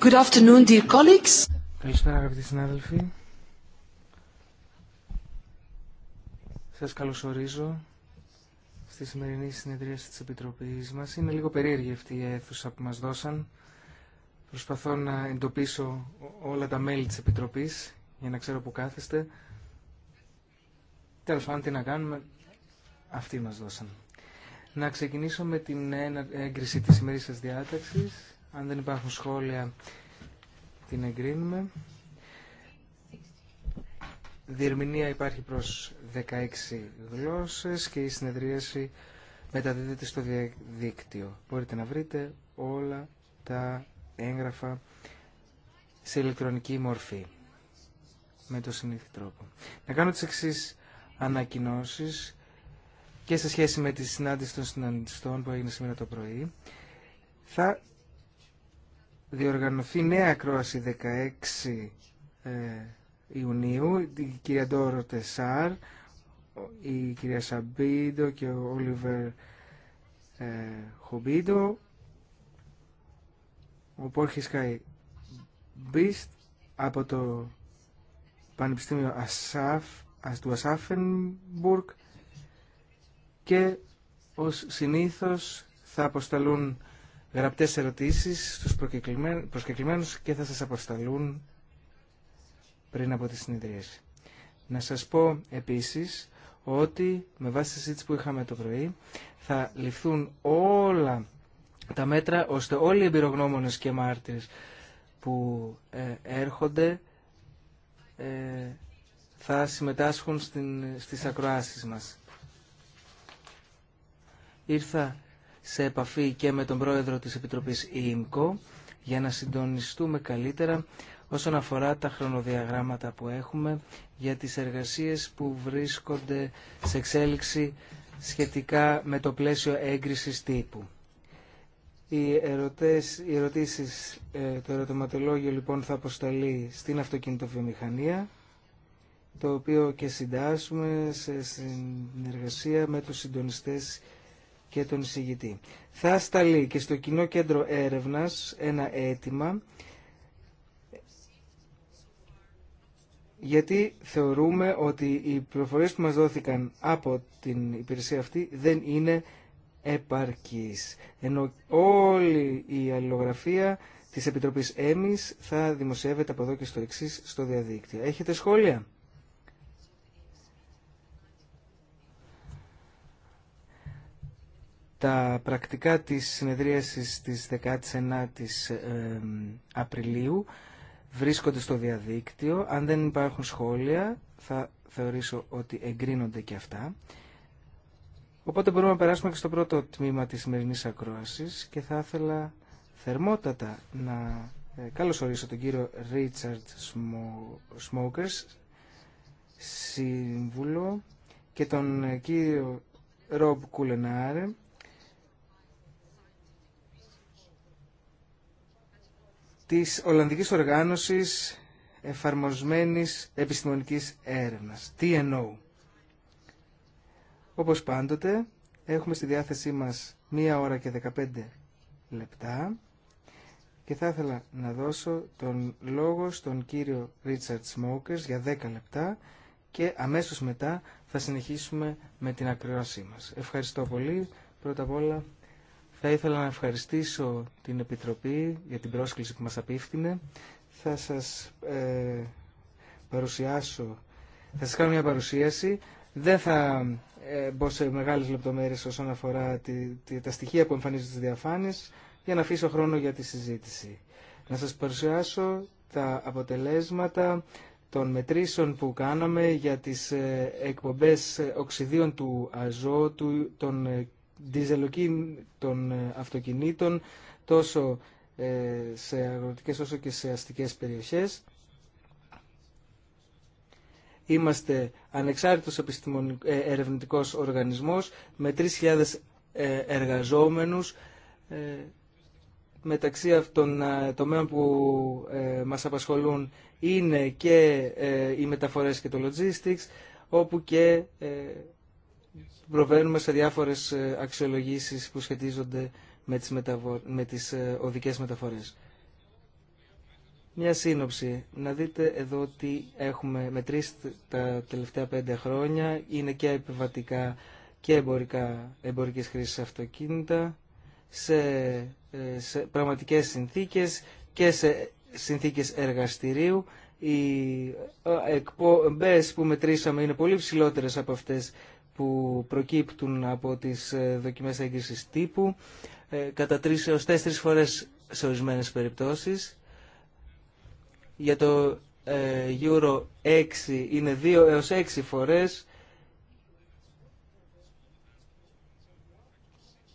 Good afternoon, dear colleagues. Καλησπέρα αγαπητοί συνάδελφοι. Σας καλωσορίζω στη σημερινή συνεδρίαση της Επιτροπής μας. Είναι λίγο περίεργη αυτή η αίθουσα που μας δώσαν. Προσπαθώ να εντοπίσω όλα τα μέλη της Επιτροπής για να ξέρω που κάθεστε. Τέλος πάντων τι να κάνουμε, αυτοί μας δώσαν. Να ξεκινήσω με την έγκριση της σημερινής σας διάταξης. Αν δεν υπάρχουν σχόλια, την εγκρίνουμε. Διερμηνία υπάρχει προς 16 γλώσσες και η συνεδρίαση μεταδίδεται στο διαδίκτυο. Μπορείτε να βρείτε όλα τα έγγραφα σε ηλεκτρονική μορφή με το συνήθι τρόπο. Να κάνω τις εξής ανακοινώσεις και σε σχέση με τη συνάντηση των συναντιστών που έγινε σήμερα το πρωί. Θα διοργανωθεί νέα ακρόαση 16 ε, Ιουνίου, η κυρία Ντόρο Τεσάρ, η κυρία Σαμπίντο και ο Όλιβερ ε, Χομπίντο, ο Πόρχης Καϊ από το Πανεπιστήμιο Ασάφ, του Ασάφενμπουργκ και ως συνήθως θα αποσταλούν γραπτές ερωτήσεις στους προσκεκλημένους και θα σας αποσταλούν πριν από τη συνεδρίαση. Να σας πω επίσης ότι με βάση τη συζήτηση που είχαμε το πρωί θα ληφθούν όλα τα μέτρα ώστε όλοι οι εμπειρογνώμονες και μάρτυρες που ε, έρχονται ε, θα συμμετάσχουν στην, στις ακροάσεις μας. Ήρθα σε επαφή και με τον πρόεδρο της Επιτροπής ΙΜΚΟ για να συντονιστούμε καλύτερα όσον αφορά τα χρονοδιαγράμματα που έχουμε για τις εργασίες που βρίσκονται σε εξέλιξη σχετικά με το πλαίσιο έγκρισης τύπου. Οι, ερωτές, οι ερωτήσεις, ε, το ερωτηματολόγιο λοιπόν θα αποσταλεί στην αυτοκινητοβιομηχανία, το οποίο και συντάσσουμε σε συνεργασία με τους συντονιστές και τον εισηγητή. Θα σταλεί και στο Κοινό Κέντρο Έρευνας ένα αίτημα γιατί θεωρούμε ότι οι πληροφορίες που μας δόθηκαν από την υπηρεσία αυτή δεν είναι επαρκής. Ενώ όλη η αλληλογραφία της Επιτροπής ΕΜΙΣ θα δημοσιεύεται από εδώ και στο εξής στο διαδίκτυο. Έχετε σχόλια? τα πρακτικά της συνεδρίασης της 19ης Απριλίου βρίσκονται στο διαδίκτυο. Αν δεν υπάρχουν σχόλια θα θεωρήσω ότι εγκρίνονται και αυτά. Οπότε μπορούμε να περάσουμε και στο πρώτο τμήμα της σημερινή ακρόασης και θα ήθελα θερμότατα να ε, καλωσορίσω τον κύριο Ρίτσαρτ Σμόκερς, σύμβουλο, και τον ε, κύριο Ρομπ Κουλενάρε, της Ολλανδικής Οργάνωσης Εφαρμοσμένης Επιστημονικής Έρευνας, TNO. Όπως πάντοτε, έχουμε στη διάθεσή μας μία ώρα και 15 λεπτά και θα ήθελα να δώσω τον λόγο στον κύριο Ρίτσαρτ Σμόκερς για 10 λεπτά και αμέσως μετά θα συνεχίσουμε με την ακρόασή μας. Ευχαριστώ πολύ. Πρώτα απ' όλα θα ήθελα να ευχαριστήσω την Επιτροπή για την πρόσκληση που μας απίφθηνε. Θα σας ε, παρουσιάσω, θα σας κάνω μια παρουσίαση. Δεν θα ε, μπω σε μεγάλες λεπτομέρειες όσον αφορά τη, τη, τα στοιχεία που εμφανίζονται στις διαφάνειες για να αφήσω χρόνο για τη συζήτηση. Να σας παρουσιάσω τα αποτελέσματα των μετρήσεων που κάναμε για τις ε, εκπομπές ε, οξυδίων του αζότου, των διζελοκινητών, των ε, αυτοκινήτων τόσο ε, σε αγροτικές όσο και σε αστικές περιοχές. Είμαστε ανεξάρτητος ε, ερευνητικός οργανισμός με 3.000 εργαζόμενους μεταξύ αυτών των τομέων που μας απασχολούν είναι και οι μεταφορές και το logistics όπου και προβαίνουμε σε διάφορες ε, αξιολογήσεις που σχετίζονται με τις, μεταβο... με τις ε, οδικές μεταφορές. Μια σύνοψη. Να δείτε εδώ ότι έχουμε μετρήσει τα τελευταία πέντε χρόνια. Είναι και επιβατικά και εμπορικά, εμπορικής χρήσης αυτοκίνητα, σε, ε, σε πραγματικές συνθήκες και σε συνθήκες εργαστηρίου. Οι εκπομπές που μετρήσαμε είναι πολύ ψηλότερες από αυτές που προκύπτουν από τις ε, δοκιμές έγκρισης τύπου ε, κατά τρεις έως τέσσερις φορές σε ορισμένε περιπτώσεις. Για το ε, Euro 6 είναι 2 έως 6 φορές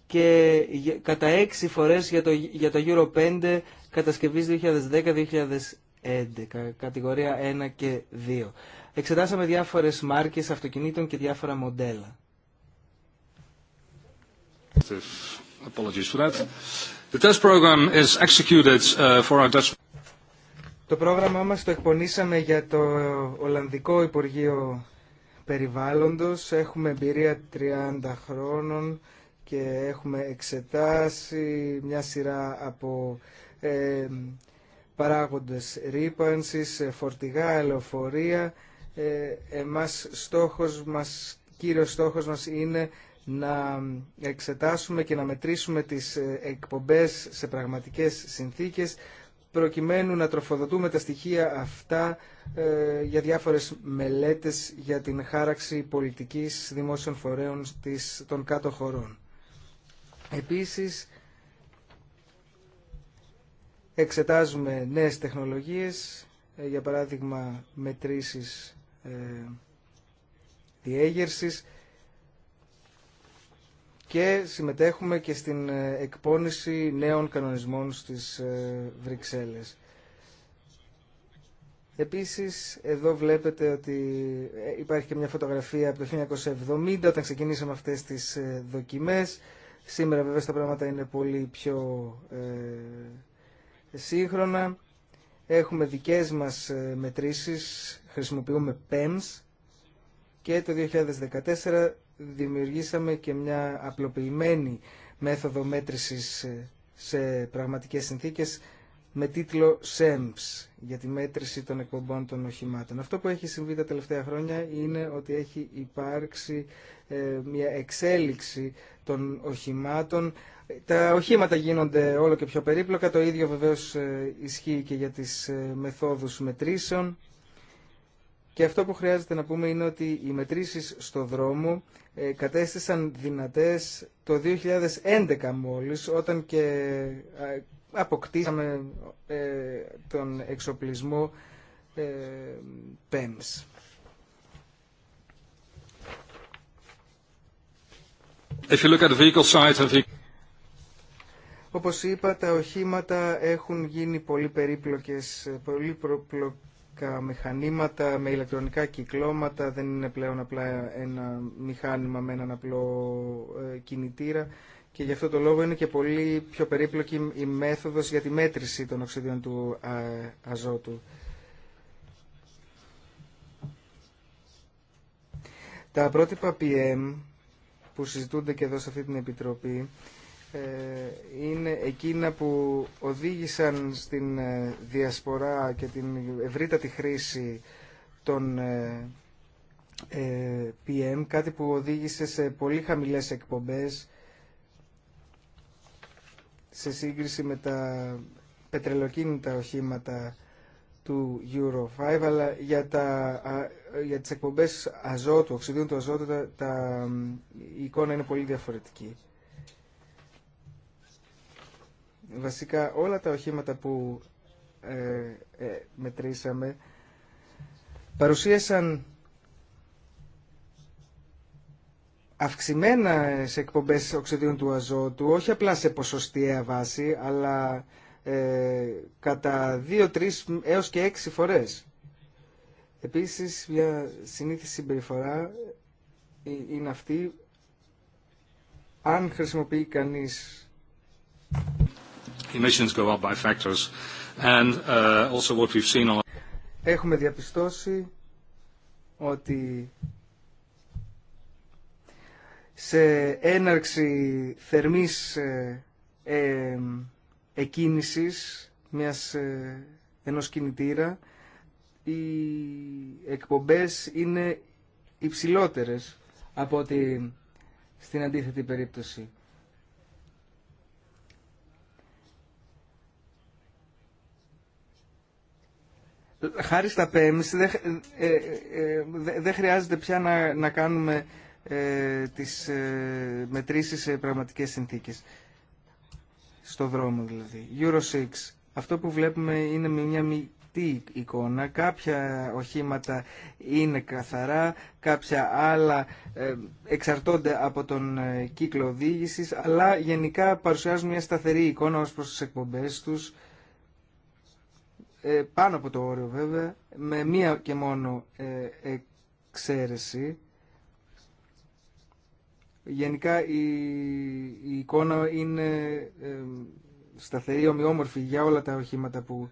και κατά 6 φορές για το, για το Euro 5 κατασκευής 2010-2011, κατηγορία 1 και 2 εξετάσαμε διάφορες μάρκες αυτοκινήτων και διάφορα μοντέλα. Το πρόγραμμά μας το εκπονήσαμε για το Ολλανδικό Υπουργείο Περιβάλλοντος. Έχουμε εμπειρία 30 χρόνων και έχουμε εξετάσει μια σειρά από ε, παράγοντες ρήπανσης, ε, φορτηγά, ελεοφορία ε, εμάς στόχος μας, κύριος στόχος μας είναι να εξετάσουμε και να μετρήσουμε τις ε, εκπομπές σε πραγματικές συνθήκες προκειμένου να τροφοδοτούμε τα στοιχεία αυτά ε, για διάφορες μελέτες για την χάραξη πολιτικής δημόσιων φορέων της, των κάτω χωρών. Επίσης, εξετάζουμε νέες τεχνολογίες, για παράδειγμα μετρήσεις ε, διέγερσης και συμμετέχουμε και στην ε, εκπόνηση νέων κανονισμών στις ε, Βρυξέλλες. Επίσης, εδώ βλέπετε ότι υπάρχει και μια φωτογραφία από το 1970, όταν ξεκινήσαμε αυτές τις δοκιμές. Σήμερα βέβαια τα πράγματα είναι πολύ πιο ε, σύγχρονα. Έχουμε δικές μας ε, μετρήσεις, χρησιμοποιούμε PEMS και το 2014 δημιουργήσαμε και μια απλοποιημένη μέθοδο μέτρησης ε, σε πραγματικές συνθήκες με τίτλο SEMS για τη μέτρηση των εκπομπών των οχημάτων. Αυτό που έχει συμβεί τα τελευταία χρόνια είναι ότι έχει υπάρξει ε, μια εξέλιξη των οχημάτων τα οχήματα γίνονται όλο και πιο περίπλοκα, το ίδιο βεβαίως ε, ισχύει και για τις ε, μεθόδους μετρήσεων. Και αυτό που χρειάζεται να πούμε είναι ότι οι μετρήσεις στο δρόμο ε, κατέστησαν δυνατές το 2011 μόλις, όταν και αποκτήσαμε τον εξοπλισμό PEMS. If you look at vehicle όπως είπα, τα οχήματα έχουν γίνει πολύ περίπλοκες, πολύ προπλοκά μηχανήματα με ηλεκτρονικά κυκλώματα, δεν είναι πλέον απλά ένα μηχάνημα με έναν απλό ε, κινητήρα και γι' αυτό το λόγο είναι και πολύ πιο περίπλοκη η μέθοδος για τη μέτρηση των οξυδίων του ε, αζότου. Τα πρότυπα PM που συζητούνται και εδώ σε αυτή την Επιτροπή ε, είναι εκείνα που οδήγησαν στην ε, διασπορά και την ευρύτατη χρήση των PM, ε, κάτι που οδήγησε σε πολύ χαμηλές εκπομπές σε σύγκριση με τα πετρελοκίνητα οχήματα του Euro 5, αλλά για, τα, για τις εκπομπές αζότου, οξυδίων του αζότου, τα, η εικόνα είναι πολύ διαφορετική. Βασικά όλα τα οχήματα που ε, ε, μετρήσαμε παρουσίασαν αυξημένα σε εκπομπές οξυδίων του αζότου, όχι απλά σε ποσοστιαία βάση, αλλά κατα ε, κατά 2-3 έως και έξι φορές. Επίσης, μια συνήθιση συμπεριφορά είναι αυτή, αν χρησιμοποιεί κανείς Έχουμε διαπιστώσει ότι σε έναρξη θερμής ε, ε, εκκίνησης μιας, ε, ενός κινητήρα οι εκπομπές είναι υψηλότερες από ότι στην αντίθετη περίπτωση. χάρη στα ΠΕΜΣ ε, ε, ε, δεν χρειάζεται πια να, κάνουμε ε, τις μετρήσεις σε πραγματικές συνθήκες. Στο δρόμο δηλαδή. Euro 6. Αυτό που βλέπουμε είναι μια τι εικόνα. Κάποια οχήματα είναι καθαρά, κάποια άλλα εξαρτώνται από τον κύκλο οδήγησης, αλλά γενικά παρουσιάζουν μια σταθερή εικόνα ως προς τις εκπομπές τους ε, πάνω από το όριο βέβαια, με μία και μόνο ε, εξαίρεση. Γενικά η, η εικόνα είναι ε, σταθερή, ομοιόμορφη για όλα τα οχήματα που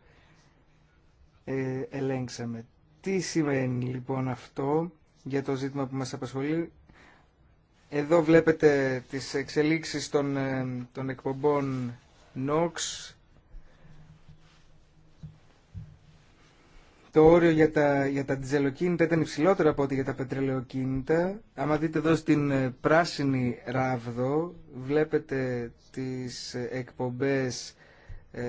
ε, ελέγξαμε. Τι σημαίνει λοιπόν αυτό για το ζήτημα που μας απασχολεί. Εδώ βλέπετε τις εξελίξεις των, των εκπομπών NOx το όριο για τα, για τα τζελοκίνητα ήταν υψηλότερο από ό,τι για τα πετρελαιοκίνητα. Άμα δείτε εδώ στην ε, πράσινη ράβδο, βλέπετε τις ε, εκπομπές ε,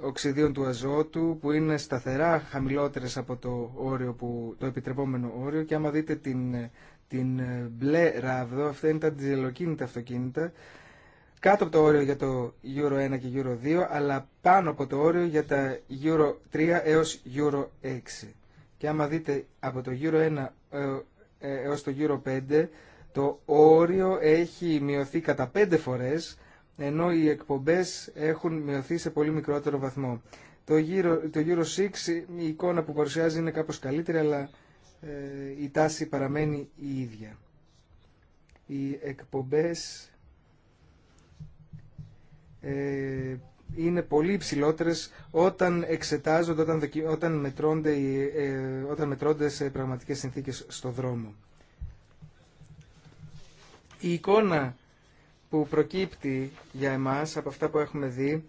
οξυδίων του αζότου που είναι σταθερά χαμηλότερες από το, όριο που, το επιτρεπόμενο όριο και άμα δείτε την, ε, την μπλε ράβδο, αυτά είναι τα τζελοκίνητα αυτοκίνητα, κάτω από το όριο για το Euro 1 και Euro 2, αλλά πάνω από το όριο για τα Euro 3 έως Euro 6. Και άμα δείτε από το Euro 1 ε, ε, έως το Euro 5, το όριο έχει μειωθεί κατά 5 φορές, ενώ οι εκπομπές έχουν μειωθεί σε πολύ μικρότερο βαθμό. Το Euro, το Euro 6, η εικόνα που παρουσιάζει είναι κάπως καλύτερη, αλλά ε, η τάση παραμένει η ίδια. Οι εκπομπές ε, είναι πολύ υψηλότερε όταν εξετάζονται, όταν, δοκι... όταν, μετρώνται, ε, όταν μετρώνται σε πραγματικές συνθήκες στο δρόμο. Η εικόνα που προκύπτει για εμάς από αυτά που έχουμε δει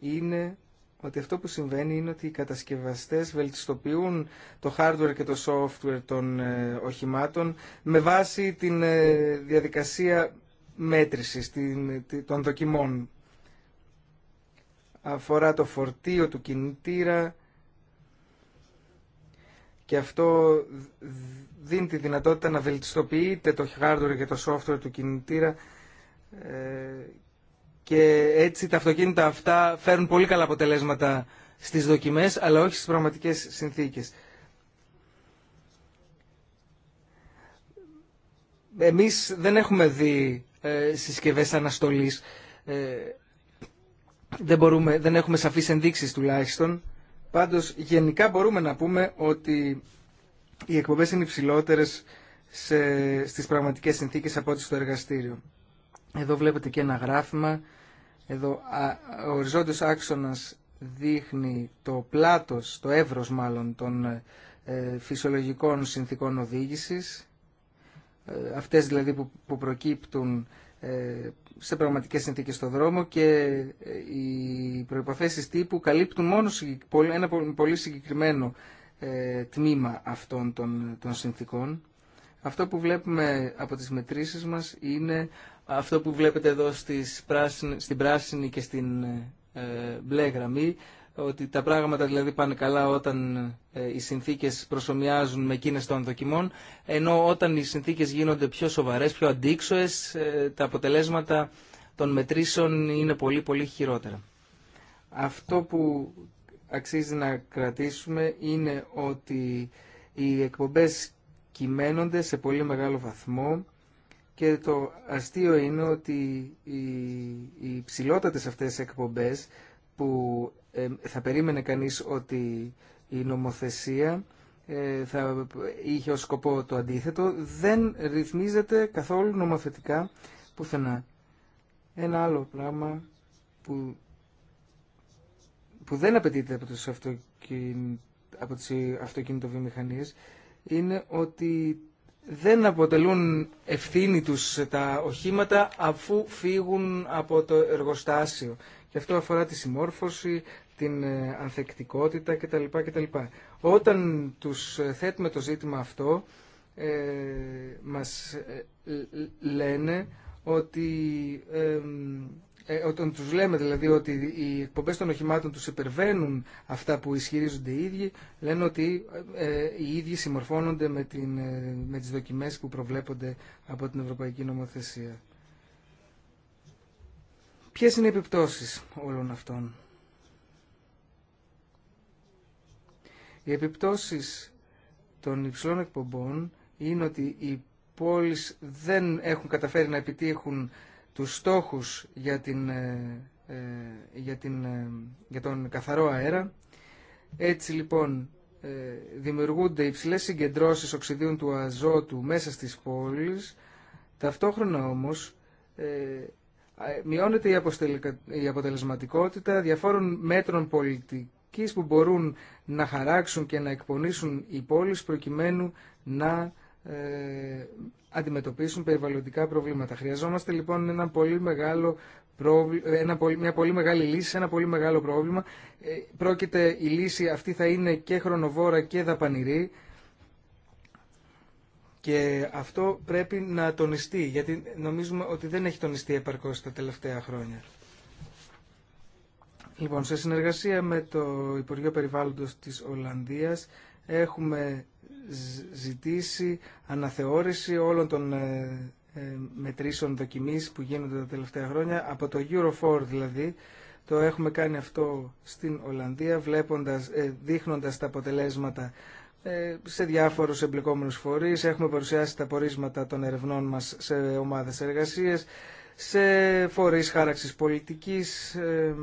είναι ότι αυτό που συμβαίνει είναι ότι οι κατασκευαστές βελτιστοποιούν το hardware και το software των ε, οχημάτων με βάση την διαδικασία μέτρησης των δοκιμών αφορά το φορτίο του κινητήρα και αυτό δίνει τη δυνατότητα να βελτιστοποιείται το hardware και το software του κινητήρα ε, και έτσι τα αυτοκίνητα αυτά φέρουν πολύ καλά αποτελέσματα στις δοκιμές αλλά όχι στις πραγματικές συνθήκες. Εμείς δεν έχουμε δει ε, συσκευές αναστολής. Ε, δεν, μπορούμε, δεν έχουμε σαφείς ενδείξεις τουλάχιστον. Πάντως γενικά μπορούμε να πούμε ότι οι εκπομπές είναι υψηλότερε στις πραγματικές συνθήκες από ό,τι στο εργαστήριο. Εδώ βλέπετε και ένα γράφημα. Εδώ ο οριζόντιος άξονας δείχνει το πλάτος, το εύρος μάλλον των ε, φυσιολογικών συνθήκων οδήγησης. Ε, αυτές δηλαδή που προκύπτουν ε, σε πραγματικέ συνθήκε στον δρόμο και ε, οι προποθέσει τύπου καλύπτουν μόνο ένα πολύ συγκεκριμένο ε, τμήμα αυτών των, των συνθήκων. Αυτό που βλέπουμε από τις μετρήσεις μας είναι αυτό που βλέπετε εδώ στις πράσιν, στην πράσινη και στην ε, μπλε γραμμή ότι τα πράγματα δηλαδή πάνε καλά όταν ε, οι συνθήκες προσωμιάζουν με εκείνες των δοκιμών, ενώ όταν οι συνθήκες γίνονται πιο σοβαρές, πιο αντίξωες, ε, τα αποτελέσματα των μετρήσεων είναι πολύ πολύ χειρότερα. Αυτό που αξίζει να κρατήσουμε είναι ότι οι εκπομπές κυμαίνονται σε πολύ μεγάλο βαθμό και το αστείο είναι ότι οι, οι ψηλότατες αυτές εκπομπές που θα περίμενε κανείς ότι η νομοθεσία ε, θα είχε ως σκοπό το αντίθετο, δεν ρυθμίζεται καθόλου νομοθετικά πουθενά. Ένα άλλο πράγμα που, που δεν απαιτείται από τους, αυτοκιν, από τις αυτοκινητοβιομηχανίες είναι ότι δεν αποτελούν ευθύνη τους τα οχήματα αφού φύγουν από το εργοστάσιο και αυτό αφορά τη συμμόρφωση, την ε, ανθεκτικότητα κτλ. κτλ. Όταν τους ε, θέτουμε το ζήτημα αυτό, ε, μας ε, λένε ότι... όταν τους λέμε δηλαδή ότι οι εκπομπές των οχημάτων τους υπερβαίνουν αυτά που ισχυρίζονται οι ίδιοι, λένε ότι οι ίδιοι συμμορφώνονται με, την, με τις δοκιμές που προβλέπονται από την Ευρωπαϊκή Νομοθεσία. Ποιες είναι οι επιπτώσεις όλων αυτών. Οι επιπτώσεις των υψηλών εκπομπών είναι ότι οι πόλεις δεν έχουν καταφέρει να επιτύχουν τους στόχους για, την, ε, ε, για, την, ε, για τον καθαρό αέρα. Έτσι λοιπόν δημιουργούνται υψηλές συγκεντρώσεις οξυδίων του αζότου μέσα στις πόλεις. Ταυτόχρονα όμως ε, μειώνεται η αποτελεσματικότητα διαφόρων μέτρων πολιτικής που μπορούν να χαράξουν και να εκπονήσουν οι πόλεις προκειμένου να ε, αντιμετωπίσουν περιβαλλοντικά προβλήματα. Χρειαζόμαστε λοιπόν ένα πολύ μεγάλο ε, ένα, μια πολύ μεγάλη λύση, ένα πολύ μεγάλο πρόβλημα. πρόκειται η λύση αυτή θα είναι και χρονοβόρα και δαπανηρή. Και αυτό πρέπει να τονιστεί, γιατί νομίζουμε ότι δεν έχει τονιστεί επαρκώς τα τελευταία χρόνια. Λοιπόν, σε συνεργασία με το Υπουργείο Περιβάλλοντος της Ολλανδίας έχουμε ζητήσει αναθεώρηση όλων των ε, ε, μετρήσεων δοκιμής που γίνονται τα τελευταία χρόνια, από το Euro 4 δηλαδή, το έχουμε κάνει αυτό στην Ολλανδία, βλέποντας, ε, δείχνοντας τα αποτελέσματα ε, σε διάφορους εμπλεκόμενους φορείς. Έχουμε παρουσιάσει τα πορίσματα των ερευνών μας σε ομάδες εργασίες. σε φορείς χάραξης πολιτικής. Ε,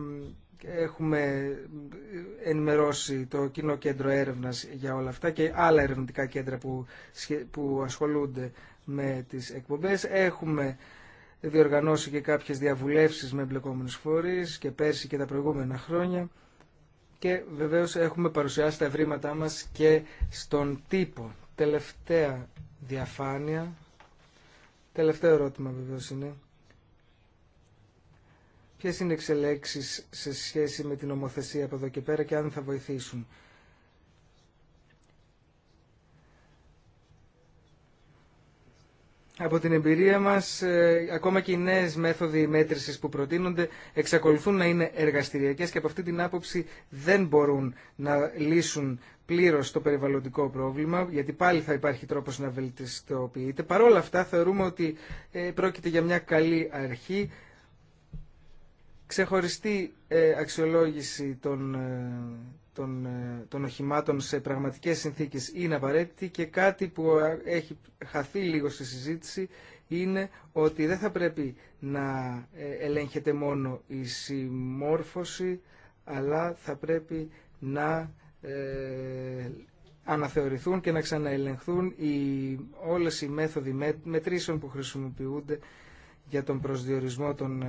έχουμε ενημερώσει το Κοινό Κέντρο Έρευνας για όλα αυτά και άλλα ερευνητικά κέντρα που, που ασχολούνται με τις εκπομπές. Έχουμε διοργανώσει και κάποιες διαβουλεύσεις με εμπλεκόμενους φορείς και πέρσι και τα προηγούμενα χρόνια και βεβαίως έχουμε παρουσιάσει τα ευρήματά μας και στον τύπο. Τελευταία διαφάνεια, τελευταίο ερώτημα βεβαίως είναι. Ποιες είναι οι εξελέξεις σε σχέση με την ομοθεσία από εδώ και πέρα και αν θα βοηθήσουν. από την εμπειρία μας, ε, ακόμα και οι νέες μέθοδοι μέτρησης που προτείνονται εξακολουθούν να είναι εργαστηριακές και από αυτή την άποψη δεν μπορούν να λύσουν πλήρως το περιβαλλοντικό πρόβλημα, γιατί πάλι θα υπάρχει τρόπος να βελτιστοποιείται. Παρ' όλα αυτά θεωρούμε ότι ε, πρόκειται για μια καλή αρχή, ξεχωριστή ε, αξιολόγηση των των, ε, των οχημάτων σε πραγματικές συνθήκες είναι απαραίτητη και κάτι που έχει χαθεί λίγο στη συζήτηση είναι ότι δεν θα πρέπει να ε, ελέγχεται μόνο η συμμόρφωση αλλά θα πρέπει να ε, αναθεωρηθούν και να ξαναελεγχθούν οι, όλες οι μέθοδοι μετρήσεων που χρησιμοποιούνται για τον προσδιορισμό των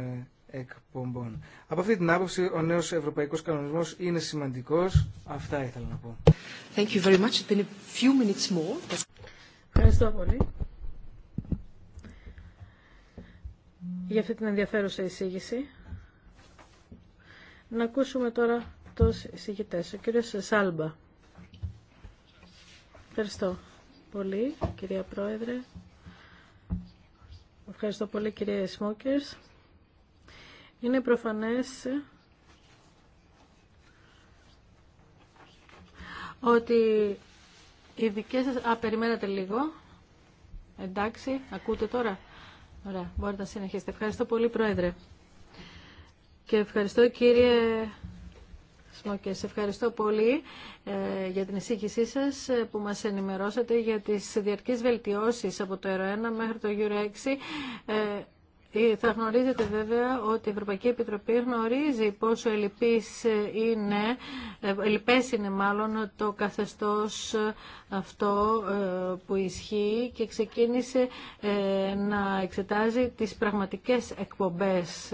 εκπομπών. Από αυτή την άποψη, ο νέος ευρωπαϊκός κανονισμός είναι σημαντικός. Αυτά ήθελα να πω. Thank you very much. It's been a few minutes more. Ευχαριστώ πολύ για αυτή την ενδιαφέρουσα εισήγηση. Να ακούσουμε τώρα τους εισηγητές. Ο κύριος Σάλμπα. Ευχαριστώ πολύ, κυρία Πρόεδρε. Ευχαριστώ πολύ, κυρία Σμόκερς. Είναι προφανές ότι οι δικές σας... Α, περιμένατε λίγο. Εντάξει, ακούτε τώρα. Ωραία, μπορείτε να συνεχίσετε. Ευχαριστώ πολύ, Πρόεδρε. Και ευχαριστώ, κύριε Σμόκε. Ευχαριστώ πολύ ε, για την εισήγησή σας ε, που μας ενημερώσατε για τις διαρκείς βελτιώσεις από το ΕΡΟΕΝΑ μέχρι το Euro ε, θα γνωρίζετε βέβαια ότι η Ευρωπαϊκή Επιτροπή γνωρίζει πόσο ελλειπής είναι, ε, ελλειπές είναι μάλλον το καθεστώς αυτό ε, που ισχύει και ξεκίνησε να εξετάζει τις πραγματικές εκπομπές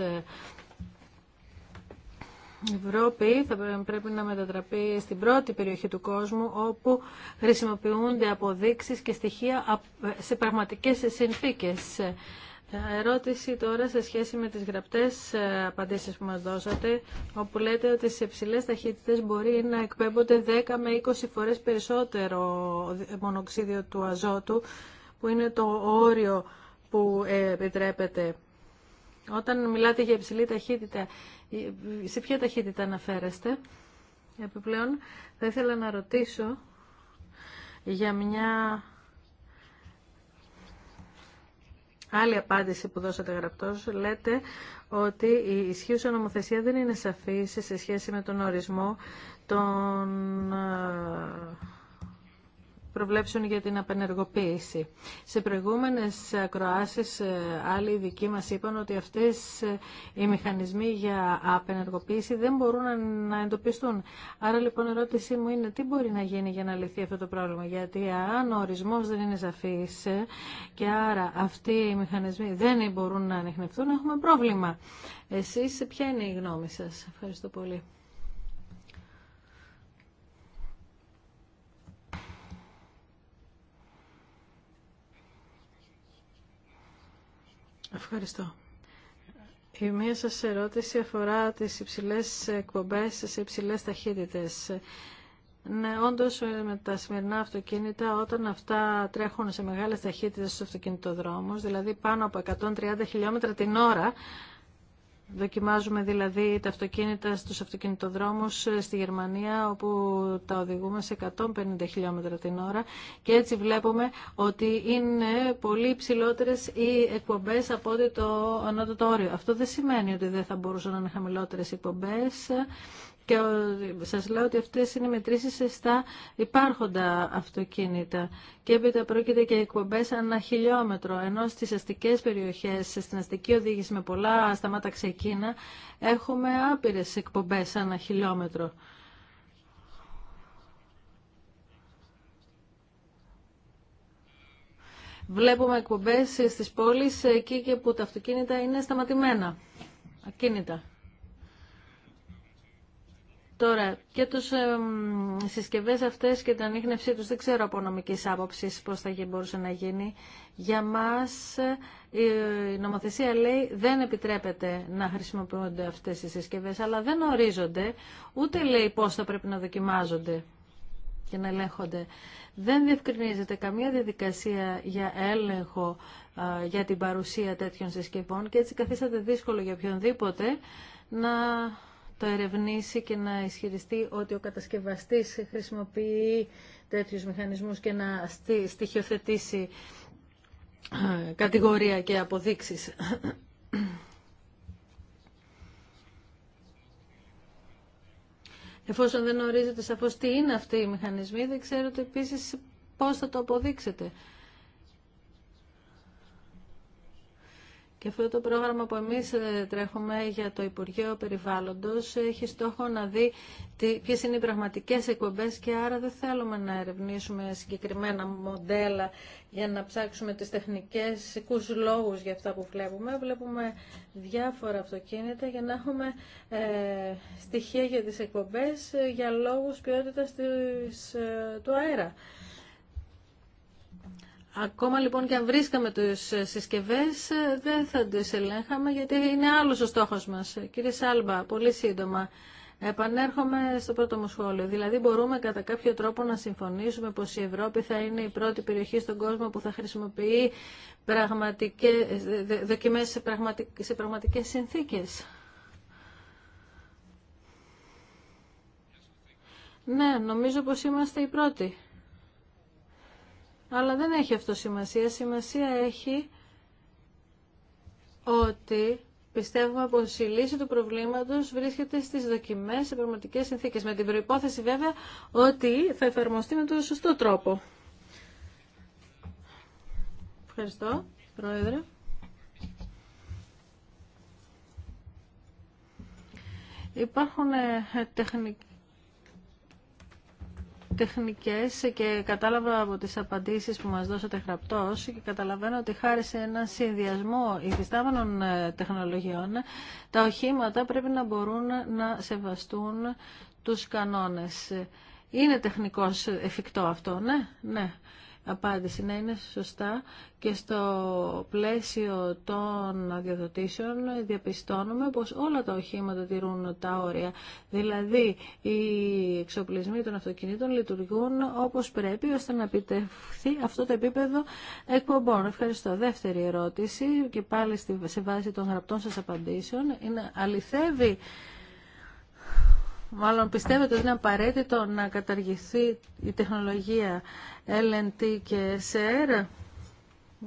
η Ευρώπη θα πρέπει να μετατραπεί στην πρώτη περιοχή του κόσμου όπου χρησιμοποιούνται αποδείξεις και στοιχεία σε πραγματικές συνθήκες. Ερώτηση τώρα σε σχέση με τις γραπτές ε, απαντήσεις που μας δώσατε, όπου λέτε ότι σε υψηλές ταχύτητες μπορεί να εκπέμπονται 10 με 20 φορές περισσότερο μονοξίδιο του αζότου, που είναι το όριο που ε, επιτρέπεται. Όταν μιλάτε για υψηλή ταχύτητα, ε, σε ποια ταχύτητα αναφέρεστε. Επιπλέον, θα ήθελα να ρωτήσω για μια άλλη απάντηση που δώσατε γραπτό. λέτε ότι η ισχύουσα νομοθεσία δεν είναι σαφή σε σχέση με τον ορισμό των ε, προβλέψουν για την απενεργοποίηση. Σε προηγούμενες ακροάσεις ε, άλλοι ειδικοί μας είπαν ότι αυτές ε, οι μηχανισμοί για απενεργοποίηση δεν μπορούν να εντοπιστούν. Άρα λοιπόν η ερώτησή μου είναι τι μπορεί να γίνει για να λυθεί αυτό το πρόβλημα. Γιατί αν ο ορισμός δεν είναι σαφής ε, και άρα αυτοί οι μηχανισμοί δεν μπορούν να ανοιχνευτούν έχουμε πρόβλημα. Εσείς ποια είναι η γνώμη σας. Ευχαριστώ πολύ. Ευχαριστώ. Η μία σας ερώτηση αφορά τις υψηλές εκπομπές σε υψηλές ταχύτητες. Ναι, όντως ε, με τα σημερινά αυτοκίνητα όταν αυτά τρέχουν σε μεγάλες ταχύτητες στους αυτοκινητοδρόμους, δηλαδή πάνω από 130 χιλιόμετρα την ώρα, Δοκιμάζουμε δηλαδή τα αυτοκίνητα στους αυτοκινητοδρόμους ε, στη Γερμανία όπου τα οδηγούμε σε 150 χιλιόμετρα την ώρα και έτσι βλέπουμε ότι είναι πολύ υψηλότερε οι εκπομπές από ότι το ανώτατο όριο. Αυτό δεν σημαίνει ότι δεν θα μπορούσαν να είναι χαμηλότερες οι εκπομπές και σας λέω ότι αυτές είναι μετρήσεις στα υπάρχοντα αυτοκίνητα. Και έπειτα πρόκειται και εκπομπές ανά χιλιόμετρο, ενώ στις αστικές περιοχές, στην αστική οδήγηση με πολλά σταμάτα ξεκίνα, έχουμε άπειρες εκπομπές ανά χιλιόμετρο. Βλέπουμε εκπομπές στις πόλεις εκεί και που τα αυτοκίνητα είναι σταματημένα, ακίνητα. Τώρα, και τους ε, συσκευές αυτές και την ανείχνευσή τους, δεν ξέρω από νομικής άποψης πώς θα μπορούσε να γίνει. Για μας ε, η νομοθεσία λέει δεν επιτρέπεται να χρησιμοποιούνται αυτές οι συσκευές, αλλά δεν ορίζονται, ούτε λέει πώς θα πρέπει να δοκιμάζονται και να ελέγχονται. Δεν διευκρινίζεται καμία διαδικασία για έλεγχο για την παρουσία τέτοιων συσκευών και έτσι καθίσατε δύσκολο για οποιονδήποτε να το ερευνήσει και να ισχυριστεί ότι ο κατασκευαστής χρησιμοποιεί τέτοιους μηχανισμούς και να στοιχειοθετήσει ε, κατηγορία και αποδείξεις. Εφόσον δεν ορίζετε σαφώς τι είναι αυτοί οι μηχανισμοί, δεν ξέρετε επίσης πώς θα το αποδείξετε. Και αυτό το πρόγραμμα που εμείς ε, τρέχουμε για το Υπουργείο Περιβάλλοντος έχει στόχο να δει ποιες είναι οι πραγματικές εκπομπές και άρα δεν θέλουμε να ερευνήσουμε συγκεκριμένα μοντέλα για να ψάξουμε τις τεχνικές οικούς λόγους για αυτά που βλέπουμε. Βλέπουμε διάφορα αυτοκίνητα για να έχουμε ε, στοιχεία για τις εκπομπές ε, για λόγους ποιότητας ε, του αέρα. Ακόμα λοιπόν και αν βρίσκαμε τους συσκευές ε, δεν θα τις ελέγχαμε γιατί είναι άλλος ο στόχος μας. Κύριε Σάλμπα, πολύ σύντομα. Επανέρχομαι στο πρώτο μου σχόλιο. Δηλαδή μπορούμε κατά κάποιο τρόπο να συμφωνήσουμε πως η Ευρώπη θα είναι η πρώτη περιοχή στον κόσμο που θα χρησιμοποιεί πραγματικές, δοκιμές σε, σε πραγματικές συνθήκες. Ναι, νομίζω πως είμαστε οι πρώτοι αλλά δεν έχει αυτό σημασία. Σημασία έχει ότι πιστεύουμε πως η λύση του προβλήματος βρίσκεται στις δοκιμές σε πραγματικές συνθήκες, με την προϋπόθεση βέβαια ότι θα εφαρμοστεί με τον σωστό τρόπο. Ευχαριστώ, Πρόεδρε. Υπάρχουν ε, τεχνικές τεχνικές και κατάλαβα από τις απαντήσεις που μας δώσατε γραπτός και καταλαβαίνω ότι χάρη σε έναν συνδυασμό υφιστάμενων ε, τεχνολογιών τα οχήματα πρέπει να μπορούν να σεβαστούν τους κανόνες. Είναι τεχνικός εφικτό αυτό, ναι, ναι απάντηση να είναι σωστά και στο πλαίσιο των αδειοδοτήσεων διαπιστώνουμε πως όλα τα οχήματα τηρούν τα όρια. Δηλαδή οι εξοπλισμοί των αυτοκινήτων λειτουργούν όπως πρέπει ώστε να επιτευχθεί αυτό το επίπεδο εκπομπών. Ευχαριστώ. Δεύτερη ερώτηση και πάλι σε βάση των γραπτών σας απαντήσεων είναι αληθεύει μάλλον πιστεύετε ότι είναι απαραίτητο να καταργηθεί η τεχνολογία LNT και SR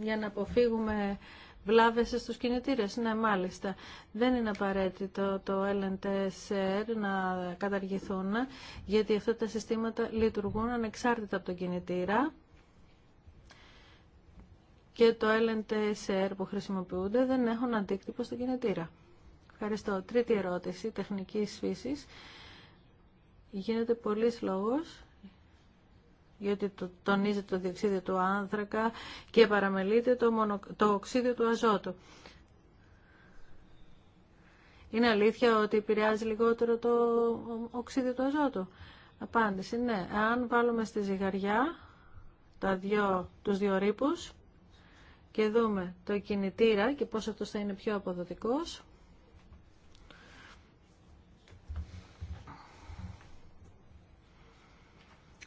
για να αποφύγουμε βλάβες στους κινητήρες. Ναι, μάλιστα. Δεν είναι απαραίτητο το LNT-SR να καταργηθούν, γιατί αυτά τα συστήματα λειτουργούν ανεξάρτητα από τον κινητήρα και το LNT-SR που χρησιμοποιούνται δεν έχουν αντίκτυπο στον κινητήρα. Ευχαριστώ. Τρίτη ερώτηση τεχνικής φύσης γίνεται πολλής λόγος γιατί το, τονίζεται το διοξίδιο του άνθρακα και παραμελείται το, το οξύδιο του αζότου. Είναι αλήθεια ότι επηρεάζει λιγότερο το οξύδιο του αζότου. Απάντηση, ναι. Αν βάλουμε στη ζυγαριά τα δυο, τους δύο ρήπους και δούμε το κινητήρα και πόσο αυτός θα είναι πιο αποδοτικός,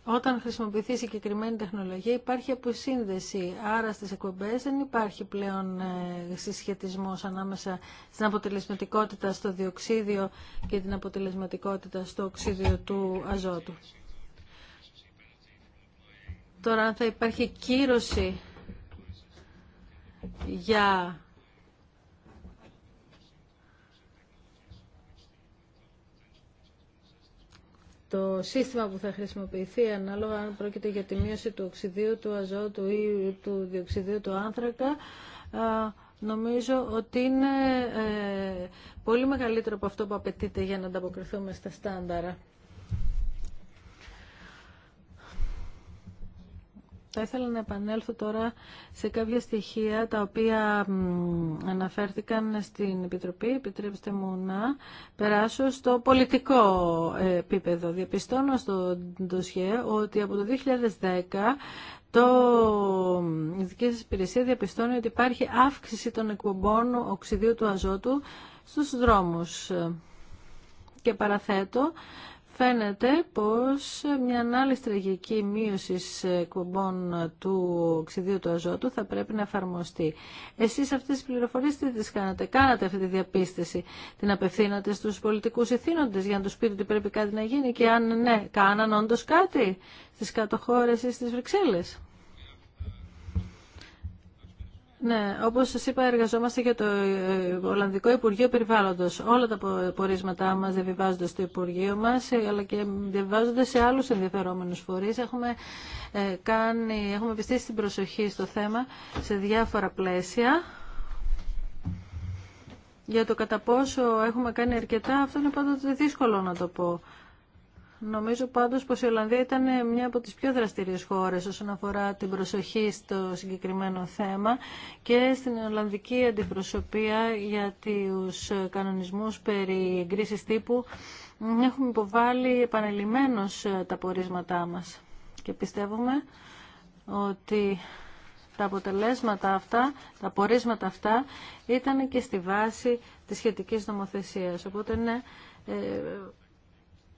Όταν χρησιμοποιηθεί συγκεκριμένη τεχνολογία υπάρχει αποσύνδεση, άρα στις εκπομπέ δεν υπάρχει πλέον ε, συσχετισμός ανάμεσα στην αποτελεσματικότητα στο διοξίδιο και την αποτελεσματικότητα στο οξύδιο του αζότου. Τώρα αν θα υπάρχει κύρωση για το σύστημα που θα χρησιμοποιηθεί ανάλογα αν πρόκειται για τη μείωση του οξυδίου του αζότου ή του διοξιδίου του άνθρακα νομίζω ότι είναι ε, πολύ μεγαλύτερο από αυτό που απαιτείται για να ανταποκριθούμε στα στάνταρα. Θα ήθελα να επανέλθω τώρα σε κάποια στοιχεία τα οποία αναφέρθηκαν στην Επιτροπή. Επιτρέψτε μου να περάσω στο πολιτικό ε, επίπεδο. Διαπιστώνω στο ντοσιέ ότι από το 2010 το δική σας υπηρεσία διαπιστώνει ότι υπάρχει αύξηση των εκπομπών οξυδίου του αζότου στους δρόμους. Και παραθέτω φαίνεται πως μια άλλη στρατηγική μείωση εκπομπών του οξυδίου του αζότου θα πρέπει να εφαρμοστεί. Εσείς αυτές τις πληροφορίες τι τις κάνατε, κάνατε αυτή τη διαπίστηση, την απευθύνατε στους πολιτικούς ηθήνοντες για να τους πείτε ότι πρέπει κάτι να γίνει και αν ναι, κάναν όντω κάτι στις κατοχώρες ή στις Βρυξέλλες. Ναι, όπως σας είπα εργαζόμαστε για το ε, Ολλανδικό Υπουργείο Περιβάλλοντος. Όλα τα πορίσματά μας διαβιβάζονται στο Υπουργείο μας, ε, αλλά και διαβιβάζονται σε άλλους ενδιαφερόμενους φορείς. Έχουμε, ε, κάνει, έχουμε πιστήσει την προσοχή στο θέμα σε διάφορα πλαίσια. Για το κατά πόσο έχουμε κάνει αρκετά, αυτό είναι πάντοτε δύσκολο να το πω. Νομίζω πάντως πως η Ολλανδία ήταν μια από τις πιο δραστηριές χώρες όσον αφορά την προσοχή στο συγκεκριμένο θέμα και στην Ολλανδική αντιπροσωπεία για τους κανονισμούς περί εγκρίσης τύπου έχουμε υποβάλει επανελειμμένως τα πορίσματά μας και πιστεύουμε ότι τα αποτελέσματα αυτά, τα πορίσματα αυτά ήταν και στη βάση της σχετικής νομοθεσίας. Οπότε ναι, ε,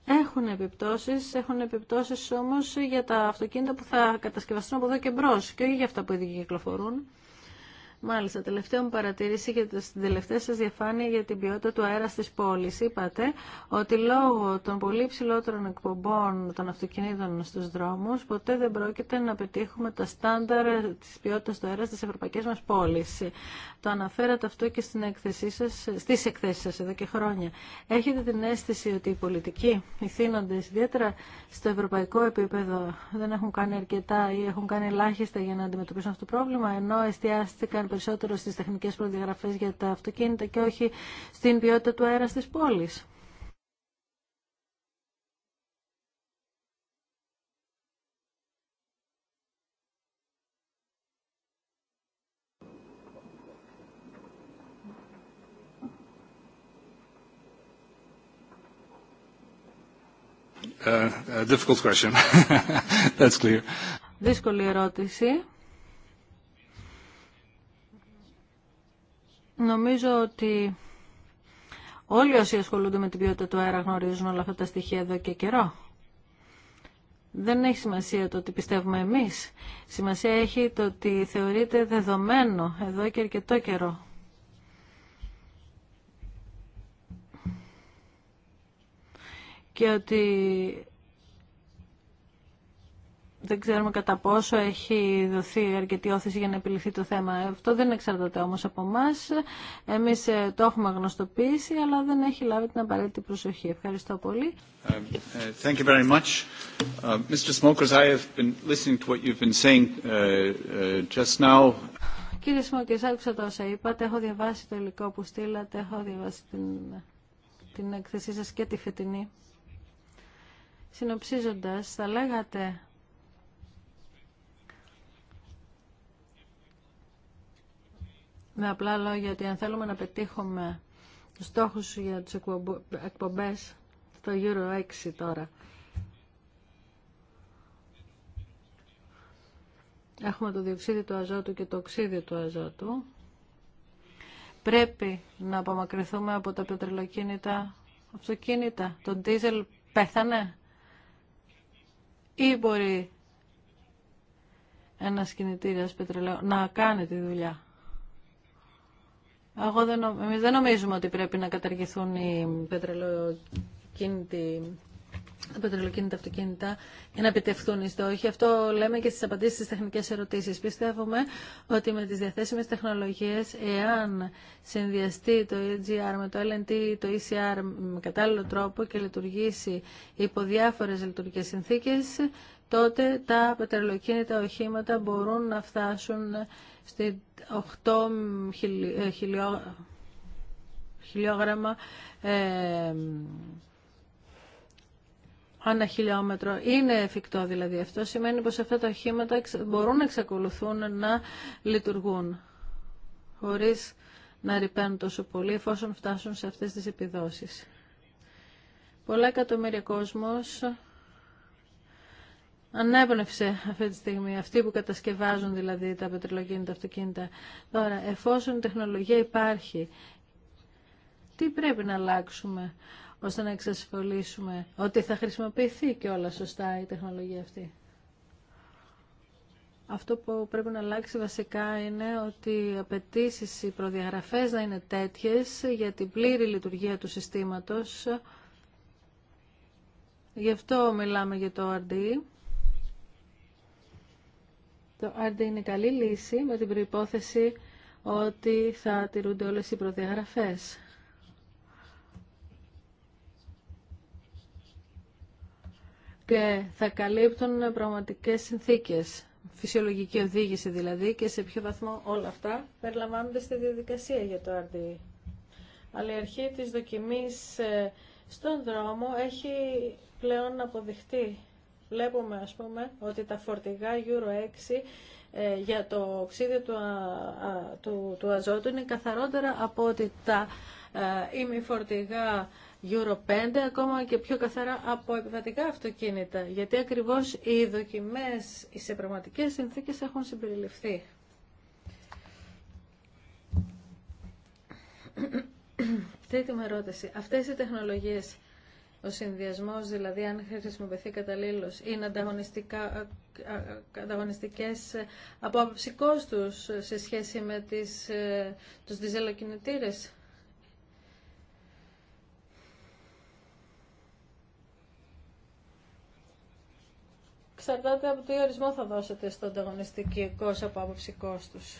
έχουν επιπτώσεις, έχουν επιπτώσεις όμως για τα αυτοκίνητα που θα κατασκευαστούν από εδώ και μπρο και όχι για αυτά που ήδη κυκλοφορούν. Μάλιστα, τελευταία μου παρατήρηση για την τελευταία σας διαφάνεια για την ποιότητα του αέρα στις πόλεις. Είπατε ότι λόγω των πολύ ψηλότερων εκπομπών των αυτοκινήτων στους δρόμους ποτέ δεν πρόκειται να πετύχουμε τα στάνταρ της ποιότητας του αέρα στις ευρωπαϊκές μας πόλεις. Το αναφέρατε αυτό και στην εκθεσή σας, στις εκθέσεις σας εδώ και χρόνια. Έχετε την αίσθηση ότι οι πολιτικοί ηθήνονται ιδιαίτερα στο ευρωπαϊκό επίπεδο δεν έχουν κάνει αρκετά ή έχουν κάνει ελάχιστα για να αντιμετωπίσουν αυτό το πρόβλημα ενώ εστιάστηκαν περισσότερο στις τεχνικές προδιαγραφές για τα αυτοκίνητα και όχι στην ποιότητα του αέρα στις πόλεις. Uh, difficult question. That's clear. Δύσκολη ερώτηση. Νομίζω ότι όλοι όσοι ασχολούνται με την ποιότητα του αέρα γνωρίζουν όλα αυτά τα στοιχεία εδώ και καιρό. Δεν έχει σημασία το ότι πιστεύουμε εμείς. Σημασία έχει το ότι θεωρείται δεδομένο εδώ και αρκετό καιρό. Και ότι δεν ξέρουμε κατά πόσο έχει δοθεί αρκετή όθηση για να επιληθεί το θέμα. Αυτό δεν εξαρτάται όμως από εμά. Εμείς ε, το έχουμε γνωστοποιήσει, αλλά δεν έχει λάβει την απαραίτητη προσοχή. Ευχαριστώ πολύ. Κύριε Σμόκερς, άκουσα τα όσα είπατε. Έχω διαβάσει το υλικό που στείλατε. Έχω διαβάσει την, την έκθεσή σας και τη φετινή. Συνοψίζοντας, θα λέγατε με απλά λόγια ότι αν θέλουμε να πετύχουμε τους στόχους για τις εκπομπές το Euro 6 τώρα. Έχουμε το διοξίδι του αζότου και το οξύδιο του αζότου. Πρέπει να απομακρυνθούμε από τα πετρελοκίνητα αυτοκίνητα. Το ντίζελ πέθανε ή μπορεί ένας κινητήρας πετρελαίου να κάνει τη δουλειά. Εγώ δεν, εμείς δεν νομίζουμε ότι πρέπει να καταργηθούν οι πετρελοκίνητοι τα πετρελοκίνητα αυτοκίνητα για να επιτευχθούν οι στόχοι. Αυτό λέμε και στις απαντήσεις στις τεχνικές ερωτήσεις. Πιστεύουμε ότι με τις διαθέσιμες τεχνολογίες, εάν συνδυαστεί το EGR με το LNT, το ECR με κατάλληλο τρόπο και λειτουργήσει υπό διάφορες λειτουργικές συνθήκες, τότε τα πετρελοκίνητα οχήματα μπορούν να φτάσουν στη 8 ε, χιλιόγραμμα ε, ανά χιλιόμετρο. Είναι εφικτό δηλαδή αυτό. Σημαίνει πως αυτά τα οχήματα μπορούν να εξακολουθούν να λειτουργούν χωρίς να ρηπαίνουν τόσο πολύ εφόσον φτάσουν σε αυτές τις επιδόσεις. Πολλά εκατομμύρια κόσμος ανέπνευσε αυτή τη στιγμή, αυτοί που κατασκευάζουν δηλαδή τα πετρελοκίνητα αυτοκίνητα. Τώρα, εφόσον η τεχνολογία υπάρχει, τι πρέπει να αλλάξουμε ώστε να εξασφαλίσουμε ότι θα χρησιμοποιηθεί και όλα σωστά η τεχνολογία αυτή. Αυτό που πρέπει να αλλάξει βασικά είναι ότι οι απαιτήσει, οι προδιαγραφές να είναι τέτοιε για την πλήρη λειτουργία του συστήματο. Γι' αυτό μιλάμε για το RDE. Το RD είναι καλή λύση με την προϋπόθεση ότι θα τηρούνται όλες οι προδιαγραφές. και θα καλύπτουν πραγματικές συνθήκες. Φυσιολογική οδήγηση δηλαδή και σε ποιο βαθμό όλα αυτά περιλαμβάνονται στη διαδικασία για το RD. Αλλά η αρχή της δοκιμής ε, στον δρόμο έχει πλέον αποδειχτεί Βλέπουμε ας πούμε ότι τα φορτηγά Euro 6 ε, για το οξύδιο του, α, του, του αζότου είναι καθαρότερα από ότι τα ε, ημιφορτηγά Euro 5, ακόμα και πιο καθαρά από επιβατικά αυτοκίνητα, γιατί ακριβώς οι δοκιμές σε πραγματικές συνθήκες έχουν συμπεριληφθεί. Τρίτη μου ερώτηση. Αυτές οι τεχνολογίες ο συνδυασμό, δηλαδή αν χρησιμοποιηθεί καταλήλω, είναι ανταγωνιστικά, ανταγωνιστικές από άποψη κόστους σε σχέση με τις, ε, τους διζελοκινητήρες. Εξαρτάται από τι ορισμό θα δώσετε στο ανταγωνιστικό από άποψη κόστους.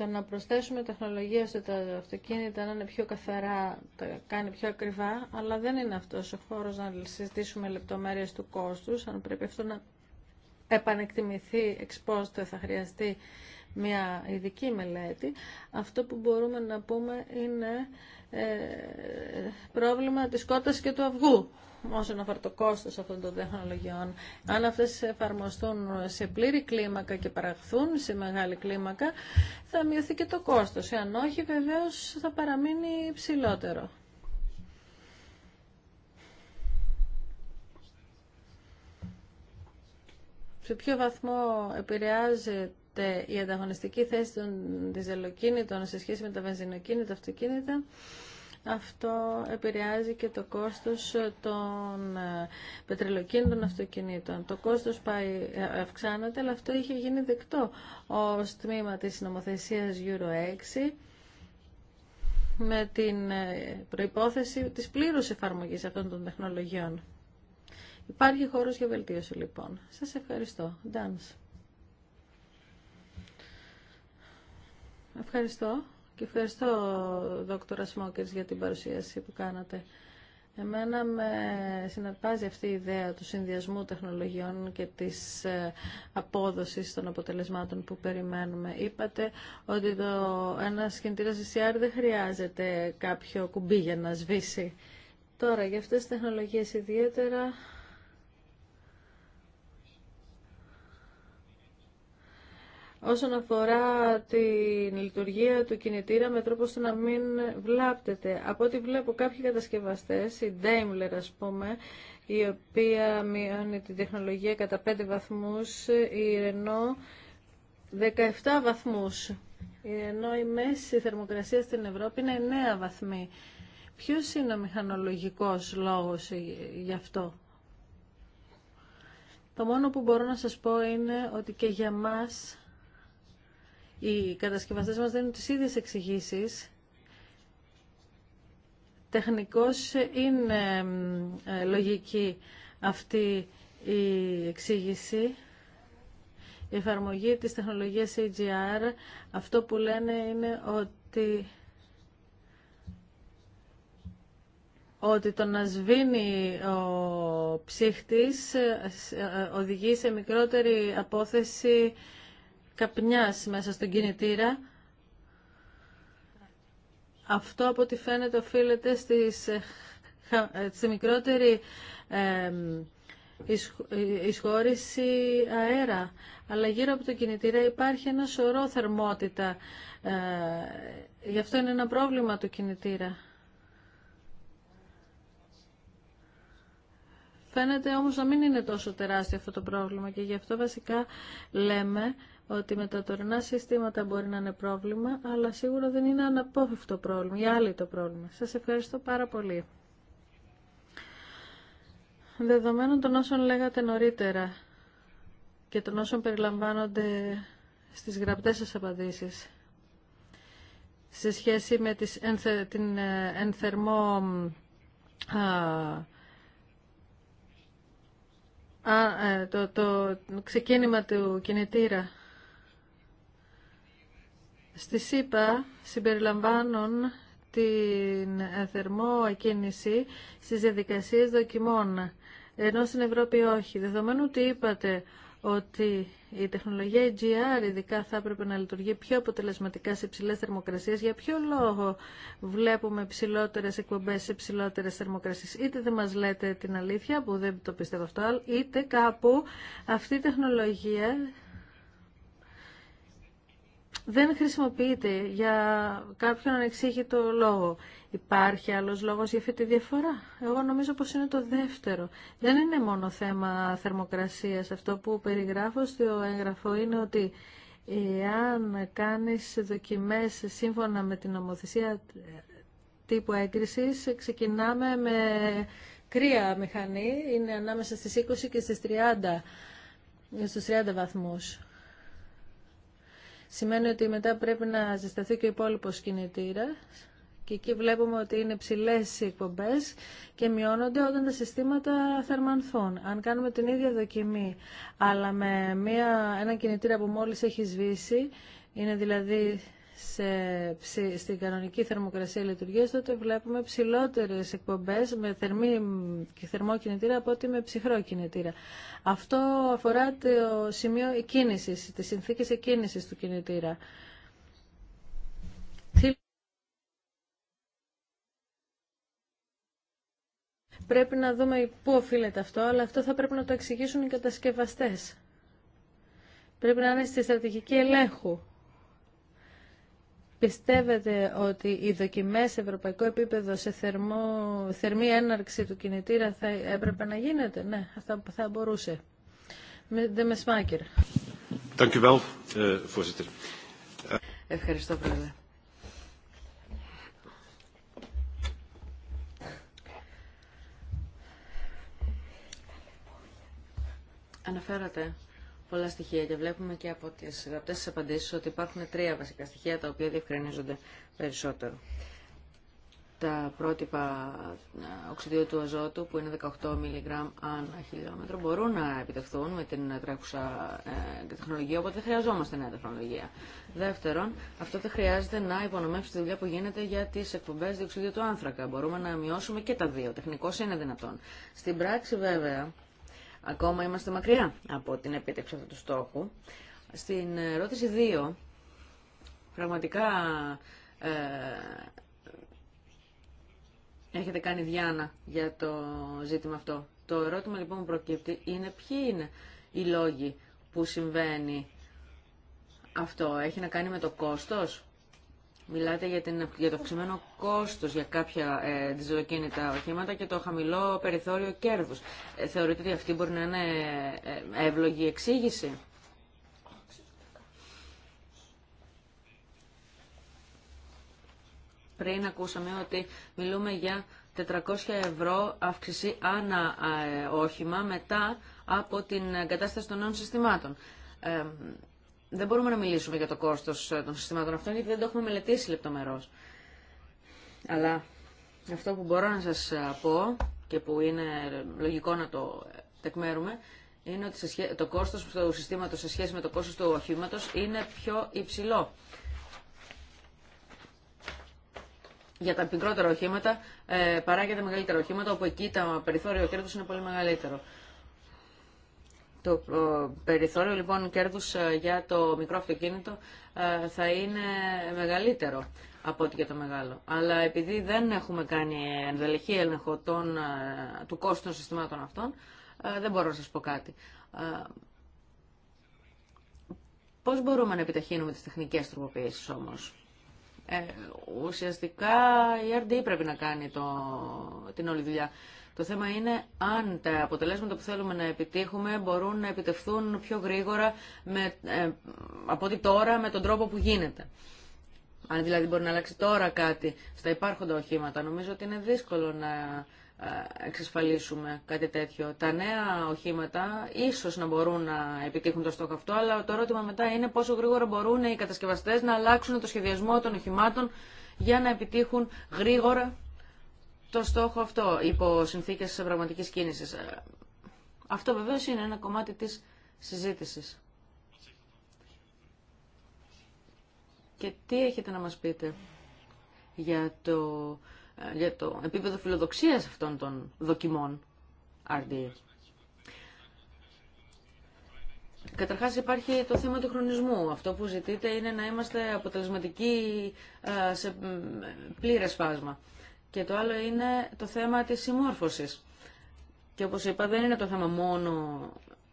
Το να προσθέσουμε τεχνολογία στο τα αυτοκίνητα να είναι πιο καθαρά, τα κάνει πιο ακριβά, αλλά δεν είναι αυτός ο χώρος να συζητήσουμε λεπτομέρειες του κόστους, αν πρέπει αυτό να επανεκτιμηθεί, εξπόστε θα χρειαστεί μια ειδική μελέτη. Αυτό που μπορούμε να πούμε είναι ε, πρόβλημα της κότας και του αυγού όσον αφορά το κόστος αυτών των τεχνολογιών. Αν αυτές εφαρμοστούν σε πλήρη κλίμακα και παραχθούν σε μεγάλη κλίμακα, θα μειωθεί και το κόστος. Εάν όχι, βεβαίως θα παραμείνει ψηλότερο Σε ποιο βαθμό επηρεάζεται η ανταγωνιστική θέση των διζελοκίνητων σε σχέση με τα βενζινοκίνητα αυτοκίνητα, αυτό επηρεάζει και το κόστος των ε, πετρελοκίνητων αυτοκινήτων. Το κόστος πάει, ε, αυξάνεται, αλλά αυτό είχε γίνει δεκτό ως τμήμα της νομοθεσίας Euro 6 με την ε, προϋπόθεση της πλήρους εφαρμογής αυτών των τεχνολογιών. Υπάρχει χώρος για βελτίωση λοιπόν. Σας ευχαριστώ. Dance. Ευχαριστώ. Και ευχαριστώ, δόκτωρα Σμόκερς, για την παρουσίαση που κάνατε. Εμένα με συναρπάζει αυτή η ιδέα του συνδυασμού τεχνολογιών και της ε, απόδοσης των αποτελεσμάτων που περιμένουμε. Είπατε ότι το, ένα κινητήρας CR δεν χρειάζεται κάποιο κουμπί για να σβήσει. Τώρα, για αυτές τις τεχνολογίες ιδιαίτερα όσον αφορά την λειτουργία του κινητήρα με τρόπο ώστε να μην βλάπτεται. Από ό,τι βλέπω κάποιοι κατασκευαστές, η Daimler ας πούμε, η οποία μειώνει την τεχνολογία κατά 5 βαθμούς, η Renault 17 βαθμούς. Ενώ η μέση θερμοκρασία στην Ευρώπη είναι 9 βαθμοί. Ποιος είναι ο μηχανολογικός λόγος γι' αυτό. Το μόνο που μπορώ να σας πω είναι ότι και για μας οι κατασκευαστές μας δίνουν τις ίδιες εξηγήσει. Τεχνικώς είναι ε, λογική αυτή η εξήγηση. Η εφαρμογή της τεχνολογίας AGR, αυτό που λένε είναι ότι ότι το να σβήνει ο ψύχτης ε, ε, οδηγεί σε μικρότερη απόθεση καπνιάς μέσα στον κινητήρα. Αυτό από ό,τι φαίνεται οφείλεται στις, ε, ε, στη μικρότερη ε, εισχώρηση αέρα. Αλλά γύρω από το κινητήρα υπάρχει ένα σωρό θερμότητα. Ε, γι' αυτό είναι ένα πρόβλημα του κινητήρα. Φαίνεται όμως να μην είναι τόσο τεράστιο αυτό το πρόβλημα και γι' αυτό βασικά λέμε ότι με τα τωρινά συστήματα μπορεί να είναι πρόβλημα, αλλά σίγουρα δεν είναι αναπόφευκτο πρόβλημα ή άλλη το πρόβλημα. Σας ευχαριστώ πάρα πολύ. Δεδομένων των όσων λέγατε νωρίτερα και των όσων περιλαμβάνονται στις γραπτές σας απαντήσεις, σε σχέση με τις, την ε, ενθερμό ε, το, το ξεκίνημα του κινητήρα Στη ΣΥΠΑ συμπεριλαμβάνουν την θερμό εκκίνηση στις διαδικασίες δοκιμών, ενώ στην Ευρώπη όχι. Δεδομένου ότι είπατε ότι η τεχνολογία EGR ειδικά θα έπρεπε να λειτουργεί πιο αποτελεσματικά σε υψηλές θερμοκρασίες. Για ποιο λόγο βλέπουμε ψηλότερες εκπομπές σε ψηλότερες θερμοκρασίες. Είτε δεν μας λέτε την αλήθεια που δεν το πιστεύω αυτό, είτε κάπου αυτή η τεχνολογία δεν χρησιμοποιείται για κάποιον ανεξήγητο λόγο. Υπάρχει άλλος λόγος για αυτή τη διαφορά. Εγώ νομίζω πως είναι το δεύτερο. Δεν είναι μόνο θέμα θερμοκρασίας. Αυτό που περιγράφω στο έγγραφο είναι ότι εάν κάνεις δοκιμές σύμφωνα με την νομοθεσία τύπου έγκρισης, ξεκινάμε με κρύα μηχανή, είναι ανάμεσα στις 20 και στις 30, στους 30 βαθμούς σημαίνει ότι μετά πρέπει να ζεσταθεί και ο υπόλοιπο κινητήρα και εκεί βλέπουμε ότι είναι ψηλέ οι εκπομπέ και μειώνονται όταν τα συστήματα θερμανθούν. Αν κάνουμε την ίδια δοκιμή, αλλά με μια, ένα κινητήρα που μόλι έχει σβήσει, είναι δηλαδή σε, στην κανονική θερμοκρασία λειτουργία τότε βλέπουμε ψηλότερε εκπομπές με θερμή και θερμό κινητήρα από ότι με ψυχρό κινητήρα. Αυτό αφορά το σημείο εκκίνηση, τι συνθήκη εκκίνηση του κινητήρα. Πρέπει να δούμε πού οφείλεται αυτό, αλλά αυτό θα πρέπει να το εξηγήσουν οι κατασκευαστές. Πρέπει να είναι στη στρατηγική ελέγχου Πιστεύετε ότι οι δοκιμές σε ευρωπαϊκό επίπεδο σε θερμό, θερμή έναρξη του κινητήρα θα έπρεπε να γίνεται. Ναι, θα, θα μπορούσε. Δεν με eh, Ευχαριστώ, Πρόεδρε. Αναφέρατε πολλά στοιχεία και βλέπουμε και από τις γραπτές απαντήσει ότι υπάρχουν τρία βασικά στοιχεία τα οποία διευκρινίζονται περισσότερο. Τα πρότυπα οξυδίου του αζότου που είναι 18 mg ανά χιλιόμετρο μπορούν να επιτευχθούν με την τρέχουσα ε, τεχνολογία, οπότε δεν χρειαζόμαστε νέα τεχνολογία. Δεύτερον, αυτό δεν χρειάζεται να υπονομεύσει τη δουλειά που γίνεται για τι εκπομπέ διοξυδίου του άνθρακα. Μπορούμε να μειώσουμε και τα δύο. Τεχνικώ είναι δυνατόν. Στην πράξη, βέβαια, Ακόμα είμαστε μακριά από την επίτευξη αυτού του στόχου. Στην ερώτηση 2, πραγματικά ε, έχετε κάνει διάνα για το ζήτημα αυτό. Το ερώτημα λοιπόν που προκύπτει είναι ποιοι είναι οι λόγοι που συμβαίνει αυτό. Έχει να κάνει με το κόστος Μιλάτε για, την, το αυξημένο κόστος για κάποια ε, δυσδοκίνητα οχήματα και το χαμηλό περιθώριο κέρδους. Ε, θεωρείτε ότι αυτή μπορεί να είναι ε, ε, εύλογη εξήγηση. Πριν ακούσαμε ότι μιλούμε για 400 ευρώ αύξηση ανά ε, όχημα μετά από την κατάσταση των νέων συστημάτων δεν μπορούμε να μιλήσουμε για το κόστος ε, των συστημάτων αυτών γιατί δεν το έχουμε μελετήσει λεπτομερώς. Αλλά αυτό που μπορώ να σας ε, πω και που είναι λογικό να το τεκμέρουμε είναι ότι το κόστος του συστήματο σε σχέση με το κόστος του οχήματο είναι πιο υψηλό. για τα μικρότερα οχήματα ε, παρά για τα μεγαλύτερα οχήματα, όπου εκεί τα περιθώριο κέρδου είναι πολύ μεγαλύτερο. Το ε, περιθώριο λοιπόν κέρδους ε, για το μικρό αυτοκίνητο ε, θα είναι μεγαλύτερο από ό,τι για το μεγάλο. Αλλά επειδή δεν έχουμε κάνει ενδελεχή έλεγχο των, του κόστου των συστημάτων αυτών, δεν μπορώ να σας πω κάτι. Πώς μπορούμε να επιταχύνουμε τις τεχνικές τροποποιήσεις όμως. Ε, ουσιαστικά η RD πρέπει να κάνει το, την όλη δουλειά. Το θέμα είναι αν τα αποτελέσματα που θέλουμε να επιτύχουμε μπορούν να επιτευχθούν πιο γρήγορα με, ε, από ότι τώρα με τον τρόπο που γίνεται. Αν δηλαδή μπορεί να αλλάξει τώρα κάτι στα υπάρχοντα οχήματα, νομίζω ότι είναι δύσκολο να ε, εξασφαλίσουμε κάτι τέτοιο. Τα νέα οχήματα ίσως να μπορούν να επιτύχουν το στόχο αυτό, αλλά το ερώτημα μετά είναι πόσο γρήγορα μπορούν οι κατασκευαστές να αλλάξουν το σχεδιασμό των οχημάτων για να επιτύχουν γρήγορα το στόχο αυτό υπό συνθήκες πραγματική κίνηση. Ε, αυτό βεβαίω είναι ένα κομμάτι της συζήτησης. Και τι έχετε να μας πείτε για το, ε, για το επίπεδο φιλοδοξίας αυτών των δοκιμών RDA. Καταρχάς υπάρχει το θέμα του χρονισμού. Αυτό που ζητείτε είναι να είμαστε αποτελεσματικοί ε, σε πλήρες φάσμα. Και το άλλο είναι το θέμα της συμμόρφωσης. Και όπως είπα δεν είναι το θέμα μόνο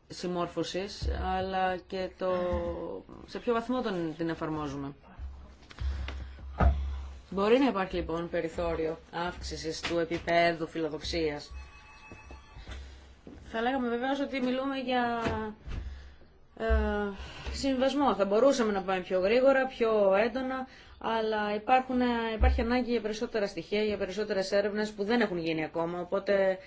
συμμόρφωσης, αλλά και το σε ποιο βαθμό τον, την εφαρμόζουμε. Μπορεί να υπάρχει λοιπόν περιθώριο αύξησης του επίπεδου φιλοδοξίας. Θα λέγαμε βεβαίως ότι μιλούμε για ε, συμβασμό. Θα μπορούσαμε να πάμε πιο γρήγορα, πιο έντονα, αλλά υπάρχουν, υπάρχει ανάγκη για περισσότερα στοιχεία, για περισσότερε έρευνες που δεν έχουν γίνει ακόμα, οπότε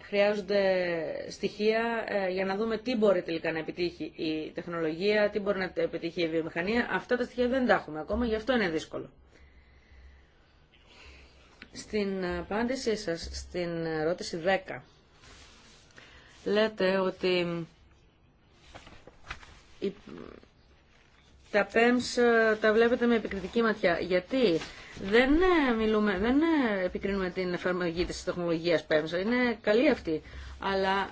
χρειάζονται στοιχεία ε, για να δούμε τι μπορεί τελικά να επιτύχει η τεχνολογία, τι μπορεί να επιτύχει η βιομηχανία. Αυτά τα στοιχεία δεν τα έχουμε ακόμα, γι' αυτό είναι δύσκολο. Στην απάντησή σας, στην ερώτηση 10, λέτε ότι τα PEMS ε, τα βλέπετε με επικριτική ματιά. Γιατί δεν, ε, μιλούμε, δεν ε, επικρίνουμε την εφαρμογή της τεχνολογίας PEMS. Είναι καλή αυτή. Αλλά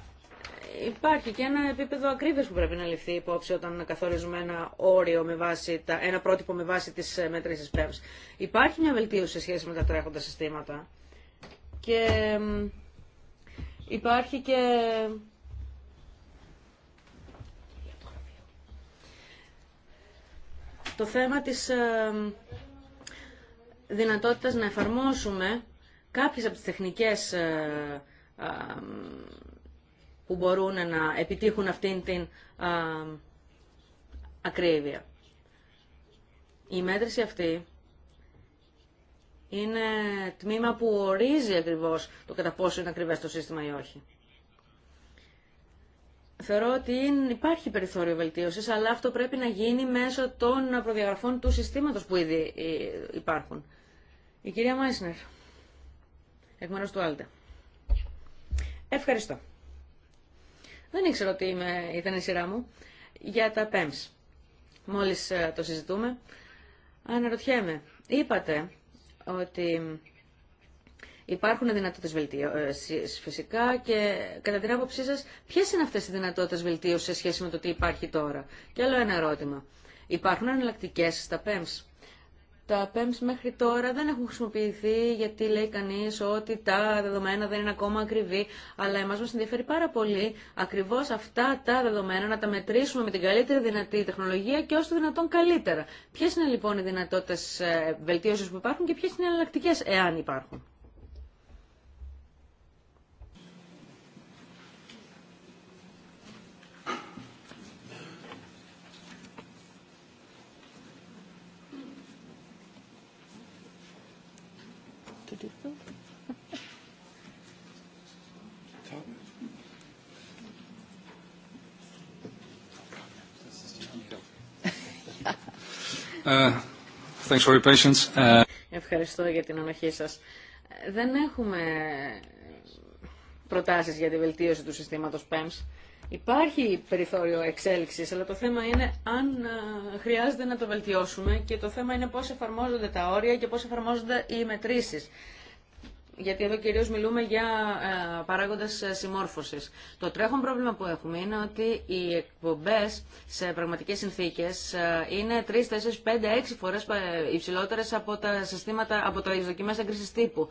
υπάρχει και ένα επίπεδο ακρίβειας που πρέπει να ληφθεί υπόψη όταν καθορίζουμε ένα όριο με βάση, τα, ένα πρότυπο με βάση τις της PEMS. Υπάρχει μια βελτίωση σε σχέση με τα τρέχοντα συστήματα. Και υπάρχει και Το θέμα της ε, δυνατότητας να εφαρμόσουμε κάποιες από τις τεχνικές ε, ε, που μπορούν να επιτύχουν αυτήν την ακρίβεια. Η μέτρηση αυτή είναι τμήμα που ορίζει ακριβώς το κατά πόσο είναι ακριβές το σύστημα ή όχι. Θεωρώ ότι υπάρχει περιθώριο βελτίωση, αλλά αυτό πρέπει να γίνει μέσω των προδιαγραφών του συστήματος που ήδη ε, υπάρχουν. Η κυρία Μάισνερ, εκ μέρου του Άλτε. Ευχαριστώ. Δεν ήξερα ότι είμαι, ήταν η σειρά μου. Για τα PEMS. Μόλις ε, το συζητούμε, αναρωτιέμαι. Είπατε ότι Υπάρχουν δυνατότητε βελτίωσης φυσικά και κατά την άποψή σα, ποιε είναι αυτέ οι δυνατότητε βελτίωσης σε σχέση με το τι υπάρχει τώρα. Και άλλο ένα ερώτημα. Υπάρχουν εναλλακτικέ στα PEMS. Τα PEMS μέχρι τώρα δεν έχουν χρησιμοποιηθεί γιατί λέει κανεί ότι τα δεδομένα δεν είναι ακόμα ακριβή, αλλά εμά μα ενδιαφέρει πάρα πολύ ακριβώ αυτά τα δεδομένα να τα μετρήσουμε με την καλύτερη δυνατή τεχνολογία και όσο δυνατόν καλύτερα. Ποιε είναι λοιπόν οι δυνατότητε ε, βελτίωση που υπάρχουν και ποιε είναι οι εάν υπάρχουν. Uh, uh, Ευχαριστώ για την ανοχή σας. Δεν έχουμε προτάσεις για τη βελτίωση του συστήματος PEMS. Υπάρχει περιθώριο εξέλιξης, αλλά το θέμα είναι αν ε, χρειάζεται να το βελτιώσουμε και το θέμα είναι πώς εφαρμόζονται τα όρια και πώς εφαρμόζονται οι μετρήσεις γιατί εδώ κυρίω μιλούμε για ε, παράγοντε συμμόρφωση. Το τρέχον πρόβλημα που έχουμε είναι ότι οι εκπομπέ σε πραγματικές συνθήκες ε, είναι 3, 4, 5, 6 φορέ υψηλότερε από τα συστήματα, από τα δοκιμέ έγκρισης τύπου.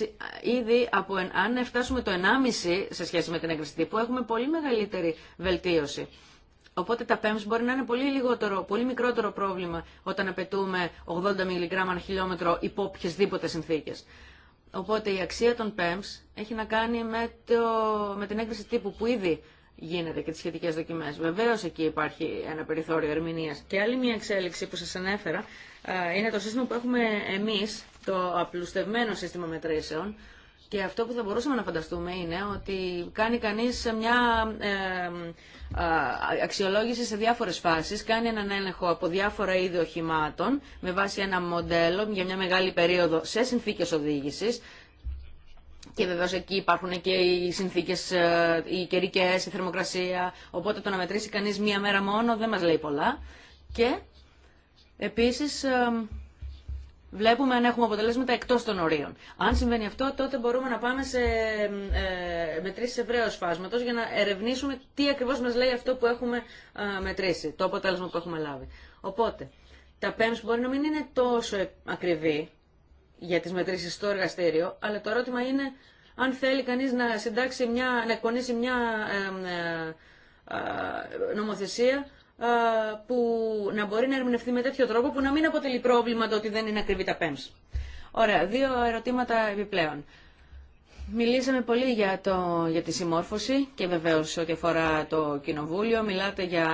Ε, ήδη από, αν φτάσουμε το 1,5 σε σχέση με την έγκριση τύπου, έχουμε πολύ μεγαλύτερη βελτίωση. Οπότε τα PEMS μπορεί να είναι πολύ, λιγότερο, πολύ μικρότερο πρόβλημα όταν απαιτούμε 80 μιλιγκράμμα ανά χιλιόμετρο υπό οποιασδήποτε συνθήκες. Οπότε η αξία των PEMS έχει να κάνει με, το, με την έκθεση τύπου που ήδη γίνεται και τις σχετικές δοκιμές. Βεβαίω εκεί υπάρχει ένα περιθώριο ερμηνεία. Και άλλη μια εξέλιξη που σα ανέφερα ε, είναι το σύστημα που έχουμε εμεί, το απλουστευμένο σύστημα μετρήσεων, και αυτό που θα μπορούσαμε να φανταστούμε είναι ότι κάνει κανείς μια αξιολόγηση σε διάφορες φάσεις, κάνει έναν έλεγχο από διάφορα είδη οχημάτων με βάση ένα μοντέλο για μια μεγάλη περίοδο σε συνθήκες οδήγησης, και βεβαίω εκεί υπάρχουν και οι συνθήκε, ε, οι καιρικέ, η θερμοκρασία. Οπότε το να μετρήσει κανεί μία μέρα μόνο δεν μα λέει πολλά. Και επίση βλέπουμε αν έχουμε αποτελέσματα εκτός των ορίων. Αν συμβαίνει αυτό, τότε μπορούμε να πάμε σε ε, μετρήσεις ευρέως φάσματος για να ερευνήσουμε τι ακριβώς μας λέει αυτό που έχουμε ε, μετρήσει, το αποτέλεσμα που έχουμε λάβει. Οπότε, τα PEMS μπορεί να μην είναι τόσο ακριβή για τις μετρήσεις στο εργαστήριο, αλλά το ερώτημα είναι αν θέλει κανείς να συντάξει μια, εκπονήσει μια ε, ε, νομοθεσία ε, που να μπορεί να ερμηνευτεί με τέτοιο τρόπο που να μην αποτελεί πρόβλημα το ότι δεν είναι ακριβή τα PEMS. Ωραία, δύο ερωτήματα επιπλέον. Μιλήσαμε πολύ για, το, για τη συμμόρφωση και βεβαίω ό,τι αφορά το Κοινοβούλιο. Μιλάτε για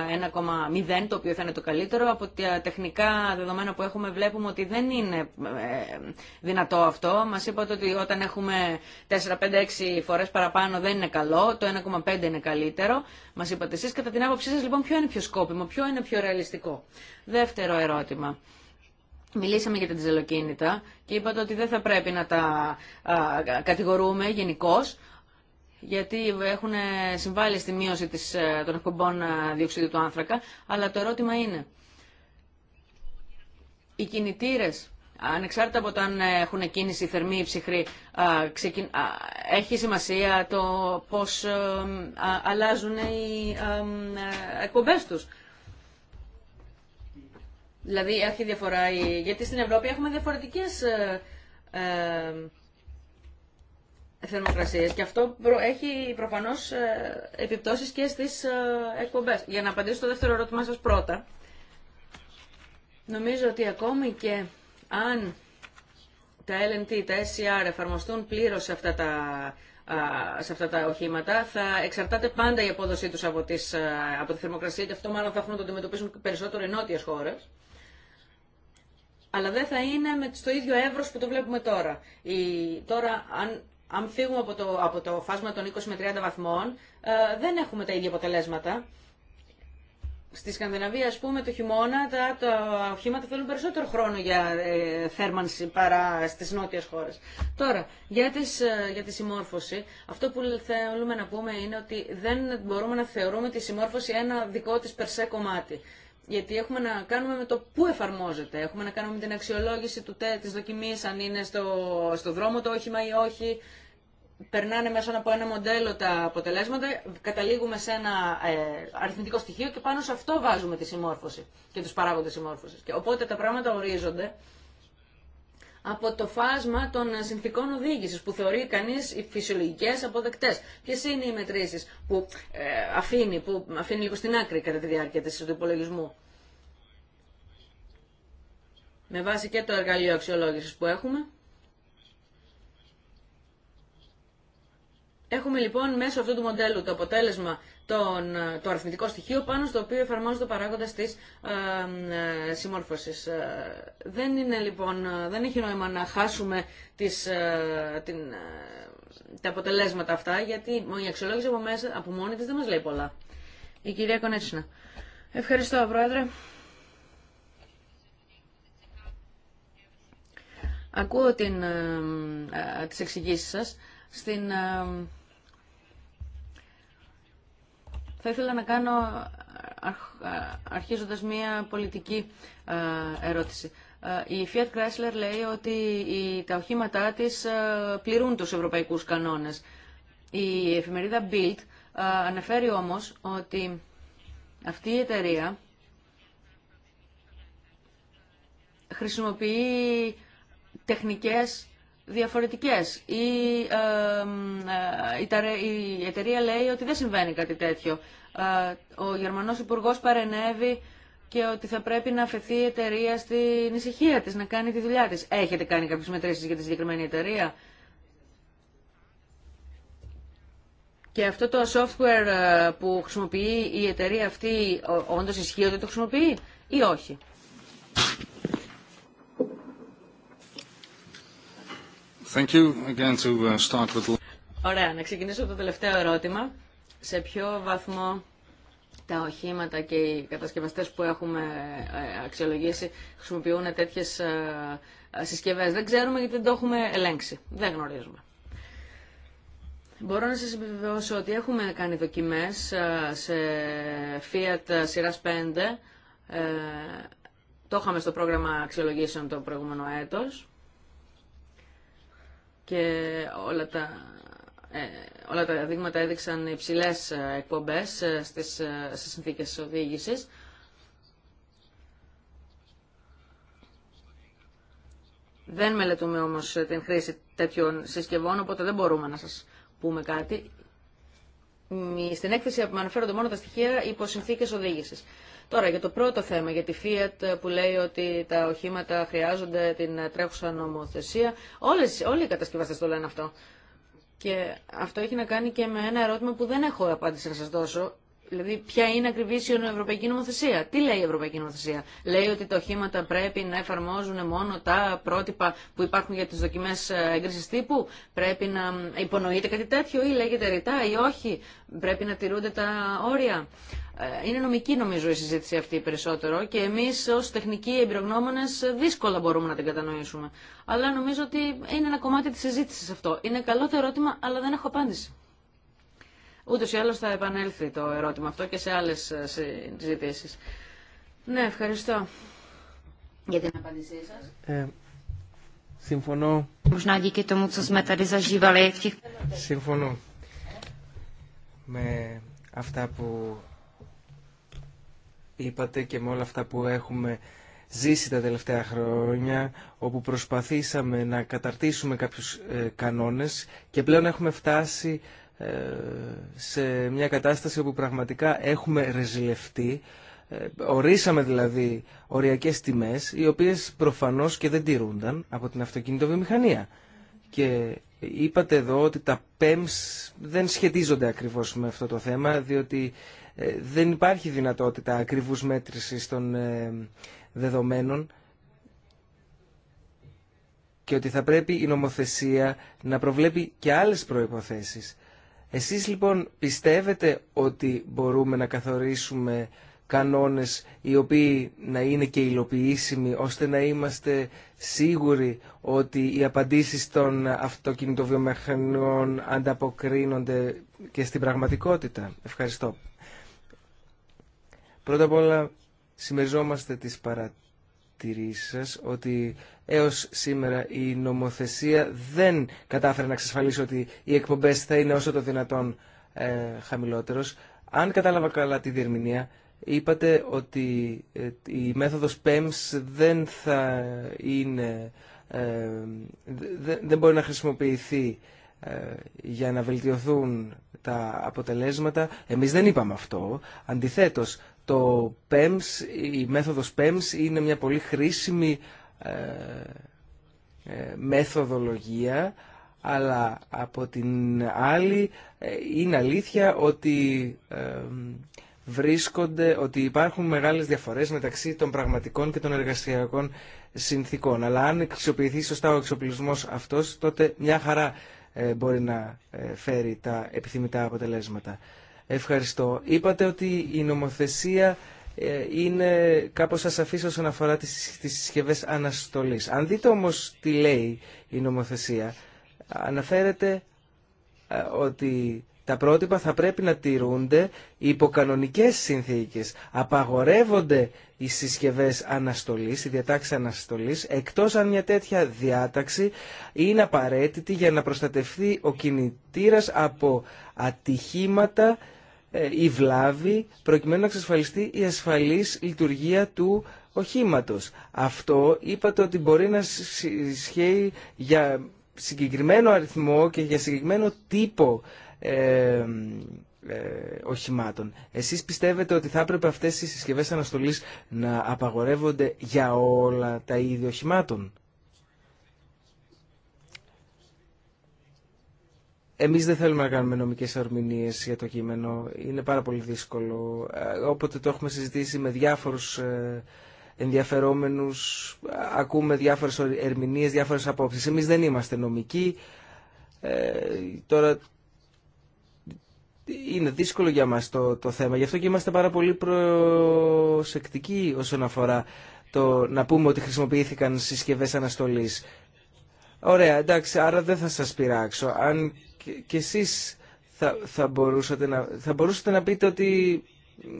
1,0 το οποίο θα είναι το καλύτερο. Από τα τεχνικά δεδομένα που έχουμε βλέπουμε ότι δεν είναι ε, δυνατό αυτό. Μα είπατε ότι όταν έχουμε 4, 5, 6 φορέ παραπάνω δεν είναι καλό, το 1,5 είναι καλύτερο. Μα είπατε εσεί, κατά την άποψή σα λοιπόν ποιο είναι πιο σκόπιμο, ποιο είναι πιο ρεαλιστικό. Δεύτερο ερώτημα. Μιλήσαμε για τα τζελοκίνητα και είπατε ότι δεν θα πρέπει να τα κατηγορούμε γενικώ, γιατί έχουν συμβάλει στη μείωση της, ε, των εκπομπών ε, διοξιδίου του άνθρακα, αλλά το ερώτημα είναι, οι κινητήρες, ανεξάρτητα από το αν έχουν κίνηση θερμή ή ψυχρή, έχει σημασία το πώς ε, αλλάζουν οι εκπομπές τους. Δηλαδή έχει διαφορά, γιατί στην Ευρώπη έχουμε διαφορετικές ε, ε θερμοκρασίες και αυτό έχει προφανώς ε, επιπτώσεις και στις ε, εκπομπές. Για να απαντήσω στο δεύτερο ερώτημά σας πρώτα, νομίζω ότι ακόμη και αν τα LNT, τα SCR εφαρμοστούν πλήρως σε αυτά τα σε αυτά τα οχήματα θα εξαρτάται πάντα η απόδοσή τους από, από τη θερμοκρασία και αυτό μάλλον θα έχουν να το αντιμετωπίσουν περισσότερο οι νότιες χώρες αλλά δεν θα είναι με, στο ίδιο εύρος που το βλέπουμε τώρα. τώρα, αν, αν φύγουμε από το, από το φάσμα των 20 με 30 βαθμών, ε, δεν έχουμε τα ίδια αποτελέσματα. Στη Σκανδιναβία, ας πούμε, το χειμώνα τα, τα οχήματα θέλουν περισσότερο χρόνο για ε, θέρμανση παρά στις νότιες χώρες. Τώρα, για, τις, ε, για τη συμμόρφωση, αυτό που θέλουμε να πούμε είναι ότι δεν μπορούμε να θεωρούμε τη συμμόρφωση ένα δικό της περσέ κομμάτι γιατί έχουμε να κάνουμε με το πού εφαρμόζεται. Έχουμε να κάνουμε με την αξιολόγηση του, της δοκιμής, αν είναι στο, στο δρόμο το όχημα ή όχι. Περνάνε μέσα από ένα μοντέλο τα αποτελέσματα, καταλήγουμε σε ένα ε, αριθμητικό στοιχείο και πάνω σε αυτό βάζουμε τη συμμόρφωση και τους παράγοντες συμμόρφωσης. Και οπότε τα πράγματα ορίζονται από το φάσμα των συνθήκων οδήγηση που θεωρεί κανεί οι φυσιολογικέ αποδεκτέ. Ποιε είναι οι μετρήσει που, ε, αφήνει, που αφήνει λίγο στην άκρη κατά τη διάρκεια της, του υπολογισμού. Με βάση και το εργαλείο αξιολόγηση που έχουμε. Έχουμε λοιπόν μέσω αυτού του μοντέλου το αποτέλεσμα τον, το αριθμητικό στοιχείο πάνω στο οποίο εφαρμόζεται ο παράγοντα τη ε, ε συμμόρφωση. Ε, δεν είναι λοιπόν, ε, δεν έχει νόημα να χάσουμε τις, την, τα αποτελέσματα αυτά, γιατί η αξιολόγηση από, μέσα, από μόνη τη δεν μα λέει πολλά. Η κυρία Κονέτσινα. Ευχαριστώ, Πρόεδρε. Ακούω την, ε, ε, τις εξηγήσεις σας. Στην, θα ήθελα να κάνω αρχίζοντας μία πολιτική ερώτηση. Η Fiat Chrysler λέει ότι τα οχήματά της πληρούν τους ευρωπαϊκούς κανόνες. Η εφημερίδα Bild αναφέρει όμως ότι αυτή η εταιρεία χρησιμοποιεί τεχνικές διαφορετικές. Η, ε, η εταιρεία λέει ότι δεν συμβαίνει κάτι τέτοιο. Ε, ο Γερμανός Υπουργός παρενέβη και ότι θα πρέπει να αφαιθεί η εταιρεία στην ησυχία της, να κάνει τη δουλειά της. Έχετε κάνει κάποιε μετρήσεις για τη συγκεκριμένη εταιρεία. Και αυτό το software ε, που χρησιμοποιεί η εταιρεία αυτή, όντως ισχύει ότι το χρησιμοποιεί ή όχι. Uh, Ωραία, να ξεκινήσω το τελευταίο ερώτημα. Σε ποιο βαθμό τα οχήματα και οι κατασκευαστές που έχουμε ε, αξιολογήσει χρησιμοποιούν τέτοιες ε, συσκευές. Δεν ξέρουμε γιατί δεν το έχουμε ελέγξει. Δεν γνωρίζουμε. Μπορώ να σας επιβεβαιώσω ότι έχουμε κάνει δοκιμές ε, σε Fiat σειράς 5. Το είχαμε στο πρόγραμμα αξιολογήσεων το προηγούμενο έτος και όλα τα, ε, όλα δείγματα έδειξαν υψηλές ε, εκπομπές ε, στις, συνθήκε συνθήκες οδήγησης. Δεν μελετούμε όμως την χρήση τέτοιων συσκευών, οπότε δεν μπορούμε να σας πούμε κάτι στην έκθεση αναφέρονται μόνο τα στοιχεία υπό συνθήκε οδήγηση. Τώρα για το πρώτο θέμα, για τη Fiat που λέει ότι τα οχήματα χρειάζονται την τρέχουσα νομοθεσία. Όλες, όλοι οι κατασκευαστέ το λένε αυτό. Και αυτό έχει να κάνει και με ένα ερώτημα που δεν έχω απάντηση να σας δώσω. Δηλαδή, ποια είναι ακριβή η Ευρωπαϊκή Νομοθεσία. Τι λέει η Ευρωπαϊκή Νομοθεσία. Λέει ότι τα οχήματα πρέπει να εφαρμόζουν μόνο τα πρότυπα που υπάρχουν για τι δοκιμέ ε, έγκριση τύπου. Πρέπει να υπονοείται κάτι τέτοιο ή λέγεται ρητά ή όχι. Πρέπει να τηρούνται τα όρια. Ε, είναι νομική νομίζω η συζήτηση αυτή περισσότερο και εμεί ω τεχνικοί εμπειρογνώμονε δύσκολα μπορούμε να την κατανοήσουμε. Αλλά νομίζω ότι είναι ένα κομμάτι τη συζήτηση αυτό. Είναι καλό το ερώτημα, αλλά δεν έχω απάντηση. Ούτω ή άλλως θα επανέλθει το ερώτημα αυτό και σε άλλες ε, συζητήσει. Ναι, ευχαριστώ για την απάντησή σας. Ε, συμφωνώ. Συμφωνώ με αυτά που είπατε και με όλα αυτά που έχουμε ζήσει τα τελευταία χρόνια, όπου προσπαθήσαμε να καταρτήσουμε κάποιους ε, κανόνες και πλέον έχουμε φτάσει ε, σε μια κατάσταση όπου πραγματικά έχουμε ρεζιλευτεί. Ε, ορίσαμε δηλαδή οριακές τιμές οι οποίες προφανώς και δεν τηρούνταν από την αυτοκινητοβιομηχανία. Και είπατε εδώ ότι τα PEMS δεν σχετίζονται ακριβώς με αυτό το θέμα διότι ε, δεν υπάρχει δυνατότητα ακριβούς μέτρησης των δεδομένων και ότι θα πρέπει η νομοθεσία να προβλέπει και άλλες προϋποθέσεις εσείς λοιπόν πιστεύετε ότι μπορούμε να καθορίσουμε κανόνες οι οποίοι να είναι και υλοποιήσιμοι ώστε να είμαστε σίγουροι ότι οι απαντήσεις των αυτοκινητοβιομηχανιών ανταποκρίνονται και στην πραγματικότητα. Ευχαριστώ. Πρώτα απ' όλα συμμεριζόμαστε τις παρατηρήσεις παρατηρήσεις ότι έως σήμερα η νομοθεσία δεν κατάφερε να εξασφαλίσει ότι οι εκπομπές θα είναι όσο το δυνατόν ε, χαμηλότερος. Αν κατάλαβα καλά τη διερμηνία, είπατε ότι ε, η μέθοδος PEMS δεν θα είναι, ε, δεν μπορεί να χρησιμοποιηθεί ε, για να βελτιωθούν τα αποτελέσματα. Εμείς δεν είπαμε αυτό. Αντιθέτως, το PEMS, η μέθοδος PEMS είναι μια πολύ χρήσιμη ε, ε, μεθοδολογία, αλλά από την άλλη ε, είναι αλήθεια ότι ε, βρίσκονται, ότι υπάρχουν μεγάλες διαφορές μεταξύ των πραγματικών και των εργασιακών συνθήκων. Αλλά αν αξιοποιηθεί σωστά ο εξοπλισμός αυτός, τότε μια χαρά ε, μπορεί να φέρει τα επιθυμητά αποτελέσματα. Ευχαριστώ. Είπατε ότι η νομοθεσία ε, είναι κάπως ασαφής όσον αφορά τις, τις συσκευές αναστολής. Αν δείτε όμως τι λέει η νομοθεσία, αναφέρεται ε, ότι τα πρότυπα θα πρέπει να τηρούνται υπό κανονικές συνθήκες. Απαγορεύονται οι συσκευές αναστολής, οι διατάξεις αναστολής, εκτός αν μια τέτοια διάταξη είναι απαραίτητη για να προστατευτεί ο κινητήρας από ατυχήματα ή ε, βλάβη προκειμένου να εξασφαλιστεί η ασφαλής λειτουργία του οχήματος. Αυτό είπατε ότι μπορεί να εξασφαλιστει η ασφαλης λειτουργια του οχηματος αυτο ειπατε οτι μπορει να συσχέει για συγκεκριμένο αριθμό και για συγκεκριμένο τύπο ε, ε, οχημάτων. Εσείς πιστεύετε ότι θα έπρεπε αυτές οι συσκευές αναστολής να απαγορεύονται για όλα τα είδη οχημάτων. Εμείς δεν θέλουμε να κάνουμε νομικές αρμηνίες για το κείμενο. Είναι πάρα πολύ δύσκολο. Ε, όποτε το έχουμε συζητήσει με διάφορους ε, ενδιαφερόμενους, ακούμε διάφορες ερμηνείες, διάφορες απόψεις. Εμείς δεν είμαστε νομικοί. Ε, τώρα είναι δύσκολο για μας το, το θέμα. Γι' αυτό και είμαστε πάρα πολύ προσεκτικοί όσον αφορά το να πούμε ότι χρησιμοποιήθηκαν συσκευές αναστολής. Ωραία, εντάξει, άρα δεν θα σας πειράξω. Αν και, θα, θα, μπορούσατε να, θα μπορούσατε να πείτε ότι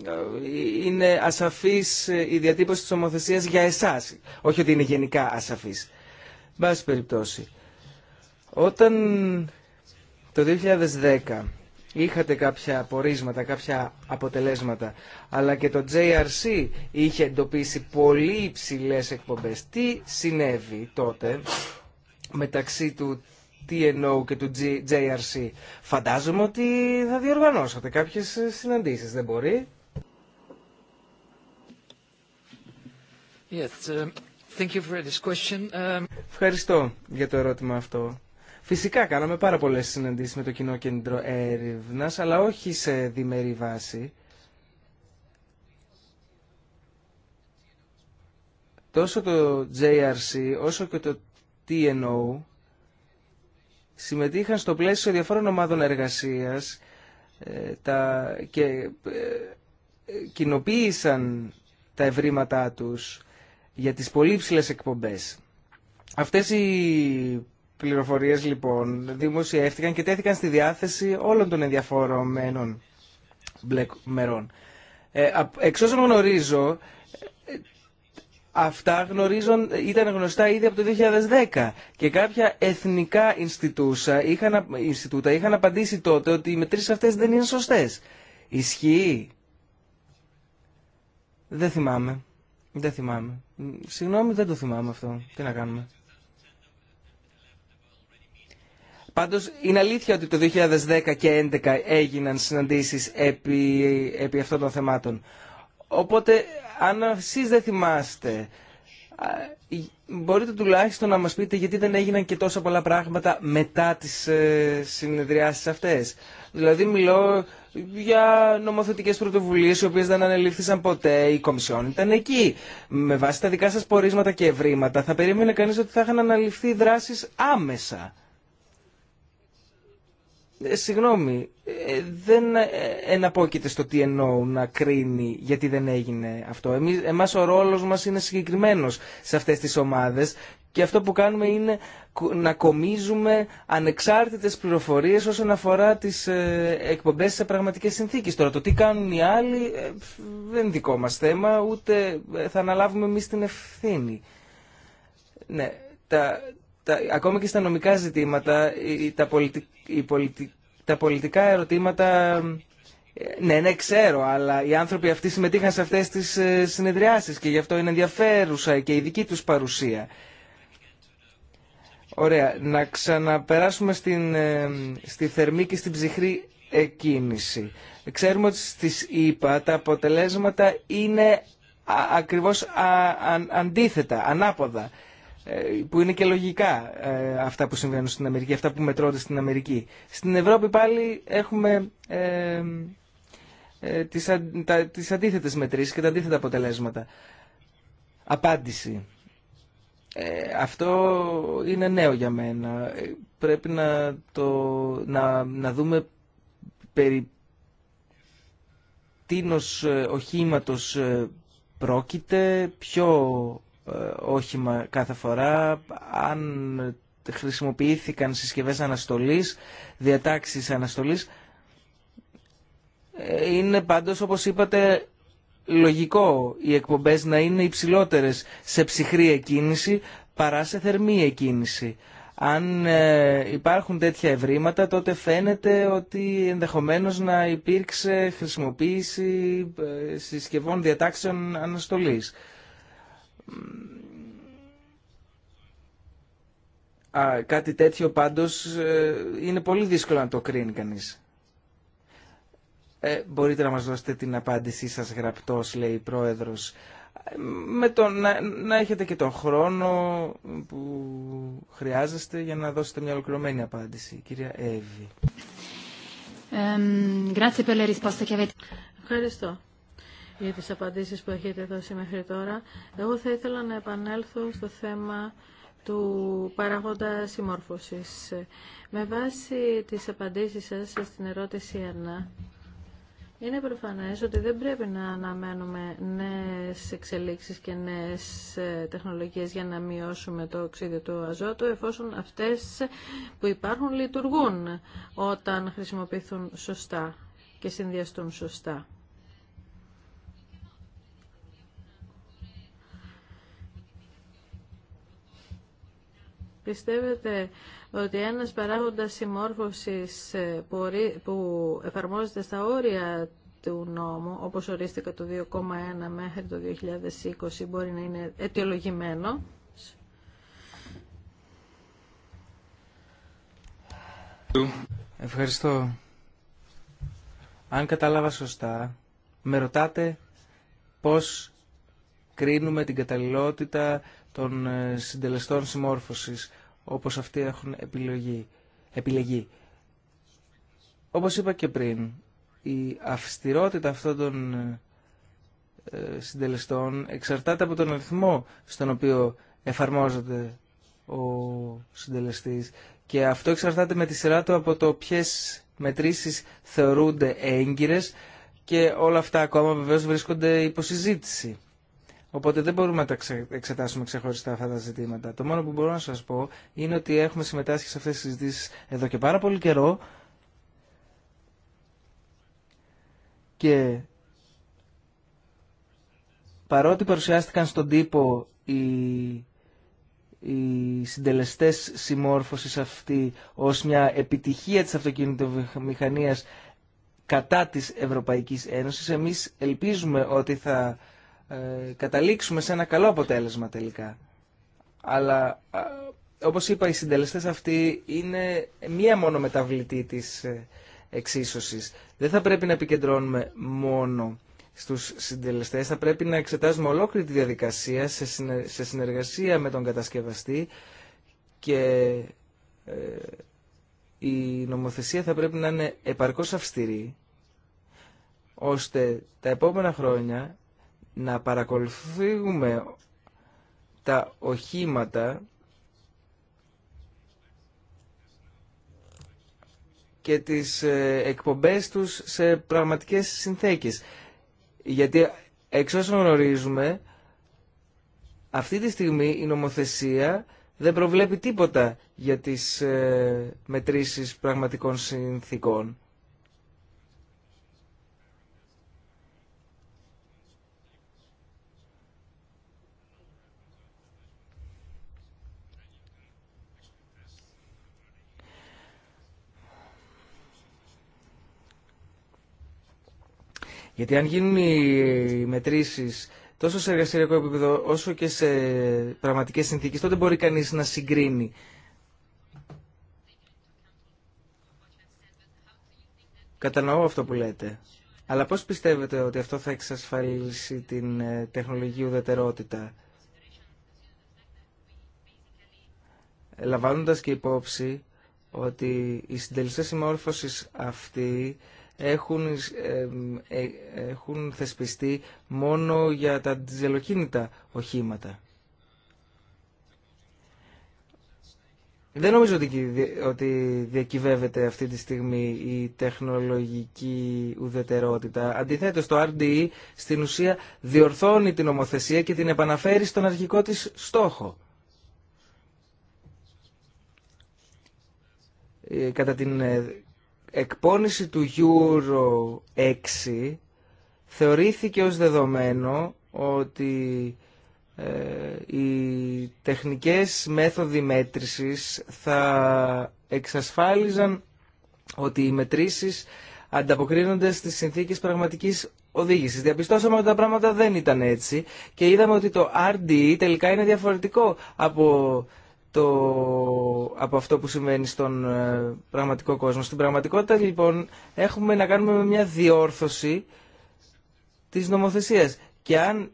ε, είναι ασαφής ε, η διατύπωση της ομοθεσίας για εσάς, όχι ότι είναι γενικά ασαφής. Μπάς περιπτώσει, όταν το 2010 είχατε κάποια απορίσματα, κάποια αποτελέσματα, αλλά και το JRC είχε εντοπίσει πολύ υψηλές εκπομπές, τι συνέβη τότε μεταξύ του TNO και του JRC. Φαντάζομαι ότι θα διοργανώσατε κάποιες ε, συναντήσεις, δεν μπορεί. Yes, uh, thank you for this question. Um, Ευχαριστώ για το ερώτημα αυτό. Φυσικά κάναμε πάρα πολλές συναντήσεις με το Κοινό Κέντρο Έρευνας, αλλά όχι σε διμερή βάση. Τόσο το JRC όσο και το TNO συμμετείχαν στο πλαίσιο διαφόρων ομάδων εργασίας ε, και ε, κοινοποίησαν τα ευρήματά τους για τις πολύ ψηλές εκπομπές. Αυτές οι πληροφορίες λοιπόν δημοσιεύτηκαν και τέθηκαν στη διάθεση όλων των ενδιαφορομένων μερών. Ε, εξ όσων γνωρίζω, Αυτά γνωρίζον, ήταν γνωστά ήδη από το 2010 και κάποια εθνικά Ινστιτούσα είχαν, Ινστιτούτα είχαν απαντήσει τότε ότι οι μετρήσει αυτές δεν είναι σωστές. Ισχύει. Δεν θυμάμαι. Δεν θυμάμαι. Συγγνώμη, δεν το θυμάμαι αυτό. Τι να κάνουμε. Πάντω, είναι αλήθεια ότι το 2010 και 2011 έγιναν συναντήσεις επί, επί αυτών των θεμάτων. Οπότε αν εσείς δεν θυμάστε, μπορείτε τουλάχιστον να μας πείτε γιατί δεν έγιναν και τόσα πολλά πράγματα μετά τις ε, συνεδριάσεις αυτές. Δηλαδή μιλώ για νομοθετικές πρωτοβουλίες οι οποίες δεν ανελήφθησαν ποτέ, η Κομισιόν ήταν εκεί. Με βάση τα δικά σας πορίσματα και ευρήματα θα περίμενε κανείς ότι θα είχαν αναλυφθεί δράσεις άμεσα. Ε, συγγνώμη, ε, δεν ε, εναπόκειται στο τι TNO να κρίνει γιατί δεν έγινε αυτό. Εμείς, εμάς ο ρόλος μας είναι συγκεκριμένος σε αυτές τις ομάδες και αυτό που κάνουμε είναι να κομίζουμε ανεξάρτητες πληροφορίες όσον αφορά τις εκπομπές σε πραγματικές συνθήκες. Τώρα το τι κάνουν οι άλλοι δεν είναι δικό μας θέμα, ούτε θα αναλάβουμε εμείς την ευθύνη. Ναι, τα, τα, ακόμα και στα νομικά ζητήματα, τα, τα πολιτικά ερωτήματα... Ε, ναι, ναι, ξέρω, αλλά οι άνθρωποι αυτοί συμμετείχαν σε αυτές τις ε, συνεδριάσεις και γι' αυτό είναι ενδιαφέρουσα και η δική τους παρουσία. Ωραία, να ξαναπεράσουμε στην, ε, στη θερμή και στην ψυχρή εκκίνηση. Ξέρουμε ότι στις ΙΠΑ τα αποτελέσματα είναι ακριβώς αντίθετα, ανάποδα. Ε, που είναι και λογικά ε, αυτά που συμβαίνουν στην Αμερική, αυτά που μετρώνται στην Αμερική. Στην Ευρώπη πάλι έχουμε ε, ε, τις, τα, τις αντίθετες μετρήσεις και τα αντίθετα αποτελέσματα. Απάντηση. Ε, αυτό είναι νέο για μένα. Πρέπει να, το, να, να δούμε περί τίνος οχήματος πρόκειται, πιο ε, όχημα κάθε φορά, αν χρησιμοποιήθηκαν συσκευές αναστολής, διατάξεις αναστολής. Ε, είναι πάντως, όπως είπατε, λογικό οι εκπομπές να είναι υψηλότερες σε ψυχρή εκκίνηση παρά σε θερμή εκκίνηση. Αν ε, υπάρχουν τέτοια ευρήματα, τότε φαίνεται ότι ενδεχομένως να υπήρξε χρησιμοποίηση συσκευών διατάξεων αναστολής. Α, κάτι τέτοιο πάντως ε, είναι πολύ δύσκολο να το κρίνει κανείς. Ε, μπορείτε να μας δώσετε την απάντησή σας γραπτός, λέει η Πρόεδρος. Με το, να, να έχετε και τον χρόνο που χρειάζεστε για να δώσετε μια ολοκληρωμένη απάντηση. Κυρία Εύη. Ευχαριστώ για τις απαντήσεις που έχετε δώσει μέχρι τώρα. Εγώ θα ήθελα να επανέλθω στο θέμα του παράγοντα συμμόρφωσης. Με βάση τις απαντήσεις σας στην ερώτηση 1, είναι προφανές ότι δεν πρέπει να αναμένουμε νέες εξελίξεις και νέες ε, τεχνολογίες για να μειώσουμε το οξύδιο του αζότου εφόσον αυτές που υπάρχουν λειτουργούν όταν χρησιμοποιηθούν σωστά και συνδυαστούν σωστά. Πιστεύετε ότι ένας παράγοντας συμμόρφωσης ε, που εφαρμόζεται στα όρια του νόμου, όπως ορίστηκα το 2,1 μέχρι το 2020, μπορεί να είναι αιτιολογημένο. Ευχαριστώ. Αν κατάλαβα σωστά, με ρωτάτε πώς κρίνουμε την καταλληλότητα των ε, συντελεστών συμμόρφωσης όπως αυτοί έχουν επιλογή, επιλεγεί. Όπως είπα και πριν, η αυστηρότητα αυτών των ε, συντελεστών εξαρτάται από τον αριθμό στον οποίο εφαρμόζεται ο συντελεστής και αυτό εξαρτάται με τη σειρά του από το ποιες μετρήσεις θεωρούνται έγκυρες και όλα αυτά ακόμα βεβαίως βρίσκονται υπό συζήτηση. Οπότε δεν μπορούμε να τα εξετάσουμε ξεχωριστά αυτά τα ζητήματα. Το μόνο που μπορώ να σας πω είναι ότι έχουμε συμμετάσχει σε αυτές τις συζητήσει εδώ και πάρα πολύ καιρό και παρότι παρουσιάστηκαν στον τύπο οι, οι συντελεστές συμμόρφωσης αυτή ως μια επιτυχία της αυτοκινητομηχανίας κατά της Ευρωπαϊκής Ένωσης, εμείς ελπίζουμε ότι θα ε, καταλήξουμε σε ένα καλό αποτέλεσμα τελικά. Αλλά όπως είπα οι συντελεστές αυτοί είναι μία μόνο μεταβλητή της ε, εξίσωσης. Δεν θα πρέπει να επικεντρώνουμε μόνο στους συντελεστές, θα πρέπει να εξετάζουμε ολόκληρη τη διαδικασία σε συνεργασία με τον κατασκευαστή και ε, η νομοθεσία θα πρέπει να είναι επαρκώς αυστηρή ώστε τα επόμενα χρόνια να παρακολουθούμε τα οχήματα και τις ε, εκπομπές τους σε πραγματικές συνθήκες. Γιατί εξ όσων γνωρίζουμε, αυτή τη στιγμή η νομοθεσία δεν προβλέπει τίποτα για τις ε, μετρήσεις πραγματικών συνθήκων. Γιατί αν γίνουν οι μετρήσεις τόσο σε εργασιακό επίπεδο όσο και σε πραγματικές συνθήκες, τότε μπορεί κανείς να συγκρίνει. Κατανοώ αυτό που λέτε. Αλλά πώς πιστεύετε ότι αυτό θα εξασφαλίσει την ε, τεχνολογική ουδετερότητα. Λαμβάνοντας και υπόψη ότι οι συντελεστές συμμόρφωσης αυτοί έχουν, ε, έχουν θεσπιστεί μόνο για τα τζελοκίνητα οχήματα. Δεν νομίζω ότι διακυβεύεται αυτή τη στιγμή η τεχνολογική ουδετερότητα. Αντιθέτως, το RDE στην ουσία διορθώνει την ομοθεσία και την επαναφέρει στον αρχικό της στόχο. Ε, κατά την ε, εκπόνηση του Euro 6 θεωρήθηκε ως δεδομένο ότι ε, οι τεχνικές μέθοδοι μέτρησης θα εξασφάλιζαν ότι οι μετρήσεις ανταποκρίνονται στις συνθήκες πραγματικής οδήγησης. Διαπιστώσαμε ότι τα πράγματα δεν ήταν έτσι και είδαμε ότι το RDE τελικά είναι διαφορετικό από το, από αυτό που συμβαίνει στον ε, πραγματικό κόσμο. Στην πραγματικότητα λοιπόν έχουμε να κάνουμε μια διόρθωση της νομοθεσίας. Και αν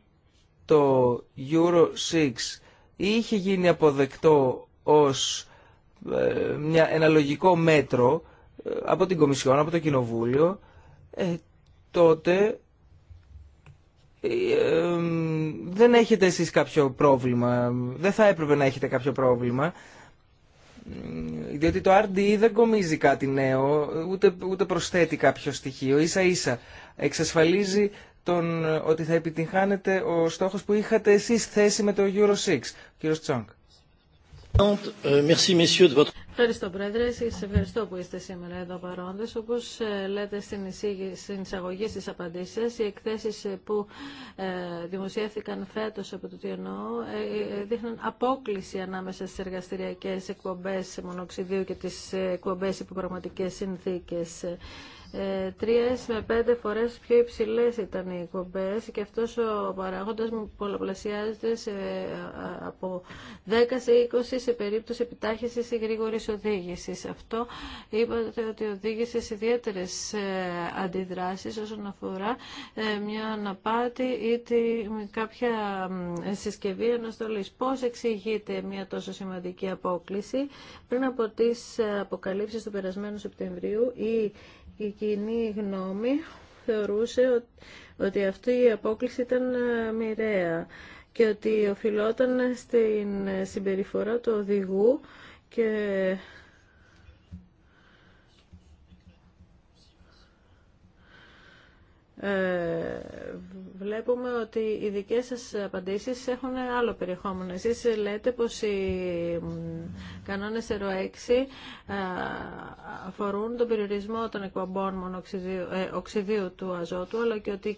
το Euro 6 είχε γίνει αποδεκτό ως ε, μια, ένα λογικό μέτρο ε, από την Κομισιόν, από το Κοινοβούλιο, τότε ε, δεν έχετε εσείς κάποιο πρόβλημα, δεν θα έπρεπε να έχετε κάποιο πρόβλημα, διότι το RDE δεν κομίζει κάτι νέο, ούτε, ούτε προσθέτει κάποιο στοιχείο, ίσα ίσα εξασφαλίζει τον, ότι θα επιτυγχάνετε ο στόχος που είχατε εσείς θέσει με το Euro 6. Κύριος Τσόγκ. Ευχαριστώ, Πρόεδρε. Σα ευχαριστώ που είστε σήμερα εδώ παρόντε. Όπω ε, λέτε στην εισαγωγή στι απαντήσει οι εκθέσει ε, που ε, δημοσιεύθηκαν φέτο από το ΤΙΟΝΟ δείχνουν απόκληση ανάμεσα στι εργαστηριακέ εκπομπέ μονοξιδίου και τι εκπομπέ υποπραγματικέ συνθήκε. Ε, Τρει με πέντε φορέ πιο υψηλέ ήταν οι εκπομπέ και αυτό ο παράγοντα μου πολλαπλασιάζεται από 10 σε 20 σε περίπτωση επιτάχυσης ή γρήγορη. Οδήγησε Αυτό είπατε ότι οδήγησε σε ιδιαίτερε αντιδράσει όσον αφορά ε, μια αναπάτη ή κάποια συσκευή αναστολής. Πώς εξηγείται μια τόσο σημαντική απόκληση πριν από τις ε, αποκαλύψεις του περασμένου Σεπτεμβρίου ή η κοινή γνώμη θεωρούσε ότι αυτή η απόκληση ήταν ε, μοιραία και ότι οφιλότερο στην συμπεριφορά του οδηγού ε, βλέπουμε ότι οι δικές σας απαντήσεις έχουν άλλο περιεχόμενο. Εσείς λέτε πως οι κανόνες 06 ε, αφορούν τον περιορισμό των εκπομπών μονοξιδίου, ε, οξυδίου του αζότου, αλλά και ότι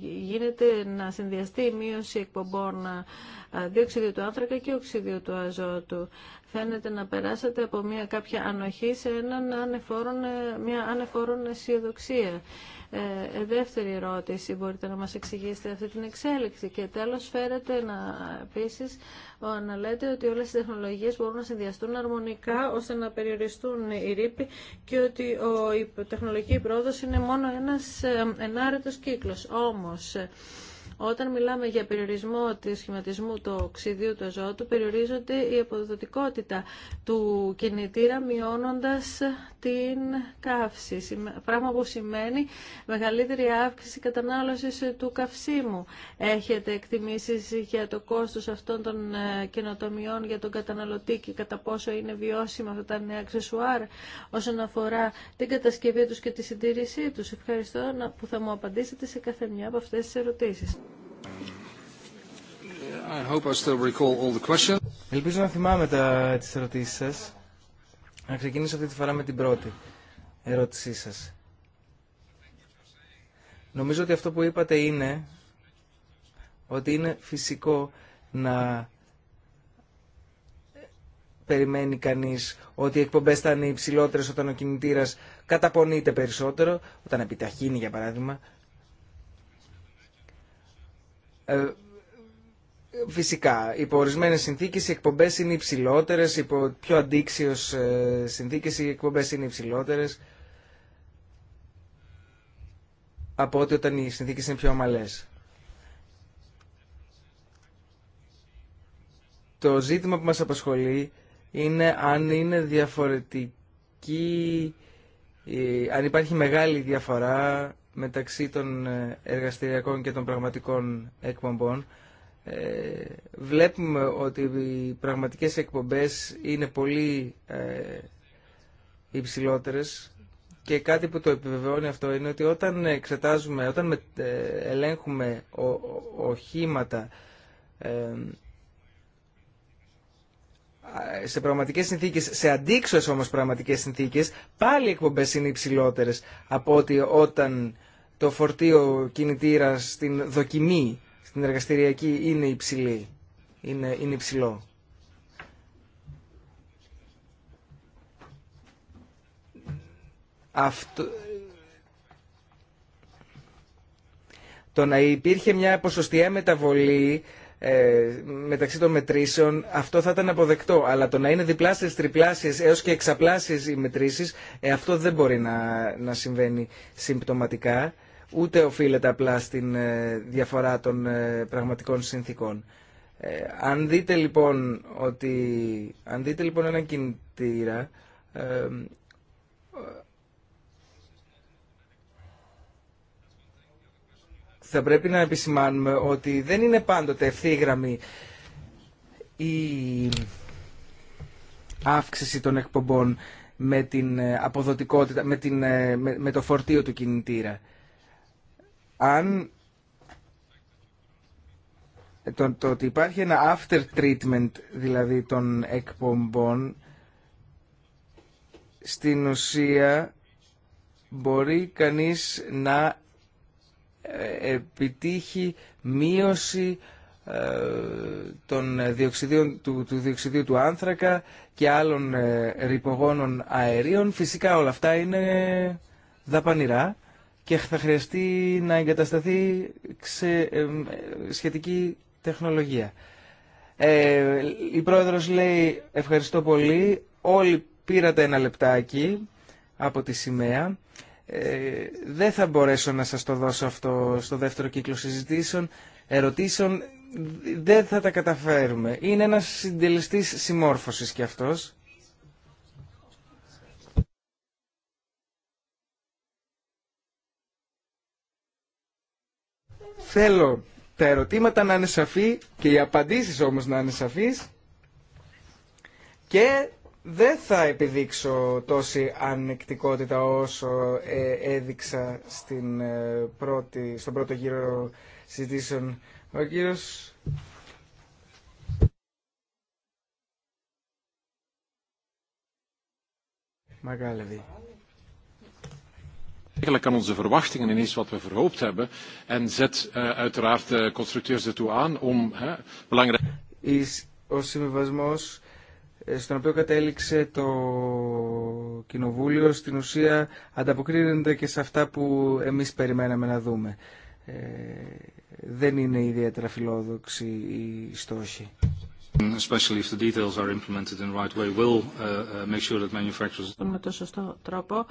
γίνεται να συνδυαστεί η μείωση εκπομπών ε, διοξιδίου του άνθρακα και οξυδίου του αζότου φαίνεται να περάσατε από μια κάποια ανοχή σε έναν ανεφόρον, μια ανεφόρον αισιοδοξία. Ε, ε, δεύτερη ερώτηση, μπορείτε να μας εξηγήσετε αυτή την εξέλιξη. Και τέλος φέρετε να, επίσης να λέτε ότι όλες οι τεχνολογίες μπορούν να συνδυαστούν αρμονικά ώστε να περιοριστούν οι ρήποι και ότι ο, η τεχνολογική πρόοδος είναι μόνο ένας ε, ενάρετος κύκλος. Όμως, όταν μιλάμε για περιορισμό του σχηματισμού του οξυδίου του αζώτου, περιορίζονται η αποδοτικότητα του κινητήρα μειώνοντας την καύση. Πράγμα που σημαίνει μεγαλύτερη αύξηση κατανάλωσης του καυσίμου. Έχετε εκτιμήσεις για το κόστος αυτών των ε, καινοτομιών για τον καταναλωτή και κατά πόσο είναι βιώσιμα αυτά τα νέα αξεσουάρ όσον αφορά την κατασκευή τους και τη συντήρησή τους. Ευχαριστώ που θα μου απαντήσετε σε κάθε μια από αυτές τις ερωτήσεις. Ελπίζω να θυμάμαι τα, τις ερωτήσεις σας. Να ξεκινήσω αυτή τη φορά με την πρώτη ερώτησή σας. Νομίζω ότι αυτό που είπατε είναι ότι είναι φυσικό να περιμένει κανείς ότι οι εκπομπές θα είναι υψηλότερες όταν ο κινητήρας καταπονείται περισσότερο, όταν επιταχύνει για παράδειγμα. Ε, Φυσικά, υπό ορισμένε συνθήκε οι εκπομπέ είναι υψηλότερε, υπό πιο αντίξιο ε, συνθήκε οι εκπομπέ είναι υψηλότερε από ότι όταν οι συνθήκε είναι πιο ομαλέ. Το ζήτημα που μας απασχολεί είναι αν είναι διαφορετική, ε, αν υπάρχει μεγάλη διαφορά μεταξύ των ε, εργαστηριακών και των πραγματικών εκπομπών. Ε, βλέπουμε ότι οι πραγματικές εκπομπές είναι πολύ ε, υψηλότερες και κάτι που το επιβεβαιώνει αυτό είναι ότι όταν εξετάζουμε, όταν ε, ελέγχουμε οχήματα σε πραγματικές συνθήκες, σε αντίξωες όμως πραγματικές συνθήκες, πάλι οι εκπομπές είναι υψηλότερες από ότι όταν το φορτίο κινητήρα στην δοκιμή στην εργαστηριακή είναι υψηλή. Είναι, είναι υψηλό. Αυτό... Το να υπήρχε μια ποσοστιαία μεταβολή ε, μεταξύ των μετρήσεων, αυτό θα ήταν αποδεκτό. Αλλά το να είναι διπλάσιες, τριπλάσιες έως και εξαπλάσιες οι μετρήσεις, ε, αυτό δεν μπορεί να, να συμβαίνει συμπτωματικά ούτε οφείλεται απλά στην ε, διαφορά των ε, πραγματικών συνθήκων. Ε, αν δείτε λοιπόν ότι αν δείτε λοιπόν έναν κινητήρα θα πρέπει να επισημάνουμε ότι δεν είναι πάντοτε ευθύγραμμη η αύξηση των εκπομπών με την αποδοτικότητα, με, την, με το φορτίο του κινητήρα αν το, το ότι υπάρχει ένα after treatment δηλαδή των εκπομπών στην ουσία μπορεί κανείς να ε, επιτύχει μείωση ε, των διοξιδίων, του, του διοξιδίου του άνθρακα και άλλων ε, ρηπογόνων αερίων. Φυσικά όλα αυτά είναι δαπανηρά και θα χρειαστεί να εγκατασταθεί ε, σχετική τεχνολογία. Ε, η πρόεδρος λέει ευχαριστώ πολύ, όλοι πήρατε ένα λεπτάκι από τη σημαία. Ε, δεν θα μπορέσω να σας το δώσω αυτό στο δεύτερο κύκλο συζητήσεων, ερωτήσεων, δεν θα τα καταφέρουμε. Είναι ένας συντελεστής συμμόρφωσης και αυτός. Θέλω τα ερωτήματα να είναι σαφή και οι απαντήσεις όμως να είναι σαφείς και δεν θα επιδείξω τόση ανεκτικότητα όσο ε, έδειξα στην, ε, πρώτη, στον πρώτο γύρο συζητήσεων. Ο eigenlijk aan onze verwachtingen en is wat we verhoopt hebben. En zet uh, uiteraard de constructeurs ertoe aan om hè, belangrijk... Is Ο συμβιβασμό στον οποίο κατέληξε το Κοινοβούλιο στην ουσία ανταποκρίνεται και σε αυτά που εμείς περιμέναμε να δούμε. Ε, δεν είναι ιδιαίτερα φιλόδοξη η στόχη. Especially if the the details are implemented in right way, will uh, make sure that manufacturers... Με το σωστό τρόπο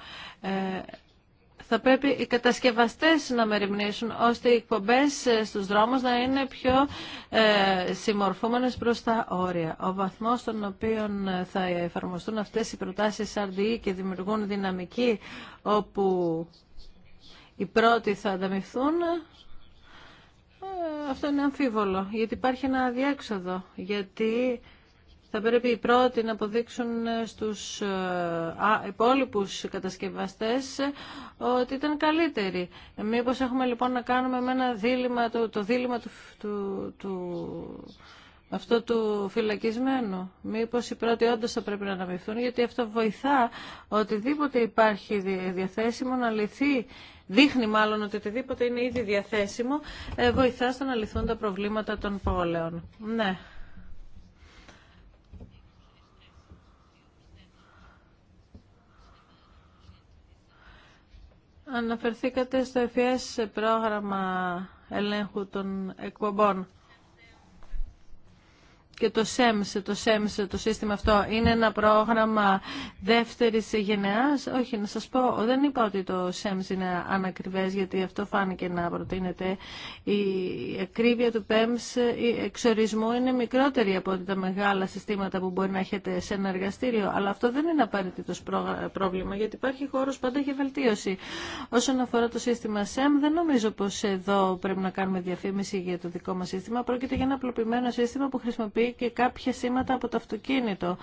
θα πρέπει οι κατασκευαστές να μεριμνήσουν ώστε οι εκπομπές ε, στους δρόμους να είναι πιο ε, συμμορφούμενες προς τα όρια. Ο βαθμός στον οποίο ε, θα εφαρμοστούν αυτές οι προτάσεις RDE και δημιουργούν δυναμική όπου οι πρώτοι θα ανταμυφθούν, ε, αυτό είναι αμφίβολο, γιατί υπάρχει ένα αδιέξοδο, γιατί θα πρέπει οι πρώτοι να αποδείξουν στους υπόλοιπου ε, υπόλοιπους κατασκευαστές ότι ήταν καλύτεροι. Μήπως έχουμε λοιπόν να κάνουμε με ένα το, το δίλημα του, του, του, αυτό του φυλακισμένου. Μήπως οι πρώτοι όντω θα πρέπει να αναμειχθούν γιατί αυτό βοηθά οτιδήποτε υπάρχει διαθέσιμο να λυθεί δείχνει μάλλον ότι οτιδήποτε είναι ήδη διαθέσιμο, ε, βοηθά στο να λυθούν τα προβλήματα των πόλεων. Ναι. Αναφερθήκατε στο e σε πρόγραμμα ελέγχου των εκπομπών και το ΣΕΜΣ, το ΣΕΜΣ, το σύστημα αυτό, είναι ένα πρόγραμμα δεύτερης γενεάς. Όχι, να σας πω, δεν είπα ότι το ΣΕΜΣ είναι ανακριβές, γιατί αυτό φάνηκε να προτείνεται. Η ακρίβεια του ΠΕΜΣ, εξορισμού είναι μικρότερη από ό,τι τα μεγάλα συστήματα που μπορεί να έχετε σε ένα εργαστήριο, αλλά αυτό δεν είναι απαραίτητο πρόβλημα, γιατί υπάρχει χώρος πάντα για βελτίωση. Όσον αφορά το σύστημα ΣΕΜ δεν νομίζω πω εδώ πρέπει να κάνουμε διαφήμιση για το δικό μα σύστημα. Πρόκειται για ένα απλοποιημένο σύστημα που χρησιμοποιεί και κάποια σήματα από το αυτοκίνητο.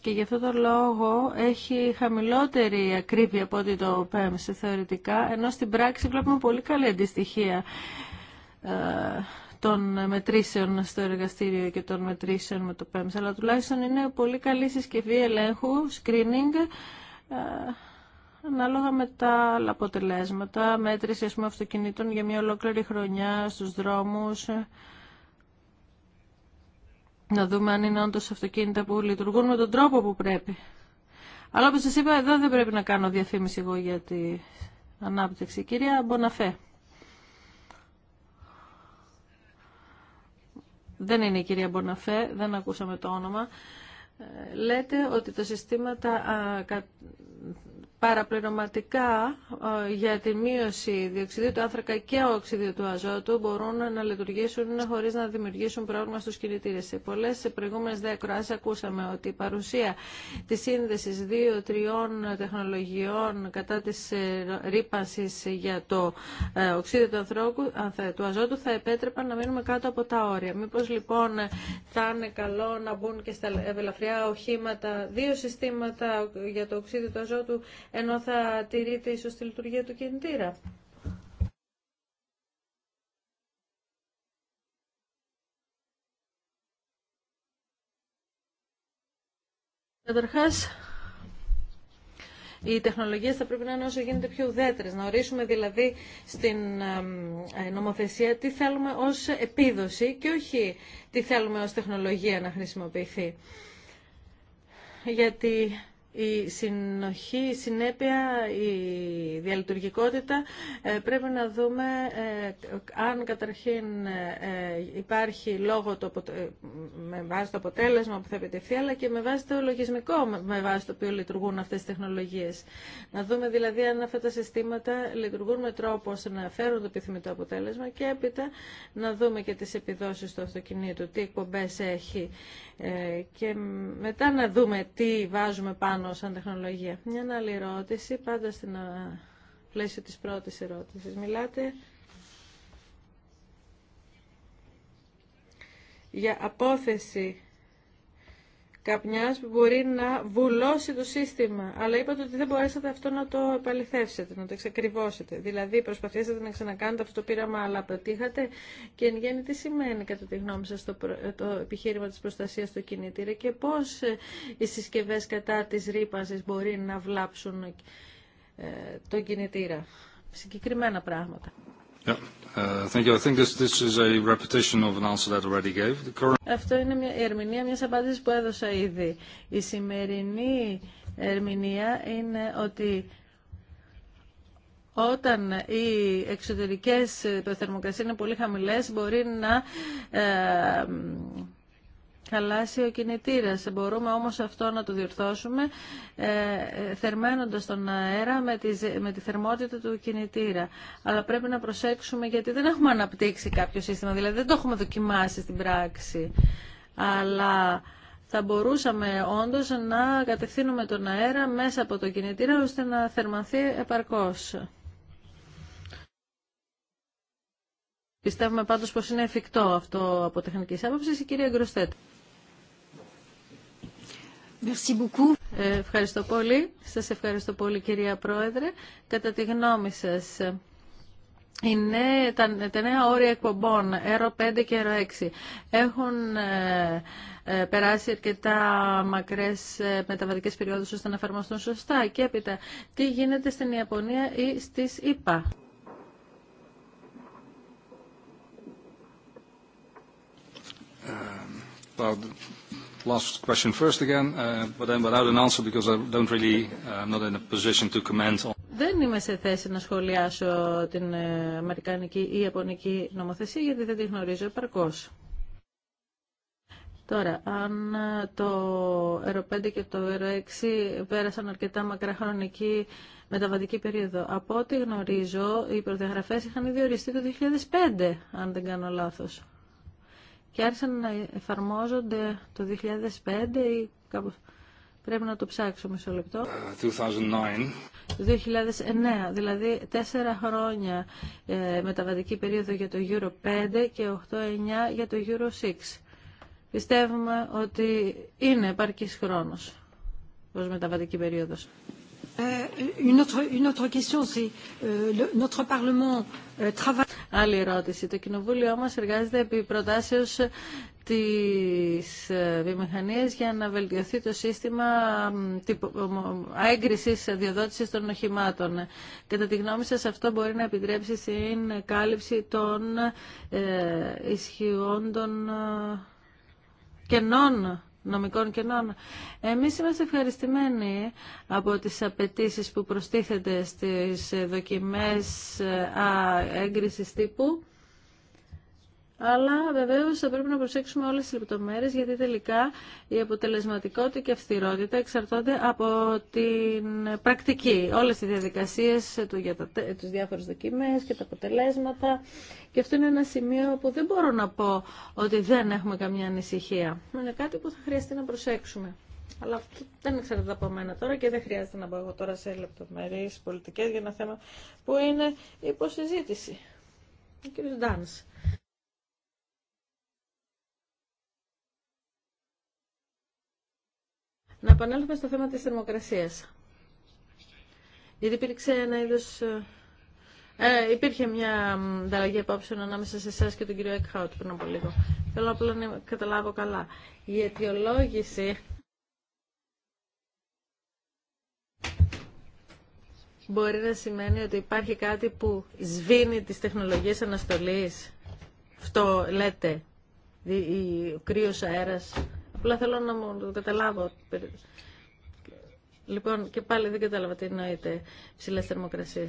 Και γι' αυτό τον λόγο έχει χαμηλότερη ακρίβεια από ό,τι το πέμψε θεωρητικά, ενώ στην πράξη βλέπουμε πολύ καλή αντιστοιχεία ε, των μετρήσεων στο εργαστήριο και των μετρήσεων με το πέμψε. αλλά τουλάχιστον είναι πολύ καλή συσκευή ελέγχου, screening, ε, ανάλογα με τα άλλα αποτελέσματα, μέτρηση πούμε, αυτοκινήτων για μια ολόκληρη χρονιά στους δρόμους, να δούμε αν είναι όντως αυτοκίνητα που λειτουργούν με τον τρόπο που πρέπει. Αλλά όπως σας είπα, εδώ δεν πρέπει να κάνω διαφήμιση εγώ για την ανάπτυξη. Κυρία Μποναφέ. Δεν είναι η κυρία Μποναφέ, δεν ακούσαμε το όνομα. Ε, λέτε ότι τα συστήματα παραπληρωματικά ε, για τη μείωση διοξιδίου του άνθρακα και οξυδίου του αζότου μπορούν να λειτουργήσουν χωρί να δημιουργήσουν πρόβλημα στου κινητήρε. Σε πολλέ προηγούμενε ακούσαμε ότι η παρουσία τη σύνδεση δυο δύο-τριών τεχνολογιών κατά τη ε, ρήπανση για το ε, οξύδιο του, ανθρώπου, του αζότου θα επέτρεπαν να μείνουμε κάτω από τα όρια. Μήπω λοιπόν θα είναι καλό να μπουν και στα ευελαφριά οχήματα δύο συστήματα για το οξύδιο του αζότου ενώ θα τηρείται η τη λειτουργία του κινητήρα. Καταρχά. οι τεχνολογίε θα πρέπει να είναι όσο γίνεται πιο ουδέτερε. Να ορίσουμε δηλαδή στην ε, νομοθεσία τι θέλουμε ω επίδοση και όχι τι θέλουμε ω τεχνολογία να χρησιμοποιηθεί. Γιατί η συνοχή, η συνέπεια, η διαλειτουργικότητα ε, πρέπει να δούμε ε, αν καταρχήν ε, υπάρχει λόγο το, με βάση το αποτέλεσμα που θα επιτευχθεί αλλά και με βάση το λογισμικό με βάση το οποίο λειτουργούν αυτές τις τεχνολογίες. Να δούμε δηλαδή αν αυτά τα συστήματα λειτουργούν με τρόπο ώστε να φέρουν το επιθυμητό αποτέλεσμα και έπειτα να δούμε και τις επιδόσεις του αυτοκινήτου, τι εκπομπέ έχει και μετά να δούμε τι βάζουμε πάνω μόνο σαν τεχνολογία. Μια άλλη ερώτηση, πάντα στην πλαίσιο της πρώτης ερώτησης. Μιλάτε για απόθεση καπνιάς που μπορεί να βουλώσει το σύστημα. Αλλά είπατε ότι δεν μπορέσατε αυτό να το επαληθεύσετε, να το εξακριβώσετε. Δηλαδή προσπαθήσατε να ξανακάνετε αυτό το πείραμα, αλλά πετύχατε. Και εν γέννη τι σημαίνει κατά τη γνώμη σας το, επιχείρημα της προστασίας του κινητήρα και πώς ε, οι συσκευές κατά της ρήπανσης μπορεί να βλάψουν ε, τον κινητήρα. Συγκεκριμένα πράγματα. Αυτό είναι μια ερμηνεία μιας απάντησης που έδωσα ήδη. Η σημερινή ερμηνεία είναι ότι όταν οι εξωτερικές θερμοκρασίες είναι πολύ χαμηλές μπορεί να ε, χαλάσει ο κινητήρας. Μπορούμε όμως αυτό να το διορθώσουμε ε, θερμαίνοντας τον αέρα με τη, με τη θερμότητα του κινητήρα. Αλλά πρέπει να προσέξουμε γιατί δεν έχουμε αναπτύξει κάποιο σύστημα, δηλαδή δεν το έχουμε δοκιμάσει στην πράξη. Αλλά θα μπορούσαμε όντως να κατευθύνουμε τον αέρα μέσα από τον κινητήρα ώστε να θερμανθεί επαρκώς. Πιστεύουμε πάντως πως είναι εφικτό αυτό από τεχνικής άποψης. Η κυρία Γκροστέτ. Ε, ευχαριστώ πολύ. Σας ευχαριστώ πολύ κυρία Πρόεδρε. Κατά τη γνώμη σας, είναι τα, τα νέα όρια εκπομπών, ΕΡΟ 5 και ΕΡΟ 6, έχουν ε, ε, περάσει αρκετά μακρές ε, μεταβατικές περιόδους ώστε να εφαρμοστούν σωστά. Και έπειτα, τι γίνεται στην Ιαπωνία ή στις ΗΠΑ. Ε, last question first again, uh, but without an answer because I don't really, uh, I'm not in a position to comment on. Δεν είμαι σε θέση να σχολιάσω την ε, Αμερικανική ή Ιαπωνική νομοθεσία γιατί δεν τη γνωρίζω επαρκώς. Τώρα, αν ε, το ΕΡΟ 5 και το ΕΡΟ 6 πέρασαν αρκετά μακρά χρονική μεταβατική περίοδο, από ό,τι γνωρίζω οι προδιαγραφές είχαν διοριστεί το 2005, αν δεν κάνω λάθος και άρχισαν να εφαρμόζονται το 2005 ή Πρέπει να το ψάξω μισό λεπτό. 2009. Ε, 2009, δηλαδή τέσσερα χρόνια ε, μεταβατική περίοδο για το Euro 5 και 8-9 για το Euro 6. Πιστεύουμε ότι είναι επαρκής χρόνος ως μεταβατική περίοδος. Άλλη ερώτηση. Το Κοινοβούλιο μα εργάζεται επί προτάσεως τη ε, βιομηχανία για να βελτιωθεί το σύστημα έγκριση διοδότηση των οχημάτων. Κατά τη γνώμη σα, αυτό μπορεί να επιτρέψει στην κάλυψη των ε, ισχυών των ε, κενών νομικών κενών. Εμείς είμαστε ευχαριστημένοι από τις απαιτήσεις που προστίθεται στις δοκιμές ε, έγκρισης τύπου αλλά βεβαίω θα πρέπει να προσέξουμε όλε τι λεπτομέρειε γιατί τελικά η αποτελεσματικότητα και η αυστηρότητα εξαρτώνται από την πρακτική. Όλε τι διαδικασίε για τι διάφορου δοκιμέ και τα αποτελέσματα. Και αυτό είναι ένα σημείο που δεν μπορώ να πω ότι δεν έχουμε καμιά ανησυχία. Είναι κάτι που θα χρειαστεί να προσέξουμε. Αλλά αυτό δεν εξαρτάται από μένα τώρα και δεν χρειάζεται να μπω εγώ τώρα σε λεπτομέρειε πολιτικέ για ένα θέμα που είναι υποσυζήτηση. Ο κ. Να επανέλθουμε στο θέμα της θερμοκρασίας. Γιατί υπήρξε ένα είδος... Ε, ε, υπήρχε μια ανταλλαγή απόψεων ανάμεσα σε εσά και τον κύριο Εκχάουτ πριν από λίγο. Θέλω απλά να καταλάβω καλά. Η αιτιολόγηση μπορεί να σημαίνει ότι υπάρχει κάτι που σβήνει τις τεχνολογίες αναστολής. Αυτό λέτε, ο κρύος αέρας Απλά θέλω να μου το καταλάβω. Λοιπόν, και πάλι δεν κατάλαβα τι εννοείται ψηλέ θερμοκρασίε.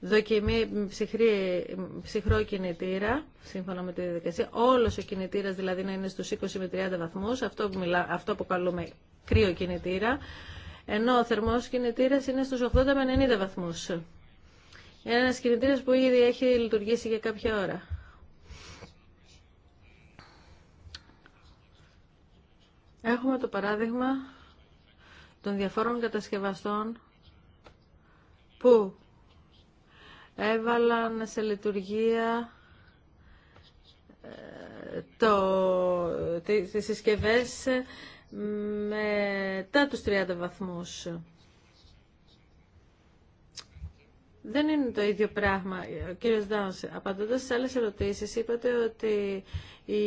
Δοκιμή ψυχρή, ψυχρό κινητήρα, σύμφωνα με τη διαδικασία. Όλος ο κινητήρας δηλαδή να είναι στους 20 με 30 βαθμούς, αυτό που, μιλά, αυτό που καλούμε κρύο κινητήρα, ενώ ο θερμός κινητήρας είναι στους 80 με 90 βαθμούς. Ένας κινητήρας που ήδη έχει λειτουργήσει για κάποια ώρα. Έχουμε το παράδειγμα των διαφόρων κατασκευαστών που έβαλαν σε λειτουργία ε, το, τις συσκευές μετά τους 30 βαθμούς δεν είναι το ίδιο πράγμα. Ο ε, κύριος Δάνος, απαντώντας σε άλλες ερωτήσεις, είπατε ότι η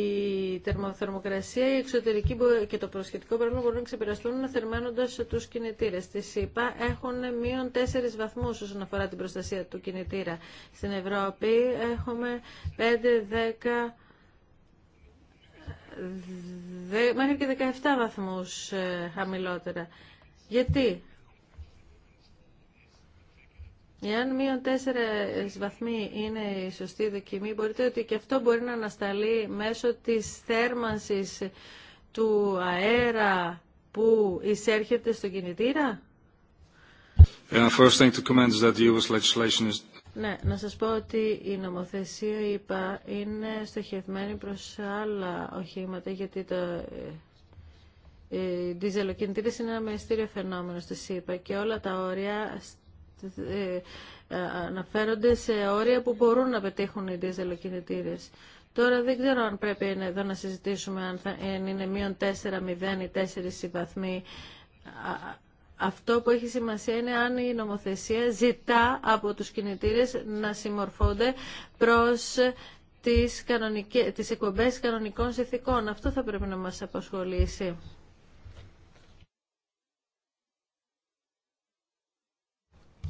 θερμοθερμοκρασία, η εξωτερική και το προσχετικό πράγμα μπορούν να ξεπεραστούν θερμάνοντας τους κινητήρες. Στη ΣΥΠΑ έχουν μείον 4 βαθμούς όσον αφορά την προστασία του κινητήρα. Στην Ευρώπη έχουμε 5, 10... Μέχρι και 17 βαθμούς ε, χαμηλότερα. Γιατί Εάν μείον μία-τέσσερα βαθμοί είναι η σωστή δοκιμή, μπορείτε ότι και αυτό μπορεί να ανασταλεί μέσω της θέρμανσης του αέρα που εισέρχεται στο κινητήρα. Ναι, να σας πω ότι η νομοθεσία, είπα, είναι στοχευμένη προς άλλα οχήματα, γιατί το, ε, ε, οι διζελοκινητήρες είναι ένα μυστήριο φαινόμενο στη ΣΥΠΑ και όλα τα όρια ε, αναφέρονται σε όρια που μπορούν να πετύχουν οι διζελοκινητήρες. Τώρα δεν ξέρω αν πρέπει εδώ να συζητήσουμε αν, είναι μείον 4, 0 ή 4 συμβαθμοί. βαθμοί. Αυτό που έχει σημασία είναι αν η νομοθεσία ζητά από τους κινητήρες να συμμορφώνται προς τις, κανονικές, τις εκπομπές κανονικών συνθηκών. Αυτό θα πρέπει να μας απασχολήσει.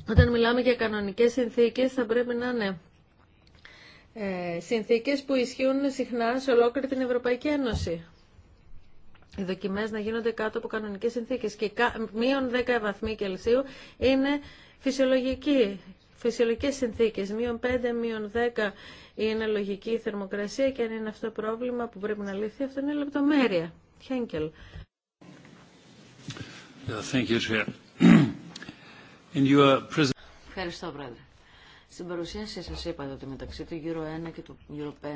Όταν μιλάμε για κανονικές συνθήκες θα πρέπει να είναι ε, συνθήκες που ισχύουν συχνά σε ολόκληρη την Ευρωπαϊκή Ένωση. Οι δοκιμές να γίνονται κάτω από κανονικές συνθήκες και μείον 10 βαθμοί Κελσίου είναι φυσιολογική φυσιολογικές συνθήκες. Μείον 5, μείον 10 είναι λογική η θερμοκρασία και αν είναι αυτό πρόβλημα που πρέπει να λυθεί, αυτό είναι λεπτομέρεια. Χένκελ. Yeah, Ευχαριστώ, Πρόεδρε. Στην παρουσίαση σας είπατε ότι μεταξύ του γύρω 1 και του γύρω 5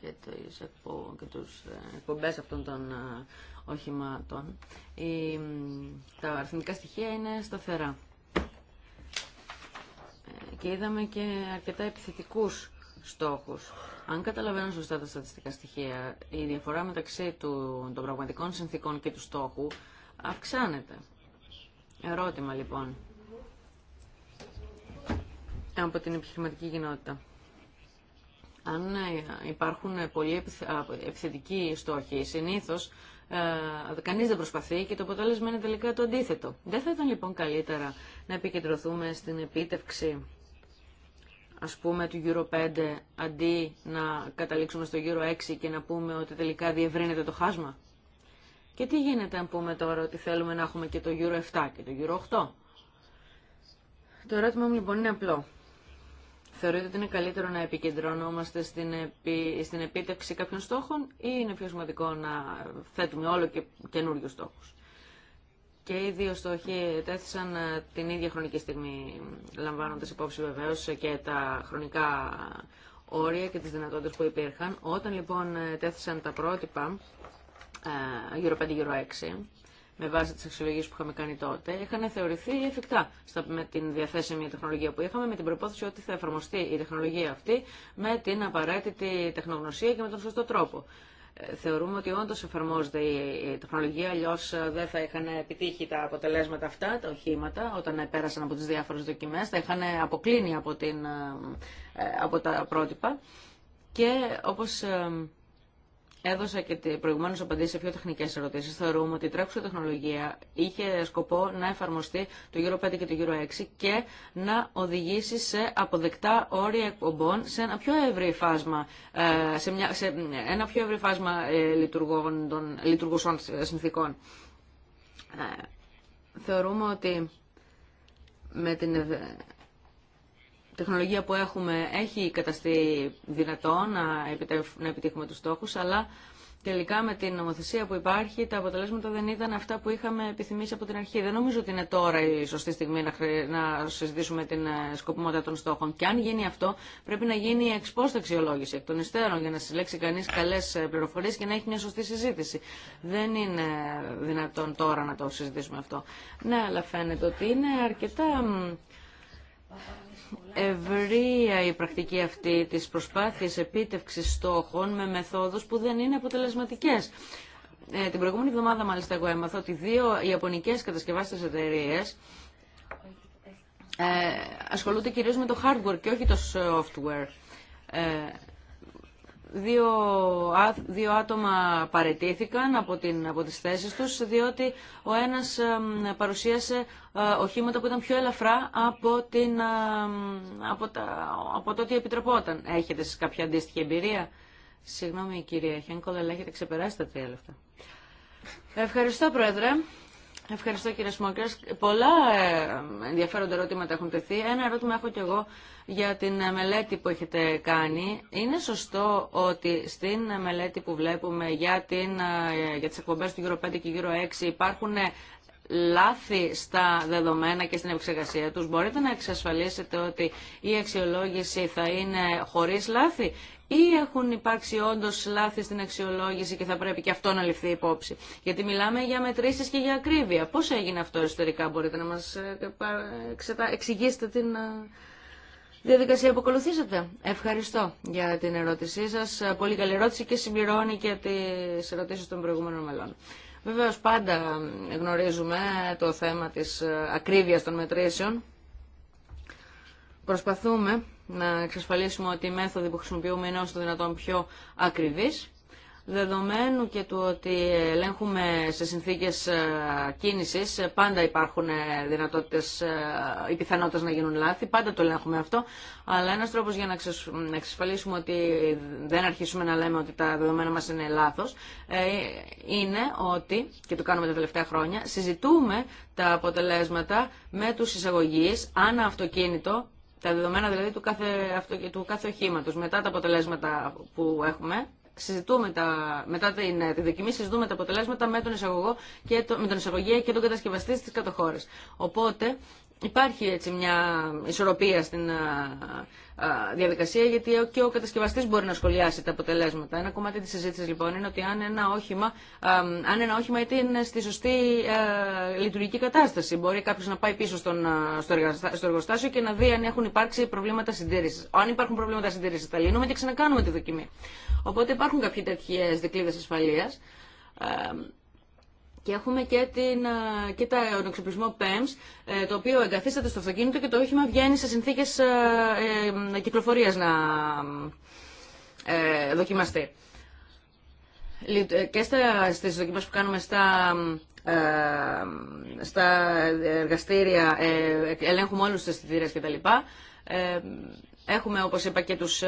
και, του εκπο, και τους ε, εκπομπές αυτών των ε, οχημάτων η, τα αριθμητικά στοιχεία είναι σταθερά. Ε, και είδαμε και αρκετά επιθετικούς στόχους. Αν καταλαβαίνω σωστά τα στατιστικά στοιχεία, η διαφορά μεταξύ του, των πραγματικών συνθήκων και του στόχου αυξάνεται. Ερώτημα λοιπόν από την επιχειρηματική κοινότητα. Αν ε, υπάρχουν πολύ επιθετικοί στόχοι, συνήθω ε, κανείς δεν προσπαθεί και το αποτέλεσμα είναι τελικά το αντίθετο. Δεν θα ήταν λοιπόν καλύτερα να επικεντρωθούμε στην επίτευξη ας πούμε του Euro 5 αντί να καταλήξουμε στο Euro 6 και να πούμε ότι τελικά διευρύνεται το χάσμα. Και τι γίνεται αν πούμε τώρα ότι θέλουμε να έχουμε και το Euro 7 και το Euro 8. Το ερώτημα μου λοιπόν είναι απλό. Θεωρείτε ότι είναι καλύτερο να επικεντρωνόμαστε στην, επί... στην επίτευξη κάποιων στόχων ή είναι πιο σημαντικό να θέτουμε όλο και καινούριου στόχους. Και οι δύο στόχοι τέθησαν ε, την ίδια χρονική στιγμή, λαμβάνοντας υπόψη βεβαίω ε, και τα χρονικά όρια και τις δυνατότητες που υπήρχαν. Όταν λοιπόν ε, τέθησαν τα πρότυπα γυρω 5, 6, με βάση τις αξιολογίες που είχαμε κάνει τότε, είχαν θεωρηθεί εφικτά με την διαθέσιμη τεχνολογία που είχαμε, με την προπόθεση ότι θα εφαρμοστεί η τεχνολογία αυτή με την απαραίτητη τεχνογνωσία και με τον σωστό τρόπο. Ε, θεωρούμε ότι όντω εφαρμόζεται η τεχνολογία, αλλιώ ε, δεν θα είχαν επιτύχει τα αποτελέσματα αυτά, τα οχήματα, όταν πέρασαν από τι διάφορε δοκιμέ, θα είχαν αποκλίνει από, την, ε, από τα πρότυπα. Και όπως Έδωσα και προηγουμένω απαντήσει σε πιο τεχνικέ ερωτήσει. Θεωρούμε ότι η τρέχουσα τεχνολογία είχε σκοπό να εφαρμοστεί το γύρο 5 και το γύρο 6 και να οδηγήσει σε αποδεκτά όρια εκπομπών σε ένα πιο ευρύ φάσμα, ε, σε ένα πιο ευρύ φάσμα ε, λειτουργουσών συνθήκων. Ε, θεωρούμε ότι με την τεχνολογία που έχουμε έχει καταστεί δυνατό να επιτύχουμε τους στόχους, αλλά τελικά με την νομοθεσία που υπάρχει τα αποτελέσματα δεν ήταν αυτά που είχαμε επιθυμήσει από την αρχή. Δεν νομίζω ότι είναι τώρα η σωστή στιγμή να, να συζητήσουμε την ε, σκοπιμότητα των στόχων. Και αν γίνει αυτό, πρέπει να γίνει εξπόστα αξιολόγηση εκ των υστέρων για να συλλέξει κανεί καλέ ε, πληροφορίε και να έχει μια σωστή συζήτηση. Δεν είναι δυνατόν τώρα να το συζητήσουμε αυτό. Ναι, αλλά φαίνεται ότι είναι αρκετά ευρεία η πρακτική αυτή της προσπάθειας επίτευξης στόχων με μεθόδους που δεν είναι αποτελεσματικές. Ε, την προηγούμενη εβδομάδα μάλιστα εγώ έμαθα ότι δύο ιαπωνικές κατασκευάστες εταιρείε. Ε, ασχολούνται κυρίως με το hardware και όχι το software. Ε, δύο, δύο άτομα παρετήθηκαν από, την, από τις θέσεις τους διότι ο ένας παρουσίασε ε, οχήματα που ήταν πιο ελαφρά από, την, από, τα, από το ότι επιτρεπόταν. Έχετε κάποια αντίστοιχη εμπειρία. Συγγνώμη κυρία Χένκολα, αλλά έχετε ξεπεράσει τα τρία λεπτά. Ευχαριστώ Πρόεδρε. Ευχαριστώ κύριε Σμόκρας. Πολλά ε, ενδιαφέροντα ερώτηματα έχουν τεθεί. Ένα ερώτημα έχω κι εγώ για την ε, μελέτη που έχετε κάνει. Είναι σωστό ότι στην ε, μελέτη που βλέπουμε για, την, για τις εκπομπές του γύρω 5 και γύρω 6 υπάρχουν λάθη στα δεδομένα και στην επεξεργασία τους, μπορείτε να εξασφαλίσετε ότι η αξιολόγηση θα είναι χωρίς λάθη ή έχουν υπάρξει όντω λάθη στην αξιολόγηση και θα πρέπει και αυτό να ληφθεί υπόψη. Γιατί μιλάμε για μετρήσεις και για ακρίβεια. Πώς έγινε αυτό εσωτερικά, μπορείτε να μας ε, εξηγήσετε την ε, διαδικασία που ακολουθήσατε. Ευχαριστώ για την ερώτησή σας. Πολύ καλή ερώτηση και συμπληρώνει και τις ερωτήσεις των προηγούμενων μελών. Βεβαίως πάντα γνωρίζουμε το θέμα της ε, ακρίβειας των μετρήσεων. Προσπαθούμε να εξασφαλίσουμε ότι η μέθοδοι που χρησιμοποιούμε είναι όσο το δυνατόν πιο ακριβής. Δεδομένου και του ότι ελέγχουμε σε συνθήκες ε, κίνησης, ε, πάντα υπάρχουν ε, δυνατότητες, οι πιθανότητες να γίνουν λάθη, πάντα το ελέγχουμε αυτό, αλλά ένας τρόπος για να εξασφαλίσουμε ότι δεν αρχίσουμε να λέμε ότι τα δεδομένα μας είναι λάθος, είναι ότι, και το κάνουμε τα τελευταία χρόνια, συζητούμε τα αποτελέσματα με τους εισαγωγείς, ανά αυτοκίνητο, τα δεδομένα δηλαδή του κάθε, του κάθε οχήματος, μετά τα αποτελέσματα που έχουμε, συζητούμε τα, μετά την, τη δοκιμή συζητούμε τα αποτελέσματα με τον, εισαγωγό και με τον εισαγωγέα και τον κατασκευαστή στις κατοχώρες. Οπότε υπάρχει έτσι μια ισορροπία στην διαδικασία γιατί και ο κατασκευαστή μπορεί να σχολιάσει τα αποτελέσματα. Ένα κομμάτι τη συζήτηση λοιπόν είναι ότι αν ένα όχημα, αν ένα όχημα είτε είναι στη σωστή λειτουργική κατάσταση, μπορεί κάποιο να πάει πίσω στον, στο εργοστάσιο και να δει αν έχουν υπάρξει προβλήματα συντήρηση. Αν υπάρχουν προβλήματα συντήρηση, τα λύνουμε και ξανακάνουμε τη δοκιμή. Οπότε υπάρχουν κάποιοι τέτοιε δικλείδε ασφαλεία και έχουμε και, την, ε, και ε, τον εξοπλισμό PEMS, ε, το οποίο εγκαθίσταται στο αυτοκίνητο και το όχημα βγαίνει σε συνθήκες κυκλοφορίας να δοκιμαστεί. Και στις δοκιμές που κάνουμε στα στα εργαστήρια, ελέγχουμε όλους τους αισθητήρες κτλ. Έχουμε, όπως είπα, και τους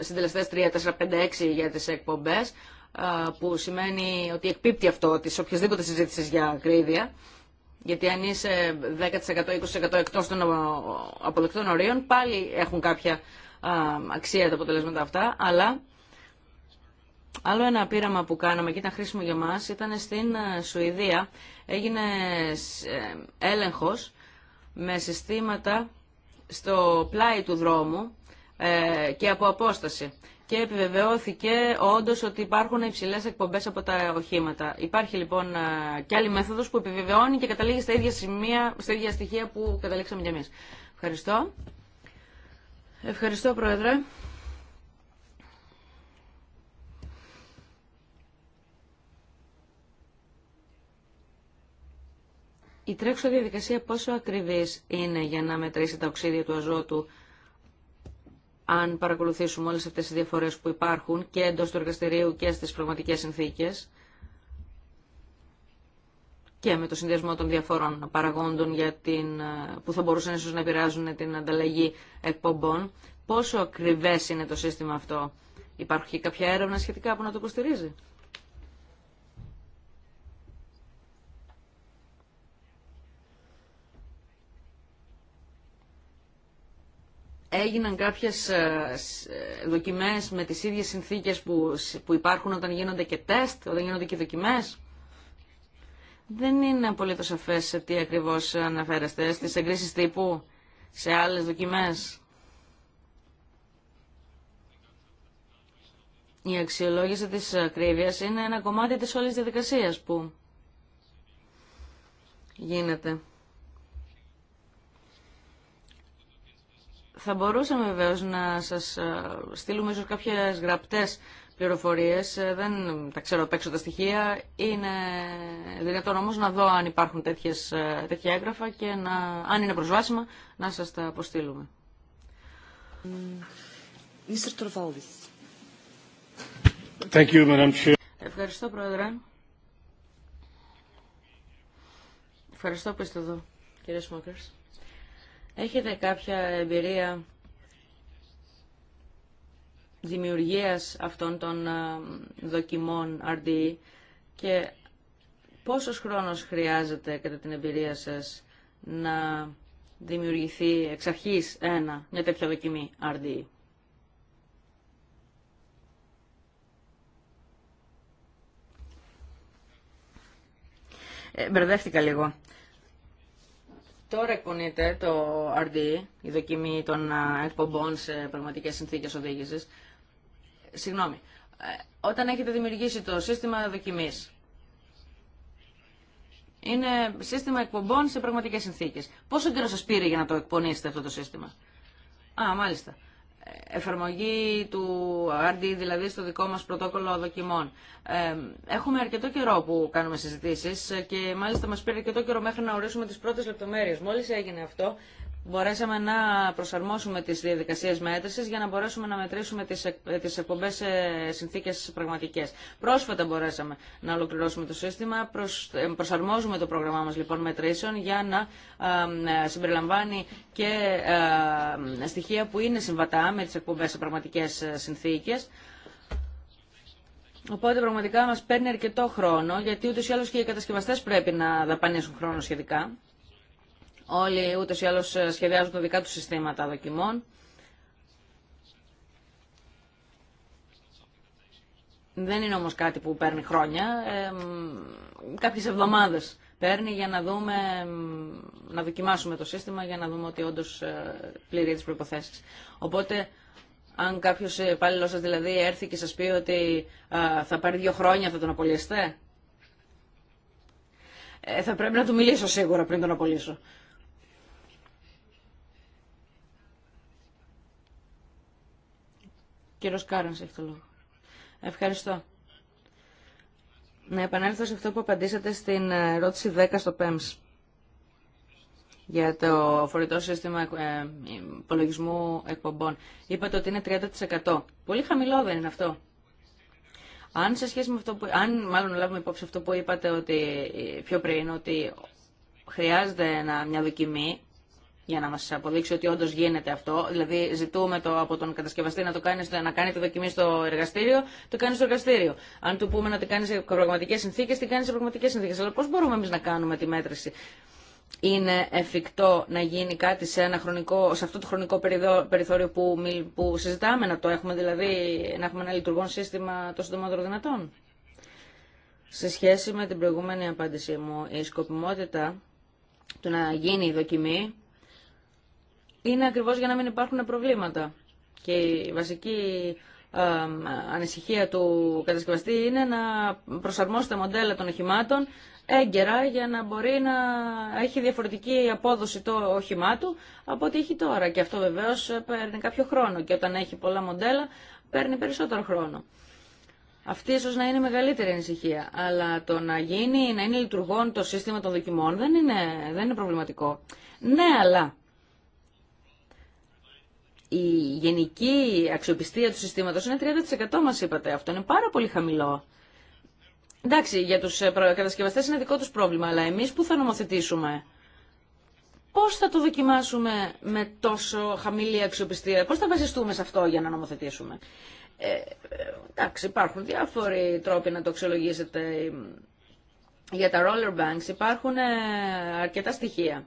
συντελεστές 3, 4, 5, 6 για τις εκπομπές που σημαίνει ότι εκπίπτει αυτό τη οποιασδήποτε συζήτηση για ακρίβεια. Γιατί αν είσαι 10%-20% εκτό των αποδεκτών ορίων, πάλι έχουν κάποια αξία τα αποτελέσματα αυτά, αλλά Άλλο ένα πείραμα που κάναμε και ήταν χρήσιμο για μας ήταν στην Σουηδία. Έγινε ε, έλεγχος με συστήματα στο πλάι του δρόμου ε, και από απόσταση και επιβεβαιώθηκε όντω ότι υπάρχουν υψηλέ εκπομπέ από τα οχήματα. Υπάρχει λοιπόν ε, και άλλη μέθοδο που επιβεβαιώνει και καταλήγει στα ίδια, σημεία, στα ίδια στοιχεία που καταλήξαμε κι εμεί. Ευχαριστώ. Ευχαριστώ, Πρόεδρε. Η τρέχουσα διαδικασία πόσο ακριβής είναι για να μετρήσει τα οξύδια του αζότου αν παρακολουθήσουμε όλες αυτές τις διαφορές που υπάρχουν και εντός του εργαστηρίου και στις πραγματικές συνθήκες και με το συνδυασμό των διαφόρων παραγόντων για την, που θα μπορούσαν ίσως να επηρεάζουν την ανταλλαγή εκπομπών. Πόσο ακριβές είναι το σύστημα αυτό. Υπάρχει κάποια έρευνα σχετικά που να το υποστηρίζει. έγιναν κάποιες ε, ε, δοκιμές με τις ίδιες συνθήκες που υπάρχουν όταν γίνονται και τεστ, όταν γίνονται και δοκιμές. Δεν είναι το σαφέ σε τι ακριβώς αναφέρεστε, στις εγκρίσεις τύπου, σε άλλες δοκιμές. Η αξιολόγηση της ε, ακρίβειας είναι ένα κομμάτι της όλης διαδικασίας που γίνεται. Θα μπορούσαμε βεβαίω να σας ε, στείλουμε ίσω κάποιε γραπτές πληροφορίες. Ε, δεν τα ξέρω απ' τα στοιχεία. Είναι δυνατόν όμω να δω αν υπάρχουν τέτοιες, ε, τέτοια έγγραφα και να, αν είναι προσβάσιμα να σα τα αποστείλουμε. Thank you, Madam Chair. Ευχαριστώ, Πρόεδρε. Ευχαριστώ που είστε εδώ, κύριε Σμόκερς. Έχετε κάποια εμπειρία δημιουργίας αυτών των ε, δοκιμών RDE και πόσος χρόνος χρειάζεται κατά την εμπειρία σας να δημιουργηθεί εξ αρχής ένα, μια τέτοια δοκιμή RDE. Ε, μπερδεύτηκα λίγο. Τώρα εκπονείται το RD, η δοκιμή των εκπομπών σε πραγματικές συνθήκες οδήγησης. Συγγνώμη, ε, όταν έχετε δημιουργήσει το σύστημα δοκιμής, είναι σύστημα εκπομπών σε πραγματικές συνθήκες. Πόσο καιρό σας πήρε για να το εκπονήσετε αυτό το σύστημα. Α, μάλιστα εφαρμογή του RD, δηλαδή στο δικό μας πρωτόκολλο δοκιμών. Ε, έχουμε αρκετό καιρό που κάνουμε συζητήσεις και μάλιστα μας πήρε αρκετό καιρό μέχρι να ορίσουμε τις πρώτες λεπτομέρειες. Μόλις έγινε αυτό, μπορέσαμε να προσαρμόσουμε τις διαδικασίες μέτρησης για να μπορέσουμε να μετρήσουμε τις, ε, τις εκπομπές σε συνθήκες πραγματικές. Πρόσφατα μπορέσαμε να ολοκληρώσουμε το σύστημα, ε, προσαρμόζουμε το πρόγραμμά μας λοιπόν μετρήσεων για να ε, συμπεριλαμβάνει και στοιχεία που είναι συμβατά με τις εκπομπές σε πραγματικές συνθήκες. Οπότε πραγματικά μας παίρνει αρκετό χρόνο, γιατί ούτως ή άλλως και οι κατασκευαστές πρέπει να δαπανίσουν χρόνο σχετικά. Όλοι ούτε ή άλλως ε, σχεδιάζουν τα δικά τους συστήματα δοκιμών. Δεν είναι όμως κάτι που παίρνει χρόνια, ε, κάποιες εβδομάδες παίρνει για να δούμε, να δοκιμάσουμε το σύστημα για να δούμε ότι όντως ε, πληρεί τις προϋποθέσεις. Οπότε, αν κάποιος υπάλληλος σας δηλαδή έρθει και σας πει ότι θα πάρει δύο χρόνια θα τον απολύσετε, ε, θα πρέπει να του μιλήσω σίγουρα πριν τον απολύσω. κύριος σε λόγο. Ευχαριστώ. Να επανέλθω σε αυτό που απαντήσατε στην ε, ερώτηση 10 στο ΠΕΜΣ για το φορητό σύστημα ε, υπολογισμού εκπομπών. Είπατε ότι είναι 30%. Πολύ χαμηλό δεν είναι αυτό. Αν σε σχέση με αυτό που, αν μάλλον λάβουμε υπόψη αυτό που είπατε ότι ε, πιο πριν, ότι χρειάζεται μια δοκιμή για να μα αποδείξει ότι όντω γίνεται αυτό. Δηλαδή ζητούμε το, από τον κατασκευαστή να, το κάνει, να κάνει τη δοκιμή στο εργαστήριο, το κάνει στο εργαστήριο. Αν του πούμε να την κάνει σε πραγματικέ συνθήκε, την κάνει σε πραγματικέ συνθήκε. Αλλά πώ μπορούμε εμεί να κάνουμε τη μέτρηση. Είναι εφικτό να γίνει κάτι σε, ένα χρονικό, σε αυτό το χρονικό περιθώριο που, που συζητάμε, να το έχουμε δηλαδή, να έχουμε ένα λειτουργόν σύστημα το συντομότερο δυνατόν. Σε σχέση με την προηγούμενη απάντησή μου, η σκοπιμότητα του να γίνει η δοκιμή είναι ακριβώ για να μην υπάρχουν προβλήματα. Και η βασική ανησυχία του κατασκευαστή είναι να προσαρμόσει τα μοντέλα των οχημάτων έγκαιρα για να μπορεί να έχει διαφορετική απόδοση το όχημά του από ό,τι έχει τώρα. Και αυτό βεβαίω παίρνει κάποιο χρόνο και όταν έχει πολλά μοντέλα παίρνει περισσότερο χρόνο. Αυτή ίσω να είναι η μεγαλύτερη ανησυχία, αλλά το να γίνει, να είναι λειτουργών το σύστημα των δοκιμών δεν είναι, δεν είναι προβληματικό. Ναι, αλλά η γενική αξιοπιστία του συστήματος είναι 30% μας είπατε. Αυτό είναι πάρα πολύ χαμηλό. Εντάξει, για τους ε, κατασκευαστές είναι δικό τους πρόβλημα, αλλά εμείς που θα νομοθετήσουμε. Πώς θα το δοκιμάσουμε με τόσο χαμηλή αξιοπιστία, πώς θα βασιστούμε σε αυτό για να νομοθετήσουμε. Ε, εντάξει, υπάρχουν διάφοροι τρόποι να το αξιολογήσετε. Για τα roller banks υπάρχουν ε, αρκετά στοιχεία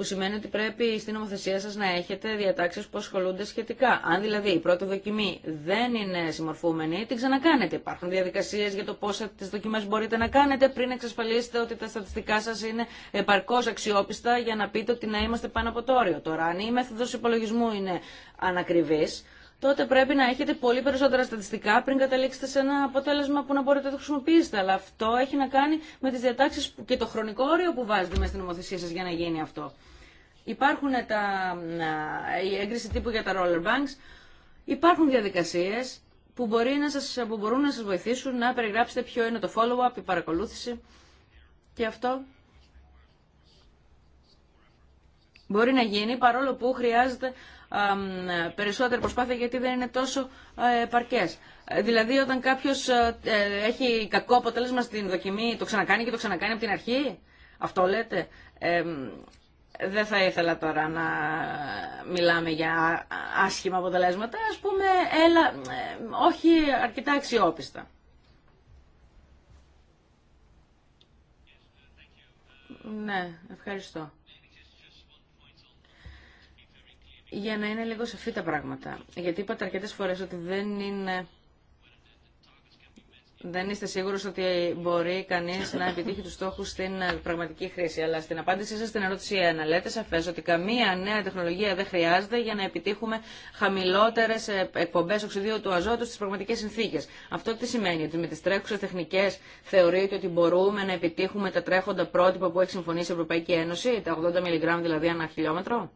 που σημαίνει ότι πρέπει στην νομοθεσία σας να έχετε διατάξεις που ασχολούνται σχετικά. Αν δηλαδή η πρώτη δοκιμή δεν είναι συμμορφούμενη, την ξανακάνετε. Υπάρχουν διαδικασίες για το πόσα τις δοκιμές μπορείτε να κάνετε πριν εξασφαλίσετε ότι τα στατιστικά σας είναι επαρκώς αξιόπιστα για να πείτε ότι να είμαστε πάνω από το όριο. Τώρα, αν η μέθοδος υπολογισμού είναι ανακριβής, τότε πρέπει να έχετε πολύ περισσότερα στατιστικά πριν καταλήξετε σε ένα αποτέλεσμα που να μπορείτε να το χρησιμοποιήσετε. Αλλά αυτό έχει να κάνει με τις διατάξεις και το χρονικό όριο που βάζετε μέσα στην νομοθεσία σας για να γίνει αυτό. Υπάρχουν τα, η έγκριση τύπου για τα roller banks. Υπάρχουν διαδικασίες που, μπορεί να σας, μπορούν να σας βοηθήσουν να περιγράψετε ποιο είναι το follow-up, η παρακολούθηση. Και αυτό μπορεί να γίνει παρόλο που χρειάζεται περισσότερη προσπάθεια γιατί δεν είναι τόσο παρκές. Δηλαδή όταν κάποιος ε, έχει κακό αποτέλεσμα στην δοκιμή, το ξανακάνει και το ξανακάνει από την αρχή. Αυτό λέτε. Ε, δεν θα ήθελα τώρα να μιλάμε για άσχημα αποτελέσματα, ας πούμε, έλα, ε, όχι αρκετά αξιόπιστα. Ναι, ευχαριστώ. Για να είναι λίγο σαφή τα πράγματα, γιατί είπατε αρκετές φορές ότι δεν είναι δεν είστε σίγουρος ότι μπορεί κανείς να επιτύχει τους στόχους στην πραγματική χρήση. Αλλά στην απάντησή σας στην ερώτηση 1 λέτε σαφές ότι καμία νέα τεχνολογία δεν χρειάζεται για να επιτύχουμε χαμηλότερες εκπομπές οξυδίου του αζότου στις πραγματικές συνθήκες. Αυτό τι σημαίνει, ότι με τις τρέχουσες τεχνικές θεωρείτε ότι μπορούμε να επιτύχουμε τα τρέχοντα πρότυπα που έχει συμφωνήσει η Ευρωπαϊκή Ένωση, τα 80 μιλιγκράμμ δηλαδή ανά χιλιόμετρο.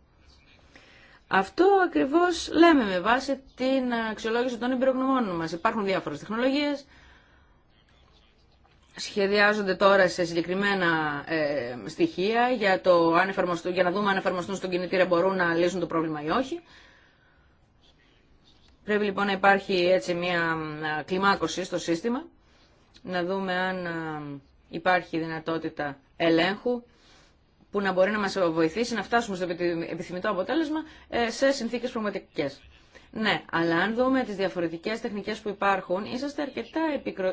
Αυτό ακριβώς λέμε με βάση την αξιολόγηση των εμπειρογνωμών μας. Υπάρχουν διάφορες τεχνολογίες, σχεδιάζονται τώρα σε συγκεκριμένα ε, στοιχεία για, το, αν για να δούμε αν εφαρμοστούν στον κινητήρα μπορούν να λύσουν το πρόβλημα ή όχι. Πρέπει λοιπόν να υπάρχει έτσι μια ε, κλιμάκωση στο σύστημα, να δούμε αν ε, υπάρχει δυνατότητα ελέγχου που να μπορεί να μας βοηθήσει να φτάσουμε στο επιθυμητό αποτέλεσμα σε συνθήκες πραγματικές. Ναι, αλλά αν δούμε τις διαφορετικές τεχνικές που υπάρχουν, είσαστε αρκετά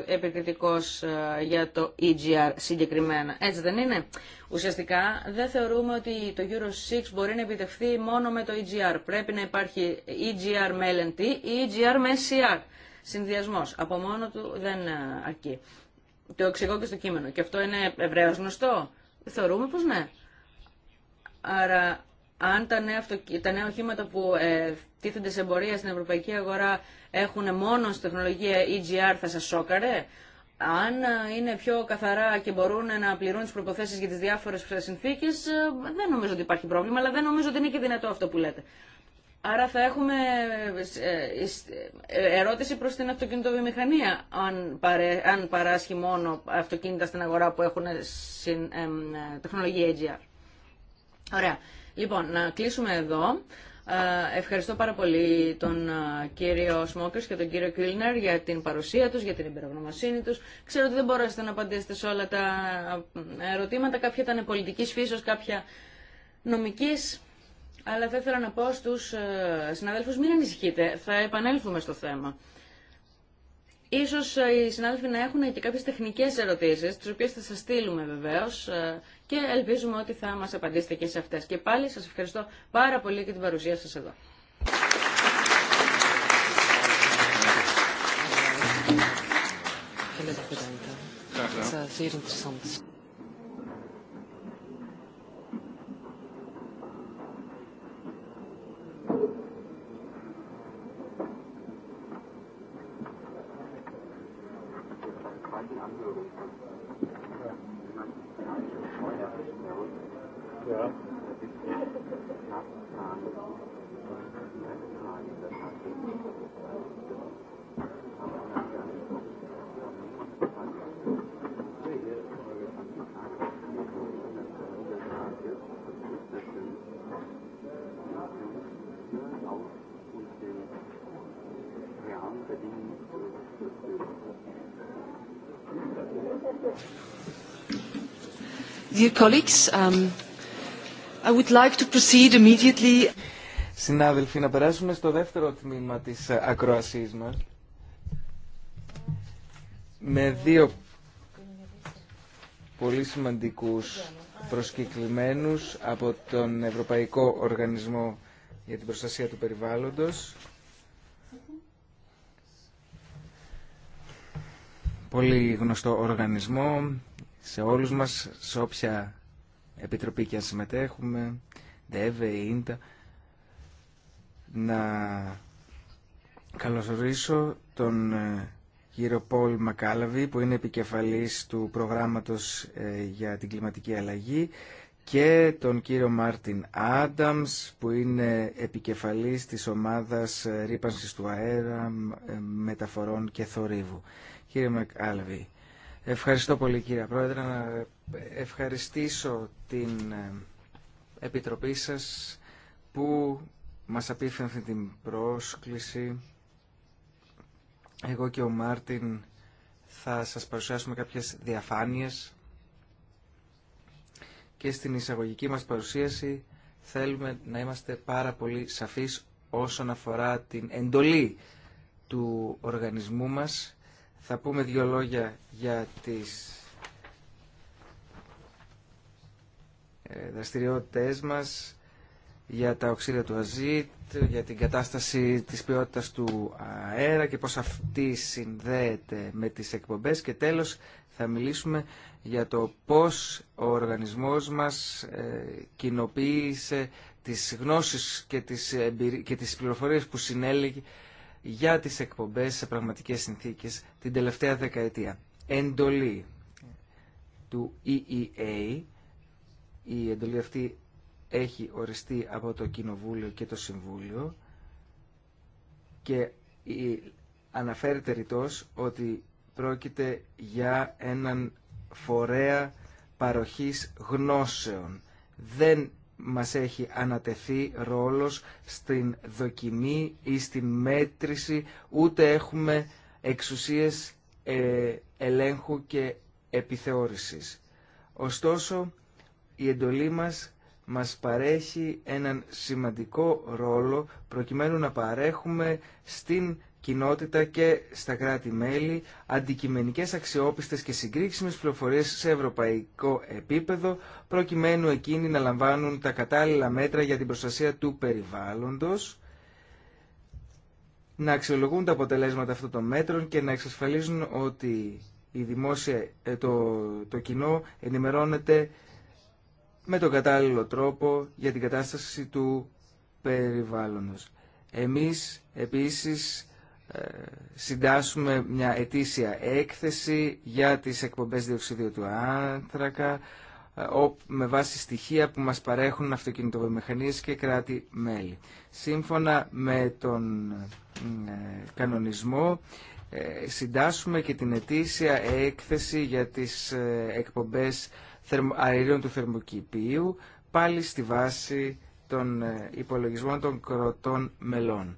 επικριτικός ε, για το EGR συγκεκριμένα. Έτσι δεν είναι. Ουσιαστικά δεν θεωρούμε ότι το Euro 6 μπορεί να επιτευχθεί μόνο με το EGR. Πρέπει να υπάρχει EGR με LNT ή EGR με SCR. Συνδυασμός. Από μόνο του δεν ε, αρκεί. Το εξηγώ και στο κείμενο. Και αυτό είναι ευρέως γνωστό. Θεωρούμε πως ναι. Άρα αν τα νέα, τα οχήματα που ε, τίθενται σε εμπορία στην ευρωπαϊκή αγορά έχουν μόνο στη τεχνολογία EGR θα σας σόκαρε. Αν ε, είναι πιο καθαρά και μπορούν να πληρούν τις προποθέσεις για τις διάφορες συνθήκες, ε, δεν νομίζω ότι υπάρχει πρόβλημα, αλλά δεν νομίζω ότι είναι και δυνατό αυτό που λέτε. Άρα θα έχουμε ε, ερώτηση προς την αυτοκινητοβιομηχανία αν, παρέ, αν παράσχει μόνο αυτοκίνητα στην αγορά που έχουν συν, τεχνολογία EGR. Ωραία. Λοιπόν, να κλείσουμε εδώ. Ε, ευχαριστώ πάρα πολύ τον ε, κύριο Σμόκερς και τον κύριο Κίλνερ για την παρουσία τους, για την υπερογνωμοσύνη τους. Ξέρω ότι δεν μπορέσατε να απαντήσετε σε όλα τα ε, ερωτήματα. Κάποια ήταν πολιτικής φύσεως, κάποια νομικής. Αλλά θα ήθελα να πω στους συναδέλφους μην ανησυχείτε, θα επανέλθουμε στο θέμα. Ίσως οι συνάδελφοι να έχουν και κάποιες τεχνικές ερωτήσεις, τις οποίες θα σας στείλουμε βεβαίως ε, και ελπίζουμε ότι θα μας απαντήσετε και σε αυτές. Και πάλι σας ευχαριστώ πάρα πολύ για την παρουσία σας εδώ. Um, Συνάδελφοι, να περάσουμε στο δεύτερο τμήμα της ε, ακροασής μας. Με δύο πολύ σημαντικούς προσκεκλημένους από τον Ευρωπαϊκό Οργανισμό για την Προστασία του Περιβάλλοντος. Πολύ γνωστό οργανισμό σε όλους μας, σε όποια επιτροπή και αν συμμετέχουμε, ΔΕΒΕ, ΙΝΤΑ, να καλωσορίσω τον ε, κύριο Πολ Μακάλαβη που είναι επικεφαλής του προγράμματος ε, για την κλιματική αλλαγή και τον κύριο Μάρτιν Άνταμς που είναι επικεφαλής της ομάδας ε, ρήπανσης του αέρα, μεταφορών και θορύβου. Κύριε Μακάλαβη, Ευχαριστώ πολύ κύριε Πρόεδρε. Να ευχαριστήσω την ε, Επιτροπή σας που μας απίφευε την πρόσκληση. Εγώ και ο Μάρτιν θα σας παρουσιάσουμε κάποιες διαφάνειες και στην εισαγωγική μας παρουσίαση θέλουμε να είμαστε πάρα πολύ σαφείς όσον αφορά την εντολή του οργανισμού μας θα πούμε δύο λόγια για τις ε, δραστηριότητες μας, για τα οξύρια του Αζίτ, για την κατάσταση της ποιότητας του αέρα και πώς αυτή συνδέεται με τις εκπομπές και τέλος θα μιλήσουμε για το πώς ο οργανισμός μας ε, κοινοποίησε τις γνώσεις και τις, και τις πληροφορίες που συνέλεγε για τις εκπομπές σε πραγματικές συνθήκες την τελευταία δεκαετία. Εντολή του EEA, η εντολή αυτή έχει οριστεί από το Κοινοβούλιο και το Συμβούλιο και αναφέρεται ρητός ότι πρόκειται για έναν φορέα παροχής γνώσεων. Δεν μας έχει ανατεθεί ρόλος στην δοκιμή ή στην μέτρηση, ούτε έχουμε εξουσίες ε, ελέγχου και επιθεώρησης. Ωστόσο, η εντολή μας μας παρέχει έναν σημαντικό ρόλο προκειμένου να παρέχουμε στην κοινότητα και στα κράτη-μέλη αντικειμενικές αξιόπιστες και συγκρίσιμες πληροφορίες σε ευρωπαϊκό επίπεδο προκειμένου εκείνοι να λαμβάνουν τα κατάλληλα μέτρα για την προστασία του περιβάλλοντος να αξιολογούν τα αποτελέσματα αυτών των μέτρων και να εξασφαλίζουν ότι η δημόσια, ε, το, το κοινό ενημερώνεται με τον κατάλληλο τρόπο για την κατάσταση του περιβάλλοντος. Εμείς επίσης συντάσσουμε μια ετήσια έκθεση για τις εκπομπές διοξιδίου του άνθρακα ε, με βάση στοιχεία που μας παρέχουν αυτοκινητοβιομηχανίες και κράτη-μέλη. Σύμφωνα με τον ε, κανονισμό ε, συντάσσουμε και την ετήσια έκθεση για τις εκπομπές αερίων του θερμοκηπίου πάλι στη βάση των υπολογισμών των κροτών μελών.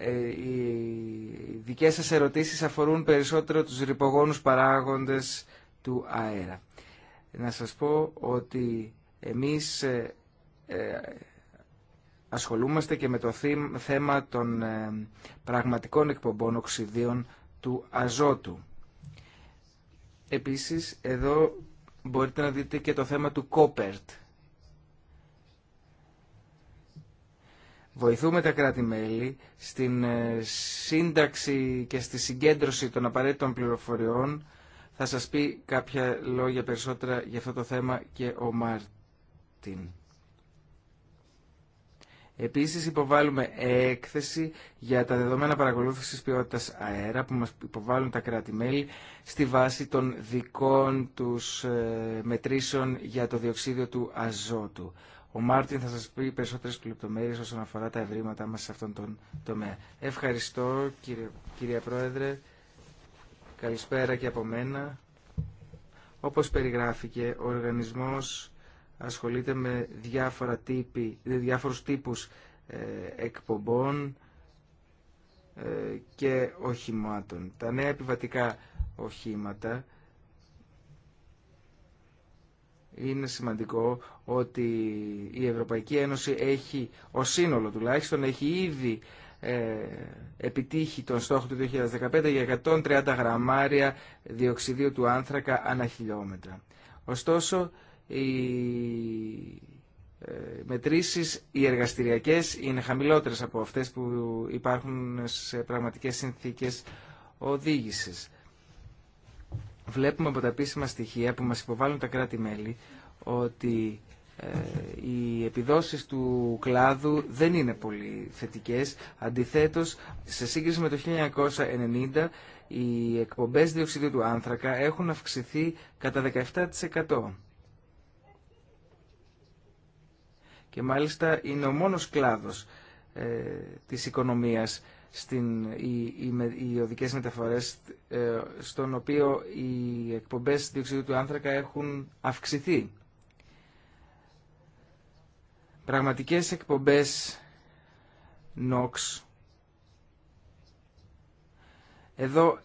Ε, οι δικές σας ερωτήσεις αφορούν περισσότερο τους ρυπογόνους παράγοντες του αέρα. Να σας πω ότι εμείς ε, ε, ασχολούμαστε και με το θέμα των πραγματικών εκπομπών οξυδίων του αζότου. Επίσης, εδώ μπορείτε να δείτε και το θέμα του κόπερτ Βοηθούμε τα κράτη-μέλη στην ε, σύνταξη και στη συγκέντρωση των απαραίτητων πληροφοριών. Θα σας πει κάποια λόγια περισσότερα για αυτό το θέμα και ο Μάρτιν. Επίσης υποβάλλουμε έκθεση για τα δεδομένα παρακολούθησης ποιότητας αέρα που μας υποβάλλουν τα κράτη-μέλη στη βάση των δικών τους ε, μετρήσεων για το διοξίδιο του αζότου. Ο Μάρτιν θα σας πει περισσότερες λεπτομέρειες όσον αφορά τα ευρήματά μας σε αυτόν τον τομέα. Ευχαριστώ κύριε, κυρία Πρόεδρε. Καλησπέρα και από μένα. Όπως περιγράφηκε, ο οργανισμός ασχολείται με διάφορα τύπη, διάφορους τύπους ε, εκπομπών ε, και οχημάτων. Τα νέα επιβατικά οχήματα είναι σημαντικό ότι η Ευρωπαϊκή Ένωση έχει, ο σύνολο τουλάχιστον, έχει ήδη ε, επιτύχει τον στόχο του 2015 για 130 γραμμάρια διοξιδίου του άνθρακα ανά χιλιόμετρα. Ωστόσο, οι ε, μετρήσεις, οι εργαστηριακές, είναι χαμηλότερες από αυτές που υπάρχουν σε πραγματικές συνθήκες οδήγησης βλέπουμε από τα επίσημα στοιχεία που μας υποβάλλουν τα κράτη-μέλη ότι ε, οι επιδόσεις του κλάδου δεν είναι πολύ θετικές. Αντιθέτως, σε σύγκριση με το 1990, οι εκπομπές διοξιδίου του άνθρακα έχουν αυξηθεί κατά 17%. Και μάλιστα είναι ο μόνος κλάδος ε, της οικονομίας στην, οι, οι, οδικές μεταφορές ε, στον οποίο οι εκπομπές διοξιδίου του άνθρακα έχουν αυξηθεί. Πραγματικές εκπομπές NOx εδώ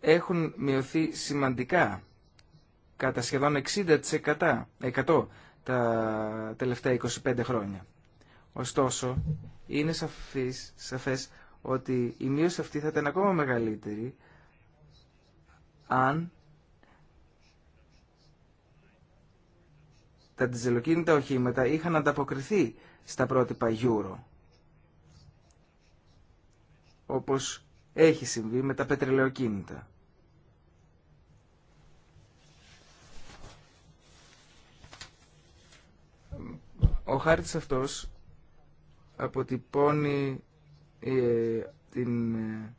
έχουν μειωθεί σημαντικά κατά σχεδόν 60% 100, τα τελευταία 25 χρόνια. Ωστόσο, είναι σαφής, σαφές ότι η μείωση αυτή θα ήταν ακόμα μεγαλύτερη αν τα τζελοκίνητα οχήματα είχαν ανταποκριθεί στα πρότυπα Euro. Όπως έχει συμβεί με τα πετρελαιοκίνητα. Ο χάρτης αυτός αποτυπώνει ε, την, ε,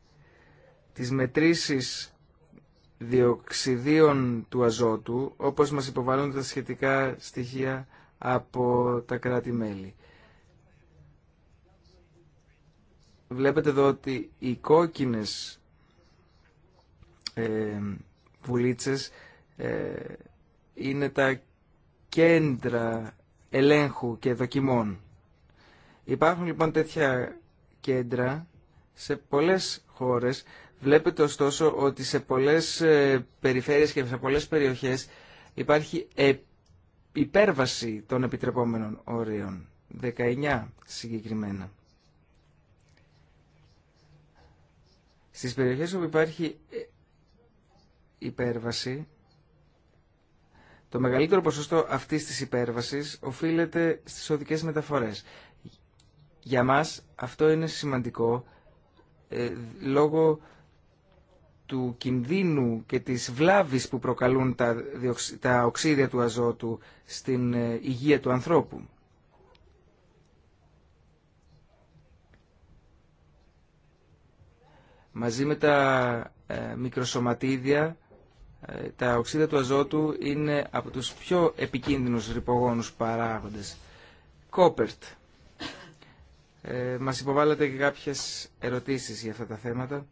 τις μετρήσεις διοξιδίων του αζότου, όπως μας υποβάλλουν τα σχετικά στοιχεία από τα κράτη-μέλη. Βλέπετε εδώ ότι οι κόκκινες ε, βουλίτσες ε, είναι τα κέντρα ελέγχου και δοκιμών. Υπάρχουν λοιπόν τέτοια κέντρα σε πολλές χώρες. Βλέπετε ωστόσο ότι σε πολλές ε, περιφέρειες και σε πολλές περιοχές υπάρχει ε, υπέρβαση των επιτρεπόμενων όριων. 19 συγκεκριμένα. Στις περιοχές όπου υπάρχει ε, υπέρβαση, το μεγαλύτερο ποσοστό αυτής της υπέρβασης οφείλεται στις οδικές μεταφορές. Για μας αυτό είναι σημαντικό ε, λόγω του κινδύνου και της βλάβης που προκαλούν τα, τα οξύδια του αζότου στην ε, υγεία του ανθρώπου. Μαζί με τα ε, μικροσωματίδια, ε, τα οξύδια του αζότου είναι από τους πιο επικίνδυνους ρυπογόνους παράγοντες. Κόπερτ. Ε, μας υποβάλλατε και κάποιες ερωτήσεις για αυτά τα θέματα.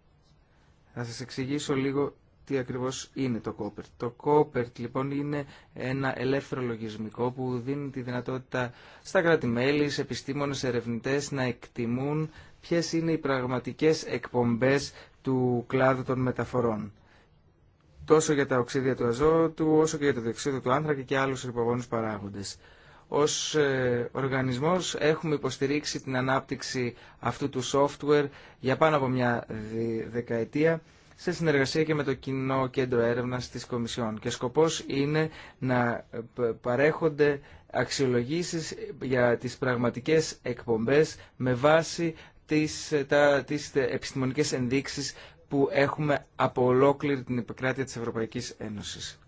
Θα σας εξηγήσω λίγο τι ακριβώς είναι το Copert. Το Copert λοιπόν είναι ένα ελεύθερο λογισμικό που δίνει τη δυνατότητα στα κράτη-μέλη, σε επιστήμονες, ερευνητές να εκτιμούν ποιες είναι οι πραγματικές εκπομπές του κλάδου των μεταφορών. Τόσο για τα οξύδια του αζότου, όσο και για το διοξείδιο του άνθρακα και άλλους ρηπογόνους παράγοντες ως ε, οργανισμός έχουμε υποστηρίξει την ανάπτυξη αυτού του software για πάνω από μια δεκαετία σε συνεργασία και με το Κοινό Κέντρο Έρευνας της Κομισιόν. Και σκοπός είναι να ε, παρέχονται αξιολογήσεις για τις πραγματικές εκπομπές με βάση τις, ε, τα, τις επιστημονικές ενδείξεις που έχουμε από ολόκληρη την επικράτεια της Ευρωπαϊκής Ένωσης.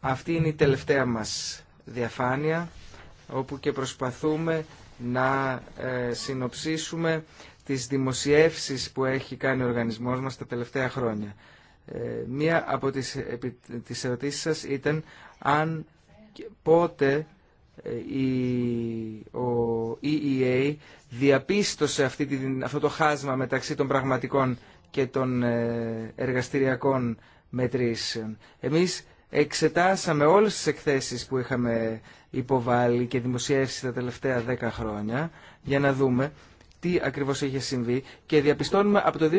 Αυτή είναι η τελευταία μας διαφάνεια όπου και προσπαθούμε να ε, συνοψίσουμε τις δημοσιεύσεις που έχει κάνει ο οργανισμός μας τα τελευταία χρόνια. Ε, μία από τις, τις ερωτήσεις σας ήταν αν πότε ε, η, ο EEA διαπίστωσε αυτή αυτό το χάσμα μεταξύ των πραγματικών και των εργαστηριακών μετρήσεων. Εμείς εξετάσαμε όλες τις εκθέσεις που είχαμε υποβάλει και δημοσιεύσει τα τελευταία 10 χρόνια για να δούμε τι ακριβώς είχε συμβεί και διαπιστώνουμε από το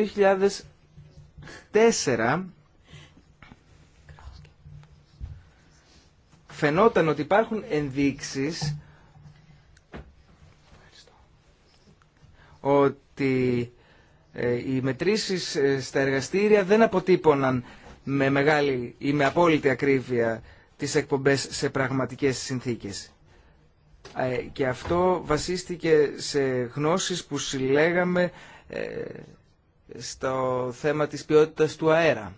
2004 φαινόταν ότι υπάρχουν ενδείξεις ότι ε, οι μετρήσεις ε, στα εργαστήρια δεν αποτύπωναν με μεγάλη ή με απόλυτη ακρίβεια τις εκπομπές σε πραγματικές συνθήκες. Ε, και αυτό βασίστηκε σε γνώσεις που συλλέγαμε ε, στο θέμα της ποιότητας του αέρα.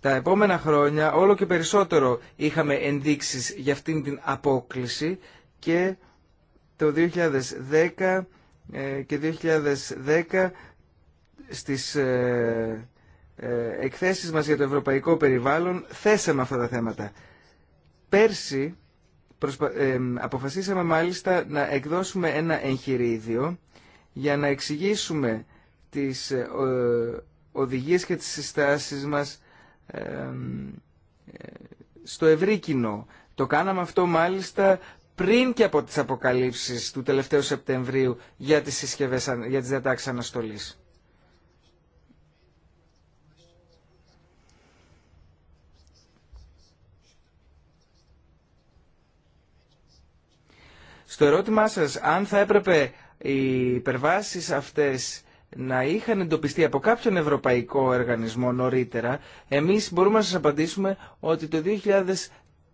Τα επόμενα χρόνια όλο και περισσότερο είχαμε ενδείξεις για αυτήν την απόκληση και το 2010 ε, και 2010 στις ε, εκθέσεις μας για το ευρωπαϊκό περιβάλλον θέσαμε αυτά τα θέματα. Πέρσι ε, αποφασίσαμε μάλιστα να εκδώσουμε ένα εγχειρίδιο για να εξηγήσουμε τις ε, οδηγίες και τις συστάσεις μας ε, ε, στο ευρύ κοινό. Το κάναμε αυτό μάλιστα πριν και από τις αποκαλύψεις του τελευταίου Σεπτεμβρίου για τις, συσκευές, για τις διατάξεις Στο ερώτημά σας, αν θα έπρεπε οι υπερβάσεις αυτές να είχαν εντοπιστεί από κάποιον ευρωπαϊκό οργανισμό νωρίτερα, εμείς μπορούμε να σας απαντήσουμε ότι το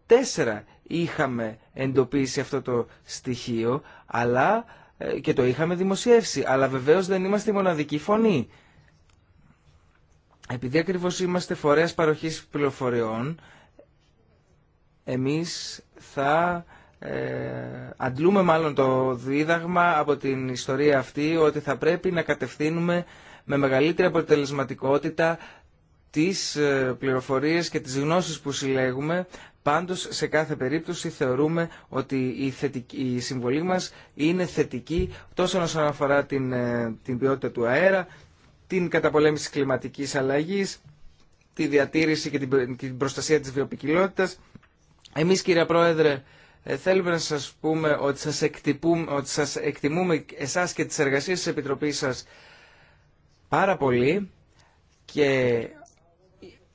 2004 είχαμε εντοπίσει αυτό το στοιχείο αλλά, ε, και το είχαμε δημοσιεύσει, αλλά βεβαίως δεν είμαστε η μοναδική φωνή. Επειδή ακριβώς είμαστε φορέας παροχής πληροφοριών, εμείς θα ε, αντλούμε μάλλον το δίδαγμα από την ιστορία αυτή ότι θα πρέπει να κατευθύνουμε με μεγαλύτερη αποτελεσματικότητα τις ε, πληροφορίες και τις γνώσεις που συλλέγουμε. Πάντως, σε κάθε περίπτωση θεωρούμε ότι η, η συμβολή μας είναι θετική τόσο όσον αφορά την, ε, την ποιότητα του αέρα, την καταπολέμηση της κλιματικής αλλαγής, τη διατήρηση και την, προστασία της βιοπικιλότητας. Εμείς, κύριε Πρόεδρε, ε, θέλουμε να σας πούμε ότι σας, εκτιμούμε, ότι σας εκτιμούμε εσάς και τις εργασίες της Επιτροπής σας πάρα πολύ και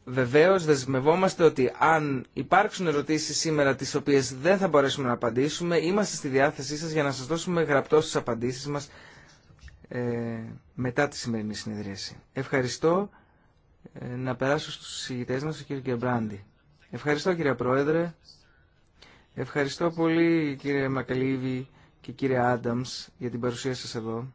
βεβαίως δεσμευόμαστε ότι αν υπάρξουν ερωτήσεις σήμερα τις οποίες δεν θα μπορέσουμε να απαντήσουμε είμαστε στη διάθεσή σας για να σας δώσουμε γραπτό στις απαντήσεις μας ε, μετά τη σημερινή συνεδρίαση. Ευχαριστώ ε, να περάσω στους συγητές μας, ο κ. Ευχαριστώ κύριε Πρόεδρε. Ευχαριστώ πολύ κύριε Μακαλίβη και κύριε Άνταμς για την παρουσία σας εδώ.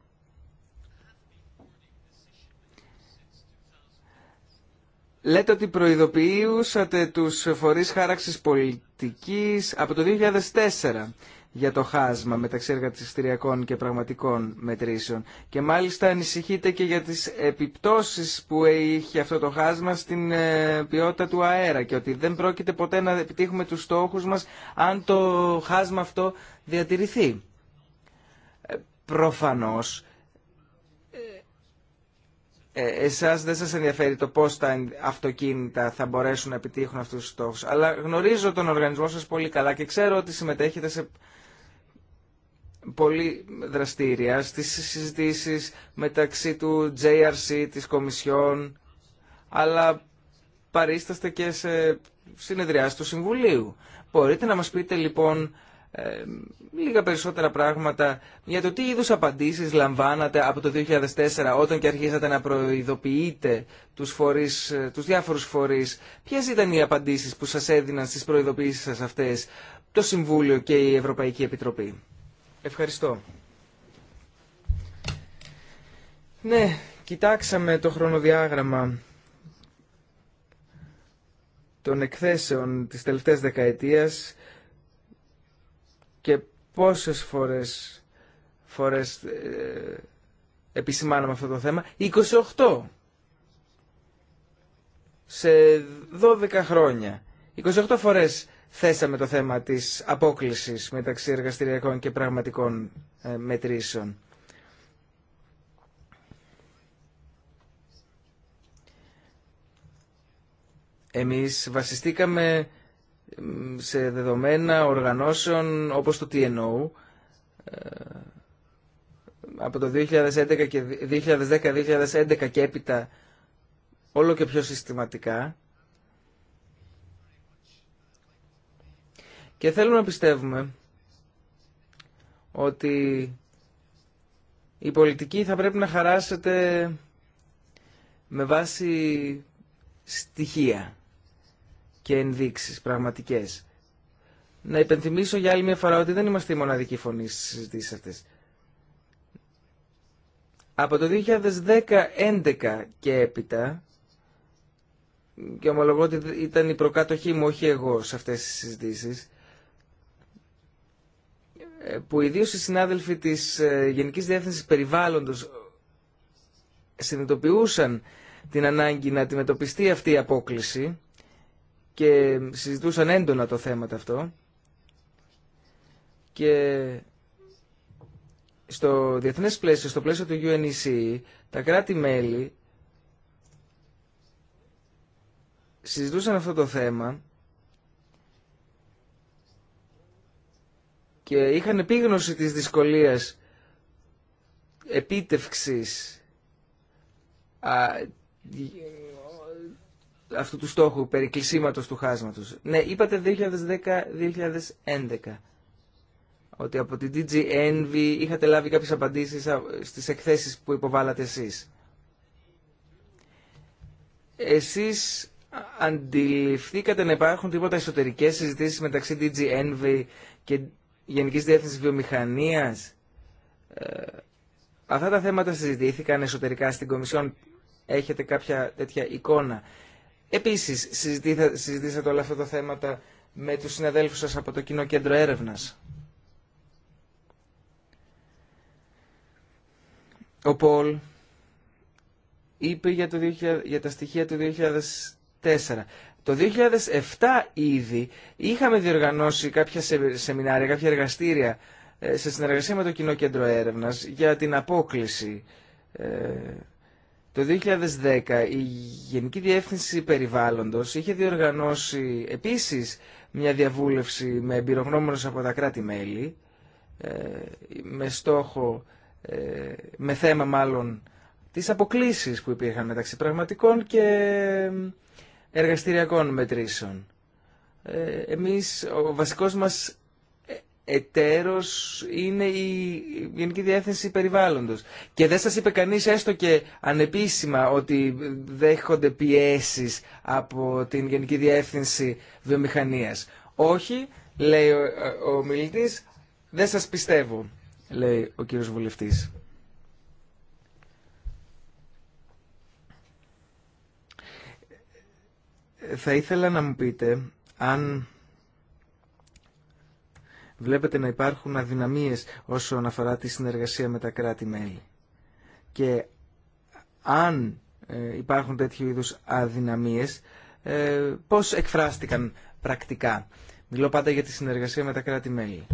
Λέτε ότι προειδοποιούσατε τους φορείς χάραξης πολιτικής από το 2004 για το χάσμα μεταξύ εργατιστηριακών και πραγματικών μετρήσεων. Και μάλιστα ανησυχείτε και για τις επιπτώσεις που έχει αυτό το χάσμα στην ε, ποιότητα του αέρα και ότι δεν πρόκειται ποτέ να επιτύχουμε τους στόχους μας αν το χάσμα αυτό διατηρηθεί. Ε, προφανώς ε, εσάς δεν σας ενδιαφέρει το πώς τα αυτοκίνητα θα μπορέσουν να επιτύχουν αυτούς τους στόχους. Αλλά γνωρίζω τον οργανισμό σας πολύ καλά και ξέρω ότι συμμετέχετε σε πολύ δραστήρια στις συζητήσεις μεταξύ του JRC, της Κομισιόν, αλλά παρίσταστε και σε συνεδριάσεις του Συμβουλίου. Μπορείτε να μας πείτε λοιπόν ε, λίγα περισσότερα πράγματα για το τι είδους απαντήσεις λαμβάνατε από το 2004 όταν και αρχίσατε να προειδοποιείτε τους, φορείς, ε, τους διάφορους φορείς. Ποιες ήταν οι απαντήσεις που σας έδιναν στις προειδοποιήσεις σας αυτές το Συμβούλιο και η Ευρωπαϊκή Επιτροπή. Ευχαριστώ. Ναι, κοιτάξαμε το χρονοδιάγραμμα των εκθέσεων της τελευταίας δεκαετίας και πόσες φορές, φορές ε, επισημάναμε αυτό το θέμα. 28 σε 12 χρόνια. 28 φορές θέσαμε το θέμα της απόκλησης μεταξύ εργαστηριακών και πραγματικών ε, μετρήσεων. Εμείς βασιστήκαμε σε δεδομένα οργανώσεων όπως το TNO ε, από το 2011 και 2010-2011 και έπειτα όλο και πιο συστηματικά Και θέλουμε να πιστεύουμε ότι η πολιτική θα πρέπει να χαράσετε με βάση στοιχεία και ενδείξεις πραγματικές. Να υπενθυμίσω για άλλη μια φορά ότι δεν είμαστε η μοναδική φωνή στις συζητήσεις αυτές. Από το 2010-11 και έπειτα, και ομολογώ ότι ήταν η προκάτοχή μου, όχι εγώ, σε αυτές τις συζητήσεις, που ιδίω οι συνάδελφοι της ε, Γενικής Διεύθυνση Περιβάλλοντος συνειδητοποιούσαν την ανάγκη να αντιμετωπιστεί αυτή η απόκληση και συζητούσαν έντονα το θέμα αυτό και στο διεθνές πλαίσιο, στο πλαίσιο του UNEC, τα κράτη-μέλη συζητούσαν αυτό το θέμα και είχαν επίγνωση της δυσκολίας επίτευξης α, αυτού του στόχου περί του χάσματος. Ναι, είπατε 2010-2011 ότι από την DG Envy είχατε λάβει κάποιες απαντήσεις στις εκθέσεις που υποβάλατε εσείς. Εσείς αντιληφθήκατε να υπάρχουν τίποτα εσωτερικές συζητήσεις μεταξύ DG Envy και Γενικής Διεύθυνσης Βιομηχανίας. Ε, αυτά τα θέματα συζητήθηκαν εσωτερικά στην Κομισιόν. Έχετε κάποια τέτοια εικόνα. Επίσης, συζητήσατε όλα αυτά τα θέματα με τους συναδέλφους σας από το Κοινό Κέντρο Έρευνας. Ο Πολ είπε για, το 2000, για τα στοιχεία του 2004. Το 2007 ήδη είχαμε διοργανώσει κάποια σεμινάρια, κάποια εργαστήρια ε, σε συνεργασία με το Κοινό Κέντρο Έρευνας για την απόκληση. Ε, το 2010 η Γενική Διεύθυνση Περιβάλλοντος είχε διοργανώσει επίσης μια διαβούλευση με εμπειρογνώμονες από τα κράτη-μέλη ε, με στόχο, με θέμα μάλλον, τις αποκλίσεις που υπήρχαν μεταξύ πραγματικών και εργαστηριακών μετρήσεων. Ε, εμείς, ο βασικός μας ε, εταίρος είναι η Γενική Διεύθυνση Περιβάλλοντος. Και δεν σας είπε κανείς έστω και ανεπίσημα ότι δέχονται πιέσεις από την Γενική Διεύθυνση Βιομηχανίας. Όχι, λέει ο, ο μιλητής, δεν σας πιστεύω, λέει ο κύριος Βουλευτής. θα ήθελα να μου πείτε αν βλέπετε να υπάρχουν αδυναμίες όσον αφορά τη συνεργασία με τα κράτη-μέλη και αν ε, υπάρχουν τέτοιου είδους αδυναμίες ε, πώς εκφράστηκαν πρακτικά. Μιλώ πάντα για τη συνεργασία με τα κράτη-μέλη.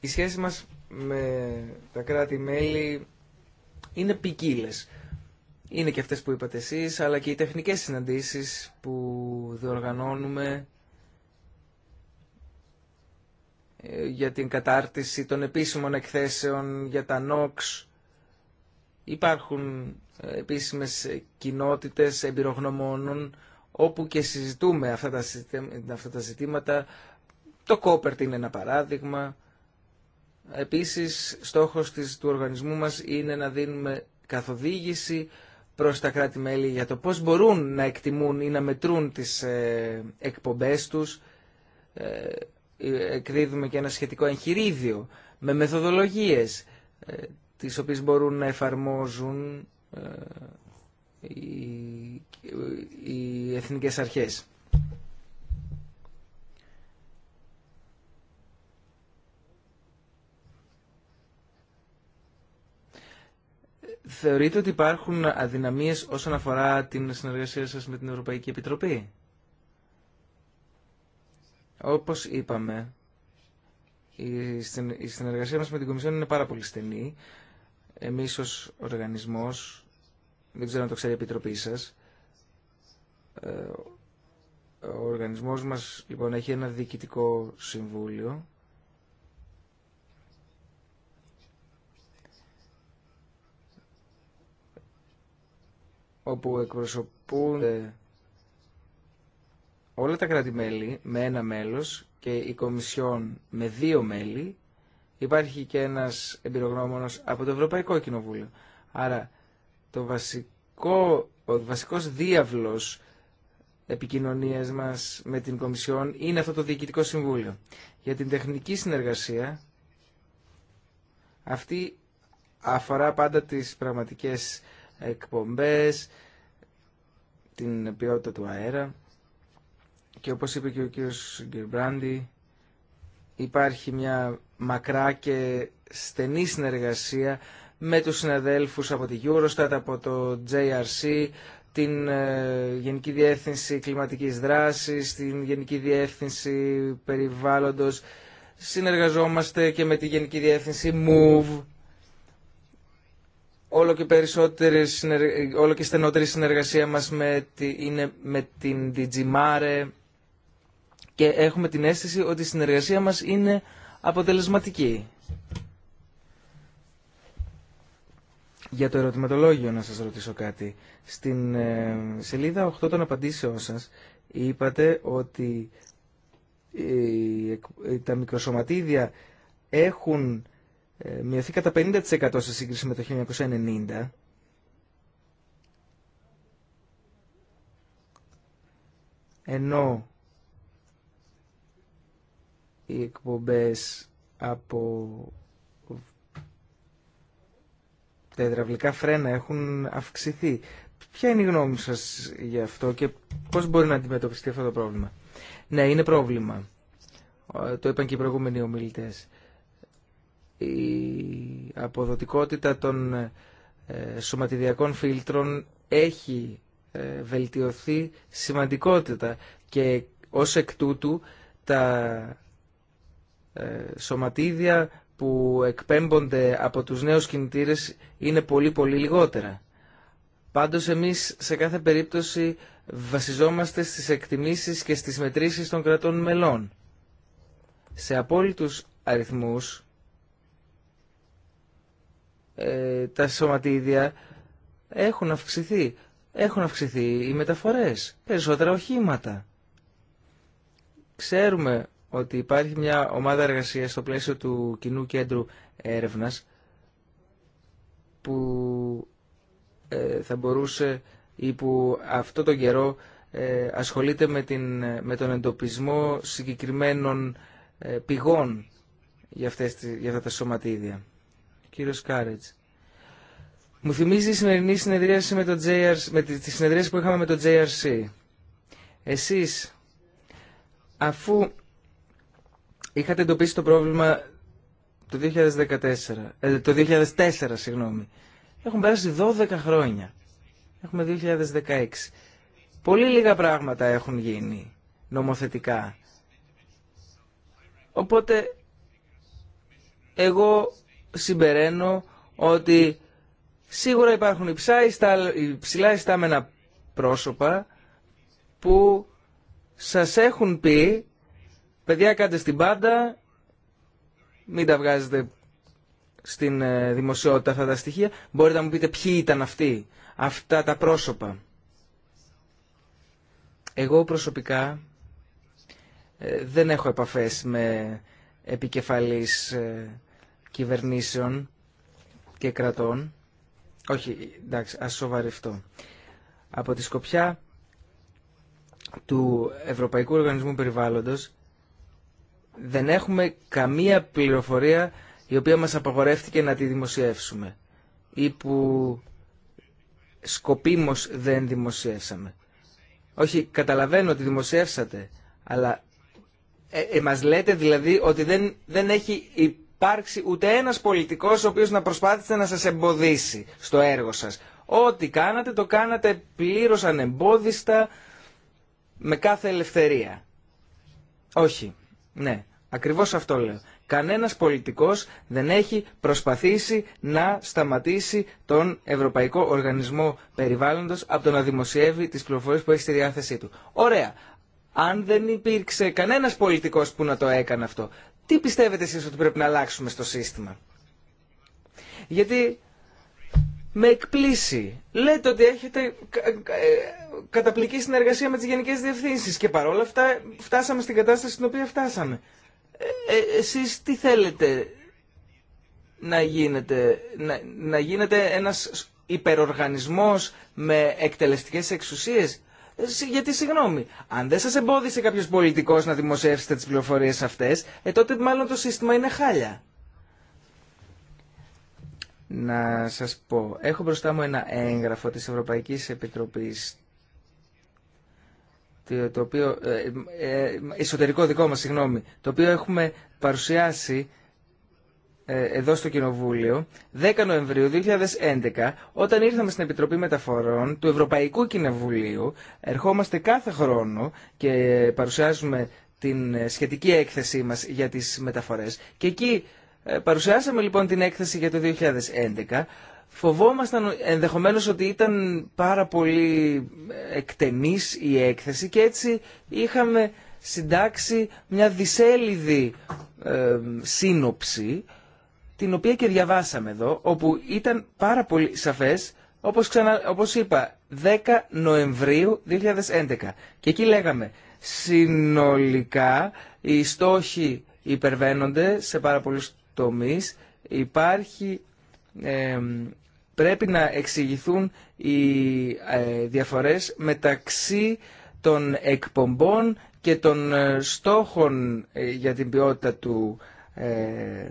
Οι σχέσεις μας με τα κράτη-μέλη είναι ποικίλε. Είναι και αυτές που είπατε εσείς, αλλά και οι τεχνικές συναντήσεις που διοργανώνουμε ε, για την κατάρτιση των επίσημων εκθέσεων για τα NOX. Υπάρχουν ε, επίσημες κοινότητες εμπειρογνωμόνων όπου και συζητούμε αυτά τα, ζητήματα. Το Κόπερτ είναι ένα παράδειγμα. Επίσης, στόχος της, του οργανισμού μας είναι να δίνουμε καθοδήγηση προς τα κράτη-μέλη για το πώς μπορούν να εκτιμούν ή να μετρούν τις ε, εκπομπές τους. Ε, εκδίδουμε και ένα σχετικό εγχειρίδιο με μεθοδολογίες ε, τις οποίες μπορούν να εφαρμόζουν ε, οι εθνικές αρχές. Θεωρείτε ότι υπάρχουν αδυναμίες όσον αφορά την συνεργασία σας με την Ευρωπαϊκή Επιτροπή. Όπως είπαμε, η συνεργασία μας με την Κομισιόν είναι πάρα πολύ στενή. Εμείς ως οργανισμός δεν ξέρω αν το ξέρει η Επιτροπή σας, ε, ο οργανισμός μας λοιπόν έχει ένα διοικητικό συμβούλιο όπου εκπροσωπούνται όλα τα κράτη-μέλη με ένα μέλος και η Κομισιόν με δύο μέλη. Υπάρχει και ένας εμπειρογνώμονος από το Ευρωπαϊκό Κοινοβούλιο. Άρα το βασικό, ο βασικός διάβλος επικοινωνίας μας με την Κομισιόν είναι αυτό το Διοικητικό Συμβούλιο. Για την τεχνική συνεργασία, αυτή αφορά πάντα τις πραγματικές εκπομπές, την ποιότητα του αέρα και όπως είπε και ο κ. Γκυρμπράντη υπάρχει μια μακρά και στενή συνεργασία με τους συναδέλφους από τη Eurostat, από το JRC, την ε, Γενική Διεύθυνση Κλιματικής Δράσης, την Γενική Διεύθυνση Περιβάλλοντος. Συνεργαζόμαστε και με τη Γενική Διεύθυνση MOVE. Όλο και, περισσότερες, όλο και στενότερη συνεργασία μας με, είναι με την Digimare και έχουμε την αίσθηση ότι η συνεργασία μας είναι αποτελεσματική. Για το ερωτηματολόγιο να σας ρωτήσω κάτι. Στην ε, σελίδα 8 των απαντήσεών σας είπατε ότι ε, ε, τα μικροσωματίδια έχουν μειωθεί κατά 50% σε σύγκριση με το 1990. ενώ οι εκπομπές από τα υδραυλικά φρένα έχουν αυξηθεί. Ποια είναι η γνώμη σας για αυτό και πώς μπορεί να αντιμετωπιστεί αυτό το πρόβλημα. Ναι, είναι πρόβλημα. Το είπαν και οι προηγούμενοι ομιλητές. Η αποδοτικότητα των ε, σωματιδιακών φίλτρων έχει ε, βελτιωθεί σημαντικότητα και ως εκ τούτου τα ε, σωματίδια που εκπέμπονται από τους νέους κινητήρες είναι πολύ πολύ λιγότερα. Πάντως εμείς σε κάθε περίπτωση βασιζόμαστε στις εκτιμήσεις και στις μετρήσεις των κρατών μελών. Σε απόλυτους αριθμούς ε, τα σωματίδια έχουν αυξηθεί. Έχουν αυξηθεί οι μεταφορές, περισσότερα οχήματα. Ξέρουμε ότι υπάρχει μια ομάδα εργασίας στο πλαίσιο του Κοινού Κέντρου Έρευνας που ε, θα μπορούσε ή που αυτό τον καιρό ε, ασχολείται με, την, με τον εντοπισμό συγκεκριμένων ε, πηγών για, αυτές, για αυτά τα σωματίδια. Κύριος Κάρετς. Μου θυμίζει η σημερινή συνεδρίαση με, το JRC, με τη, τη που είχαμε με το JRC. Εσείς, αφού είχατε εντοπίσει το πρόβλημα το 2014, ε, το 2004, συγγνώμη. Έχουν περάσει 12 χρόνια. Έχουμε 2016. Πολύ λίγα πράγματα έχουν γίνει νομοθετικά. Οπότε εγώ συμπεραίνω ότι σίγουρα υπάρχουν υψηλά ιστάμενα πρόσωπα που σας έχουν πει Παιδιά κάντε στην πάντα, μην τα βγάζετε στην ε, δημοσιότητα αυτά τα στοιχεία. Μπορείτε να μου πείτε ποιοι ήταν αυτοί, αυτά τα πρόσωπα. Εγώ προσωπικά ε, δεν έχω επαφές με επικεφαλής ε, κυβερνήσεων και κρατών. Όχι, εντάξει, ας σοβαρευτώ. Από τη σκοπιά του Ευρωπαϊκού Οργανισμού Περιβάλλοντος δεν έχουμε καμία πληροφορία η οποία μας απαγορεύτηκε να τη δημοσιεύσουμε ή που σκοπίμως δεν δημοσιεύσαμε. Όχι, καταλαβαίνω ότι δημοσιεύσατε, αλλά ε, ε λέτε δηλαδή ότι δεν, δεν έχει υπάρξει ούτε ένας πολιτικός ο οποίος να προσπάθησε να σας εμποδίσει στο έργο σας. Ό,τι κάνατε, το κάνατε πλήρως ανεμπόδιστα, με κάθε ελευθερία. Όχι. Ναι, ακριβώς αυτό λέω. Κανένας πολιτικός δεν έχει προσπαθήσει να σταματήσει τον Ευρωπαϊκό Οργανισμό Περιβάλλοντος από το να δημοσιεύει τις πληροφορίες που έχει στη διάθεσή του. Ωραία. Αν δεν υπήρξε κανένας πολιτικός που να το έκανε αυτό, τι πιστεύετε εσείς ότι πρέπει να αλλάξουμε στο σύστημα. Γιατί με εκπλήσει. Λέτε ότι έχετε ε, καταπληκτική συνεργασία με τις γενικές διευθύνσει και παρόλα αυτά φτάσαμε στην κατάσταση στην οποία φτάσαμε. Ε, ε εσείς τι θέλετε να γίνετε, να, να γίνετε ένας υπεροργανισμός με εκτελεστικές εξουσίες. Ε, γιατί συγγνώμη, αν δεν σας εμπόδισε κάποιος πολιτικός να δημοσιεύσετε τις πληροφορίες αυτές, τότε μάλλον το σύστημα είναι χάλια να σας πω. Έχω μπροστά μου ένα έγγραφο της Ευρωπαϊκής Επιτροπής το οποίο, ε, ε, ε, εσωτερικό δικό μας, συγγνώμη, το οποίο έχουμε παρουσιάσει εδώ στο Κοινοβούλιο 10 Νοεμβρίου 2011 όταν ήρθαμε στην Επιτροπή Μεταφορών του Ευρωπαϊκού Κοινοβουλίου ερχόμαστε κάθε χρόνο και παρουσιάζουμε την σχετική έκθεσή μας για τις μεταφορές και εκεί ε, παρουσιάσαμε λοιπόν την έκθεση για το 2011. Φοβόμασταν ενδεχομένως ότι ήταν πάρα πολύ εκτενής η έκθεση και έτσι είχαμε συντάξει μια δισέλιδη ε, σύνοψη την οποία και διαβάσαμε εδώ όπου ήταν πάρα πολύ σαφές όπως, όπως είπα 10 Νοεμβρίου 2011 και εκεί λέγαμε συνολικά οι στόχοι υπερβαίνονται σε πάρα πολλούς τομείς υπάρχει, πρέπει να εξηγηθούν οι ε, διαφορές μεταξύ των εκπομπών και των ε, στόχων ε, για την ποιότητα του, ε,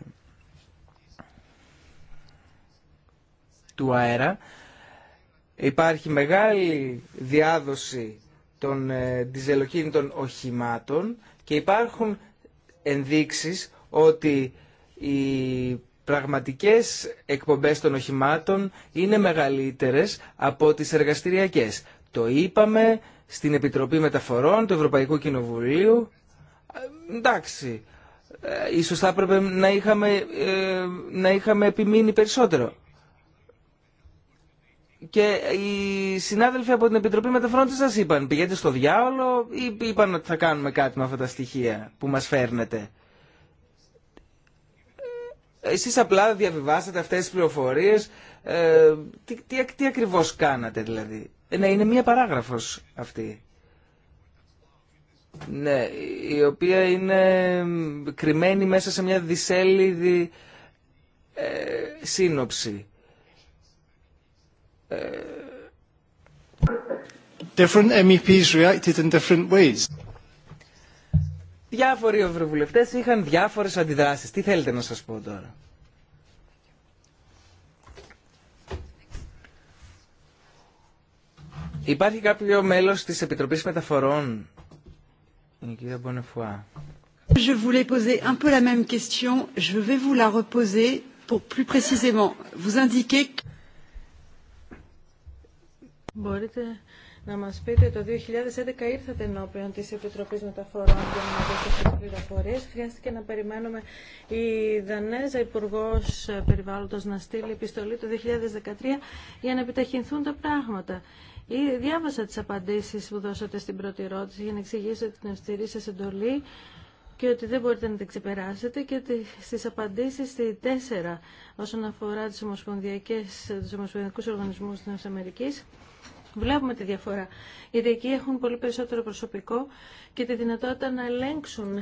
του αέρα. Υπάρχει μεγάλη διάδοση των ε, διζελοκίνητων οχημάτων και υπάρχουν ενδείξεις ότι οι πραγματικές εκπομπές των οχημάτων είναι μεγαλύτερες από τις εργαστηριακές. Το είπαμε στην Επιτροπή Μεταφορών του Ευρωπαϊκού Κοινοβουλίου. Ε, εντάξει, ε, ίσως θα έπρεπε να είχαμε, ε, να είχαμε επιμείνει περισσότερο. Και οι συνάδελφοι από την Επιτροπή Μεταφορών τι σας είπαν, πηγαίνετε στο διάολο ή είπαν ότι θα κάνουμε κάτι με αυτά τα στοιχεία που μας φέρνετε. Εσείς απλά διαβιβάσατε αυτές τις πληροφορίες. Ε, τι, τι, τι ακριβώς κάνατε δηλαδή. Ε, ναι, είναι μία παράγραφος αυτή. Ναι, η οποία είναι κρυμμένη μέσα σε μια δισέλιδη ε, σύνοψη. Ε, different MEPs reacted in different ways διάφοροι ευρωβουλευτές είχαν διάφορες αντιδράσεις. Τι θέλετε να σας πω τώρα. Υπάρχει κάποιο μέλος της Επιτροπής Μεταφορών. Η κυρία Μπονεφουά. Je voulais poser un peu la même question. Je vais vous la reposer pour plus précisément vous indiquer. Μπορείτε να μας πείτε το 2011 ήρθατε ενώπιον της Επιτροπής Μεταφορών για να δώσετε τις πληροφορίες. Χρειάστηκε να περιμένουμε η Δανέζα υπουργό Περιβάλλοντος να στείλει επιστολή το 2013 για να επιταχυνθούν τα πράγματα. Ή διάβασα τις απαντήσεις που δώσατε στην πρώτη ερώτηση για να εξηγήσετε την αυστηρή σας εντολή και ότι δεν μπορείτε να την ξεπεράσετε και ότι στις απαντήσεις στη 4 όσον αφορά τις ομοσπονδιακές, τους ομοσπονδιακούς οργανισμούς της Αμερικής Βλέπουμε τη διαφορά. Γιατί εκεί έχουν πολύ περισσότερο προσωπικό και τη δυνατότητα να ελέγξουν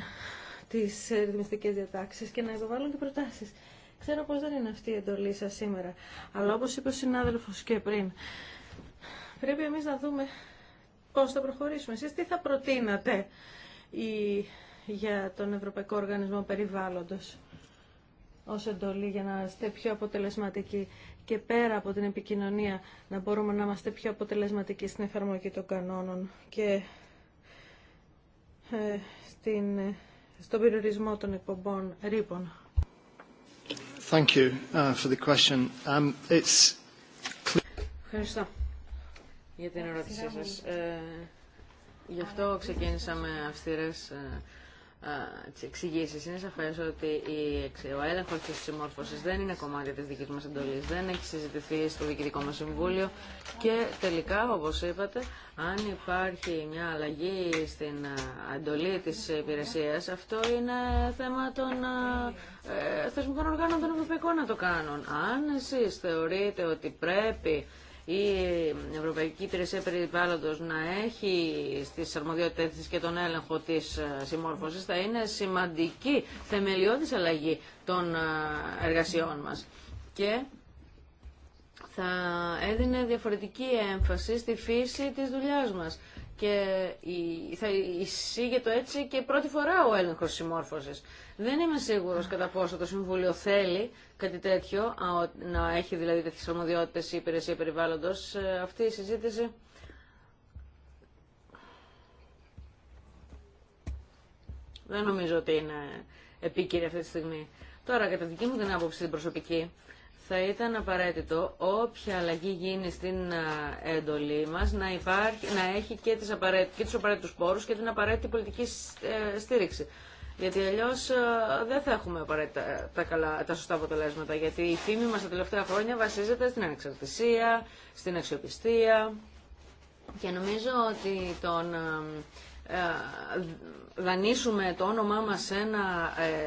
τις ε, ρυθμιστικές διατάξεις και να υποβάλουν και προτάσεις. Ξέρω πως δεν είναι αυτή η εντολή σας σήμερα. Αλλά όπως είπε ο συνάδελφος και πριν, πρέπει εμείς να δούμε πώς θα προχωρήσουμε. Εσείς τι θα προτείνατε για τον Ευρωπαϊκό Οργανισμό Περιβάλλοντος ως εντολή για να είστε πιο αποτελεσματικοί και πέρα από την επικοινωνία να μπορούμε να είμαστε πιο αποτελεσματικοί στην εφαρμογή των κανόνων και ε, στην, ε, στον περιορισμό των εκπομπών ρήπων. Thank you uh, for the question. Um, it's... Ευχαριστώ για την ερώτησή σας. Ε, γι' αυτό ξεκίνησαμε αυστηρές τι εξηγήσει. Είναι σαφέ ότι ο έλεγχο τη συμμόρφωση δεν είναι κομμάτι τη δική μα εντολή, δεν έχει συζητηθεί στο Διοικητικό μα Συμβούλιο και τελικά, όπω είπατε, αν υπάρχει μια αλλαγή στην εντολή τη υπηρεσία, αυτό είναι θέμα των ε, θεσμικών οργάνων των Ευρωπαϊκών να το κάνουν. Αν εσεί θεωρείτε ότι πρέπει η Ευρωπαϊκή Υπηρεσία Περιβάλλοντο να έχει στις αρμοδιότητες της και τον έλεγχο της ε, συμμόρφωσης θα είναι σημαντική θεμελιώδης αλλαγή των ε, εργασιών μας. Και θα έδινε διαφορετική έμφαση στη φύση της δουλειάς μας και θα εισήγεται έτσι και πρώτη φορά ο έλεγχος συμμόρφωση. Δεν είμαι σίγουρο κατά πόσο το Συμβούλιο θέλει κάτι τέτοιο, να έχει δηλαδή τέτοιε αρμοδιότητε η υπηρεσία περιβάλλοντος. Αυτή η συζήτηση δεν νομίζω ότι είναι επίκαιρη αυτή τη στιγμή. Τώρα, κατά δική μου την άποψη την προσωπική, θα ήταν απαραίτητο όποια αλλαγή γίνει στην έντολή μας να, να έχει και, τις και τους απαραίτητους πόρους και την απαραίτητη πολιτική ε, στήριξη. Γιατί αλλιώ δεν θα έχουμε απαραίτητα ε, τα, καλά, τα σωστά αποτελέσματα. Γιατί η φήμη μα τα τελευταία χρόνια βασίζεται στην ανεξαρτησία, στην αξιοπιστία. Και νομίζω ότι τον... Ε, δανείσουμε το όνομά μας σε ένα ε,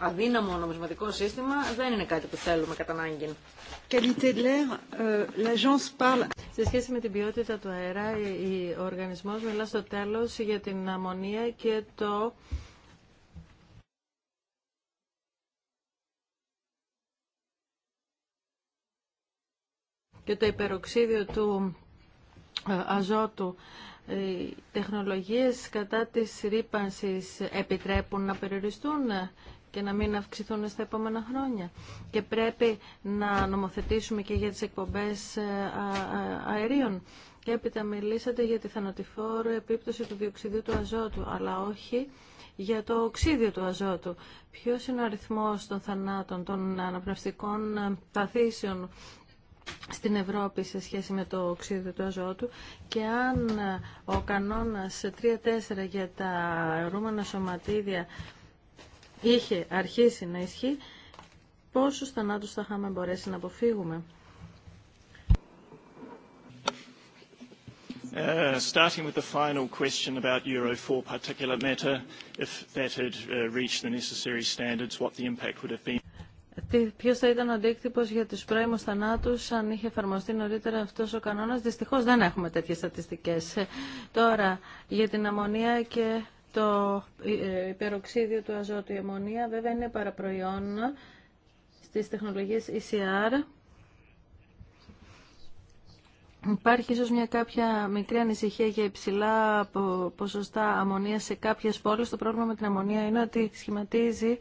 αδύναμο νομισματικό σύστημα δεν είναι κάτι που θέλουμε κατά ανάγκη. Ε, σε σχέση με την ποιότητα του αέρα, ο οργανισμός μιλά στο τέλος για την αμμονία και το... και το υπεροξίδιο του αζότου οι τεχνολογίες κατά της ρήπανσης επιτρέπουν να περιοριστούν και να μην αυξηθούν στα επόμενα χρόνια. Και πρέπει να νομοθετήσουμε και για τις εκπομπές ε, αερίων. Και έπειτα μιλήσατε για τη θανατηφόρο επίπτωση του διοξιδίου του αζότου, αλλά όχι για το οξύδιο του αζότου. Ποιος είναι ο αριθμός των θανάτων, των αναπνευστικών ε, παθήσεων στην Ευρώπη σε σχέση με το οξύδιο του αζώτου και αν ο κανόνας 3-4 για τα ρούμενα σωματίδια είχε αρχίσει να ισχύει, πόσους θανάτους θα είχαμε μπορέσει να αποφύγουμε. Uh, starting with the final question about Euro 4 particulate matter, if that had uh, reached the necessary standards, what the impact would have been. Ποιο θα ήταν ο αντίκτυπο για του πρώιμου θανάτου αν είχε εφαρμοστεί νωρίτερα αυτό ο κανόνα. Δυστυχώ δεν έχουμε τέτοιε στατιστικέ. Ε, τώρα, για την αμμονία και το ε, υπεροξίδιο του αζότου. Η αμμονία βέβαια είναι παραπροϊόν στις τεχνολογίες ECR. Υπάρχει ίσως μια κάποια μικρή ανησυχία για υψηλά ποσοστά αμμονία σε κάποιες πόλεις. Το πρόβλημα με την αμμονία είναι ότι σχηματίζει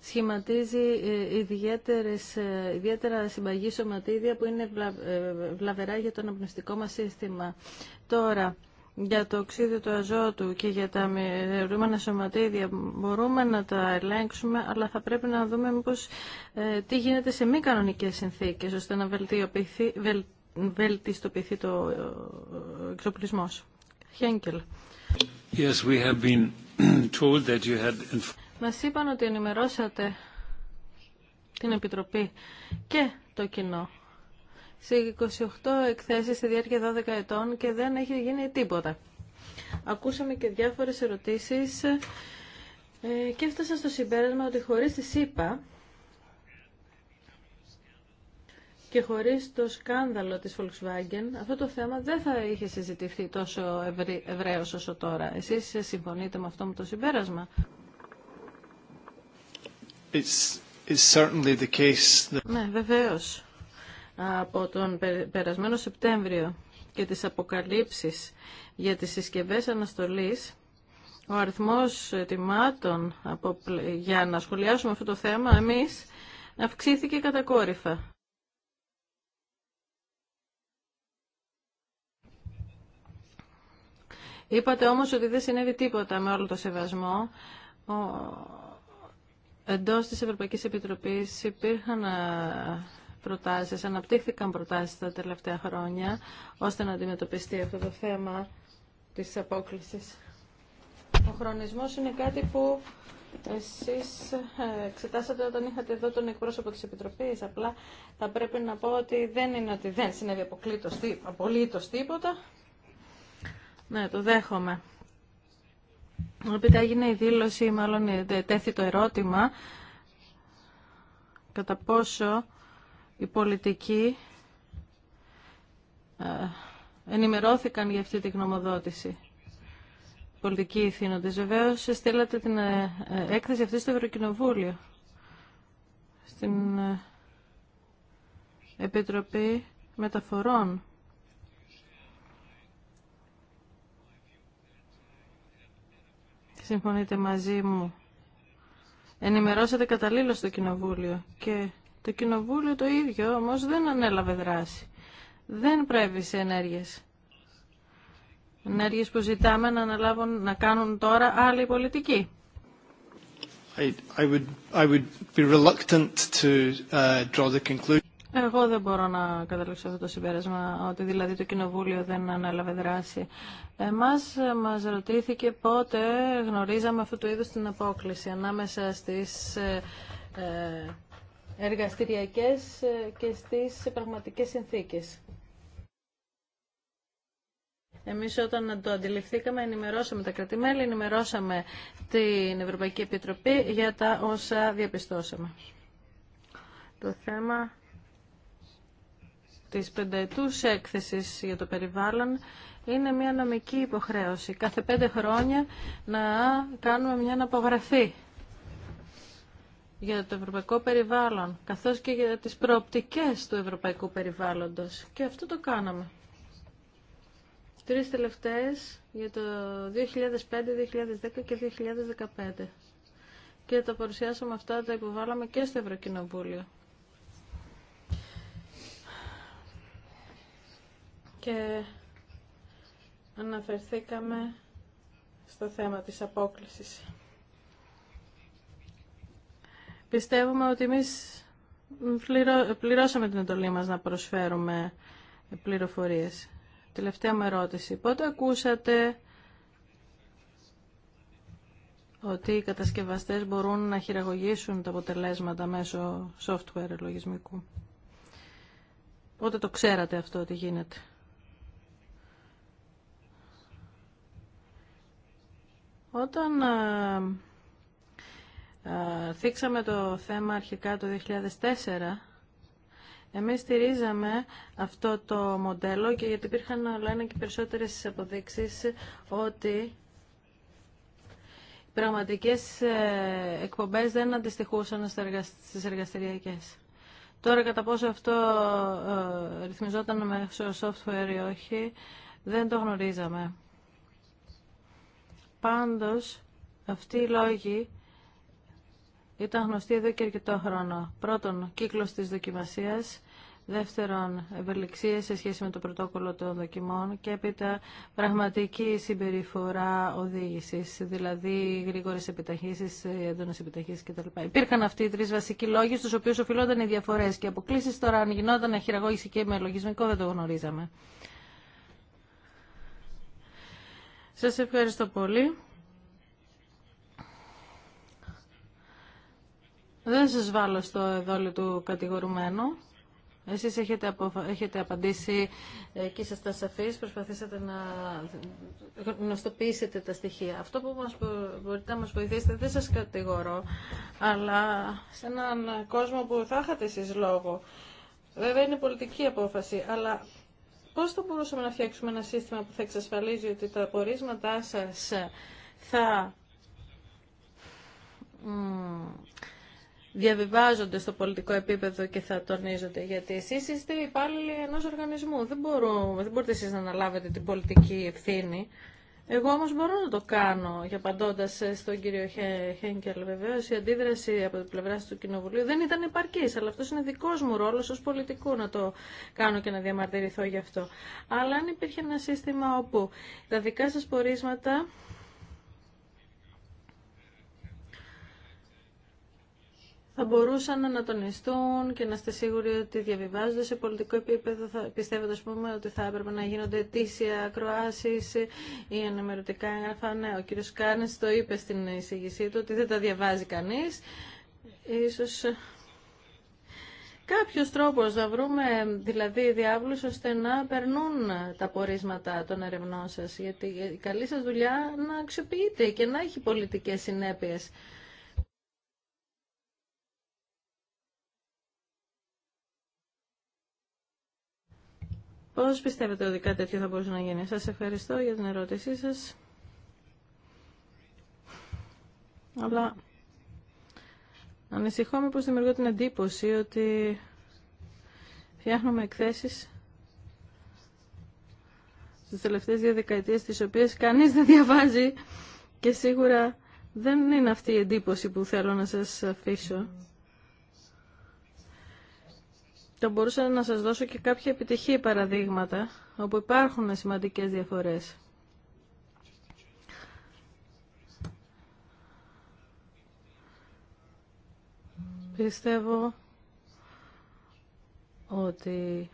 σχηματίζει ε, ιδιαίτερες, ε, ιδιαίτερα συμπαγή σωματίδια που είναι ε, βλαβερά για το αναπνευστικό μας σύστημα. Τώρα, για το οξύδιο του αζότου και για τα μυρωμένα σωματίδια μπορούμε να τα ελέγξουμε, αλλά θα πρέπει να δούμε μήπως τι γίνεται σε μη κανονικές συνθήκες, ώστε να βελ, βελτιστοποιηθεί το εξοπλισμός. Χένκελ. Yes, we Μας είπαν ότι ενημερώσατε την Επιτροπή και το κοινό σε 28 εκθέσεις στη διάρκεια 12 ετών και δεν έχει γίνει τίποτα. Ακούσαμε και διάφορες ερωτήσεις ε, και έφτασα στο συμπέρασμα ότι χωρίς τη ΣΥΠΑ και χωρίς το σκάνδαλο της Volkswagen, αυτό το θέμα δεν θα είχε συζητηθεί τόσο ευρέως όσο τώρα. Εσείς συμφωνείτε με αυτό το συμπέρασμα it's, ναι, Από τον περασμένο Σεπτέμβριο και τις αποκαλύψεις για τις συσκευές αναστολής, ο αριθμός ετοιμάτων από, για να σχολιάσουμε αυτό το θέμα εμείς αυξήθηκε κατακόρυφα. Είπατε όμως ότι δεν συνέβη τίποτα με όλο το σεβασμό εντός της Ευρωπαϊκής Επιτροπής υπήρχαν προτάσεις, αναπτύχθηκαν προτάσεις τα τελευταία χρόνια ώστε να αντιμετωπιστεί αυτό το θέμα της απόκλησης. Ο χρονισμός είναι κάτι που εσείς ε, εξετάσατε όταν είχατε εδώ τον εκπρόσωπο της Επιτροπής. Απλά θα πρέπει να πω ότι δεν είναι ότι δεν συνέβη αποκλήτως, τίποτα. Ναι, το δέχομαι. Οπότε έγινε η δήλωση, μάλλον ε, τέθη το ερώτημα, κατά πόσο οι πολιτικοί ε, ενημερώθηκαν για αυτή τη γνωμοδότηση. Πολιτικοί ηθήνοντες. Βεβαίως, στείλατε την ε, έκθεση αυτή στο Ευρωκοινοβούλιο. Στην Επιτροπή Μεταφορών. συμφωνείτε μαζί μου, ενημερώσατε καταλήλως το Κοινοβούλιο και το Κοινοβούλιο το ίδιο όμως δεν ανέλαβε δράση. Δεν πρέπει σε ενέργειες. Ενέργειες που ζητάμε να αναλάβουν να κάνουν τώρα άλλη πολιτικοί. I, would, I would be to uh, εγώ δεν μπορώ να καταλήξω αυτό το συμπέρασμα, ότι δηλαδή το Κοινοβούλιο δεν ανέλαβε δράση. Εμάς μας ρωτήθηκε πότε γνωρίζαμε αυτού του είδους την απόκληση ανάμεσα στις ε, ε, εργαστηριακές ε, και στις πραγματικές συνθήκες. Εμείς όταν το αντιληφθήκαμε ενημερώσαμε τα κρατημέλη, ενημερώσαμε την Ευρωπαϊκή Επιτροπή για τα όσα διαπιστώσαμε. Το θέμα της πενταετούς έκθεσης για το περιβάλλον είναι μια νομική υποχρέωση. Κάθε πέντε χρόνια να κάνουμε μια αναπογραφή για το ευρωπαϊκό περιβάλλον, καθώς και για τις προοπτικές του ευρωπαϊκού περιβάλλοντος. Και αυτό το κάναμε. Τρεις τελευταίες για το 2005, 2010 και 2015. Και τα παρουσιάσαμε αυτά, τα υποβάλαμε και στο Ευρωκοινοβούλιο. και αναφερθήκαμε στο θέμα της απόκλησης. Πιστεύουμε ότι εμείς πληρώσαμε την εντολή μας να προσφέρουμε πληροφορίες. Τελευταία μου ερώτηση. Πότε ακούσατε ότι οι κατασκευαστές μπορούν να χειραγωγήσουν τα αποτελέσματα μέσω software λογισμικού. Πότε το ξέρατε αυτό ότι γίνεται. Όταν ε, ε, θίξαμε το θέμα αρχικά το 2004, εμείς στηρίζαμε αυτό το μοντέλο και γιατί υπήρχαν όλα ένα και περισσότερες αποδείξεις ότι οι πραγματικές ε, εκπομπές δεν αντιστοιχούσαν στις εργαστηριακές. Τώρα κατά πόσο αυτό ρυθμιζόταν με software ή όχι, δεν το γνωρίζαμε. Πάντως, αυτοί οι λόγοι ήταν γνωστοί εδώ και αρκετό χρόνο. Πρώτον, κύκλος της δοκιμασίας. Δεύτερον, ευελιξία σε σχέση με το πρωτόκολλο των δοκιμών και έπειτα πραγματική συμπεριφορά οδήγηση, δηλαδή γρήγορε επιταχύσει, έντονε επιταχύσει κτλ. Υπήρχαν αυτοί οι τρει βασικοί λόγοι στου οποίου οφειλόταν οι διαφορέ και αποκλήσει. Τώρα, αν γινόταν χειραγώγηση και με λογισμικό, δεν το γνωρίζαμε. Σας ευχαριστώ πολύ. Δεν σας βάλω στο εδόλιο του κατηγορουμένου. Εσείς έχετε, έχετε απαντήσει ε, και τα σαφείς, προσπαθήσατε να γνωστοποιήσετε τα στοιχεία. Αυτό που μας μπορείτε να μας βοηθήσετε, δεν σας κατηγορώ, αλλά σε έναν κόσμο που θα είχατε εσείς λόγο. Βέβαια είναι πολιτική απόφαση, αλλά Πώς θα μπορούσαμε να φτιάξουμε ένα σύστημα που θα εξασφαλίζει ότι τα απορίσματά σας θα διαβιβάζονται στο πολιτικό επίπεδο και θα τονίζονται. Γιατί εσεί είστε υπάλληλοι ενό οργανισμού. Δεν, δεν μπορείτε εσεί να αναλάβετε την πολιτική ευθύνη. Εγώ όμω μπορώ να το κάνω, για απαντώντα ε, στον κύριο Χένκελ βεβαίω. η αντίδραση από την πλευρά του Κοινοβουλίου δεν ήταν επαρκή, αλλά αυτό είναι δικό μου ρόλο ως πολιτικού να το κάνω και να διαμαρτυρηθώ γι' αυτό. Αλλά αν υπήρχε ένα σύστημα όπου τα δικά σα πορίσματα θα μπορούσαν να τονιστούν και να είστε σίγουροι ότι διαβιβάζονται σε πολιτικό επίπεδο. Θα, πιστεύετε, πούμε, ότι θα έπρεπε να γίνονται αιτήσια ακροάσει ή ενημερωτικά έγγραφα. Ναι, ο κύριος Κάνε το είπε στην εισηγησή του ότι δεν τα διαβάζει κανεί. Ίσως κάποιος τρόπος να βρούμε δηλαδή διάβλους ώστε να περνούν τα πορίσματα των ερευνών σας γιατί η καλή σας δουλειά να αξιοποιείται και να έχει πολιτικές συνέπειες. Πώς πιστεύετε ότι κάτι τέτοιο θα μπορούσε να γίνει. Σας ευχαριστώ για την ερώτησή σας. Αλλά ανησυχώ με πως δημιουργώ την εντύπωση ότι φτιάχνουμε εκθέσεις στις τελευταίες δύο δεκαετίες τις οποίες κανείς δεν διαβάζει και σίγουρα δεν είναι αυτή η εντύπωση που θέλω να σας αφήσω θα μπορούσα να σας δώσω και κάποια επιτυχή παραδείγματα όπου υπάρχουν σημαντικές διαφορές. Πιστεύω ότι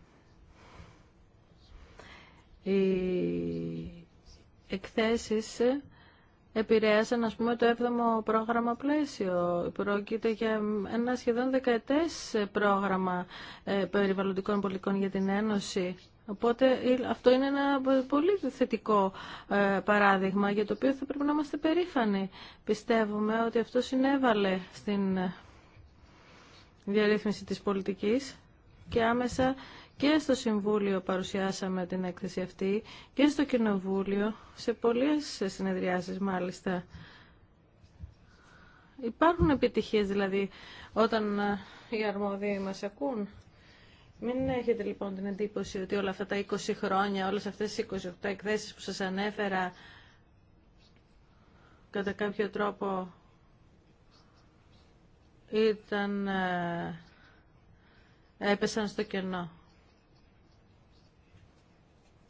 οι εκθέσεις επηρέασαν ας πούμε το 7ο πρόγραμμα πλαίσιο. Πρόκειται για ένα σχεδόν δεκαετές πρόγραμμα ε, περιβαλλοντικών πολιτικών για την Ένωση. Οπότε ε, αυτό είναι ένα πολύ θετικό ε, παράδειγμα για το οποίο θα πρέπει να είμαστε περήφανοι. Πιστεύουμε ότι αυτό συνέβαλε στην διαρρύθμιση της πολιτικής και άμεσα και στο Συμβούλιο παρουσιάσαμε την έκθεση αυτή και στο Κοινοβούλιο, σε πολλές συνεδριάσεις μάλιστα. Υπάρχουν επιτυχίες δηλαδή όταν ε, οι αρμόδιοι μας ακούν. Μην έχετε λοιπόν την εντύπωση ότι όλα αυτά τα 20 χρόνια, όλες αυτές τις 28 εκθέσεις που σας ανέφερα κατά κάποιο τρόπο ήταν, ε, έπεσαν στο κενό.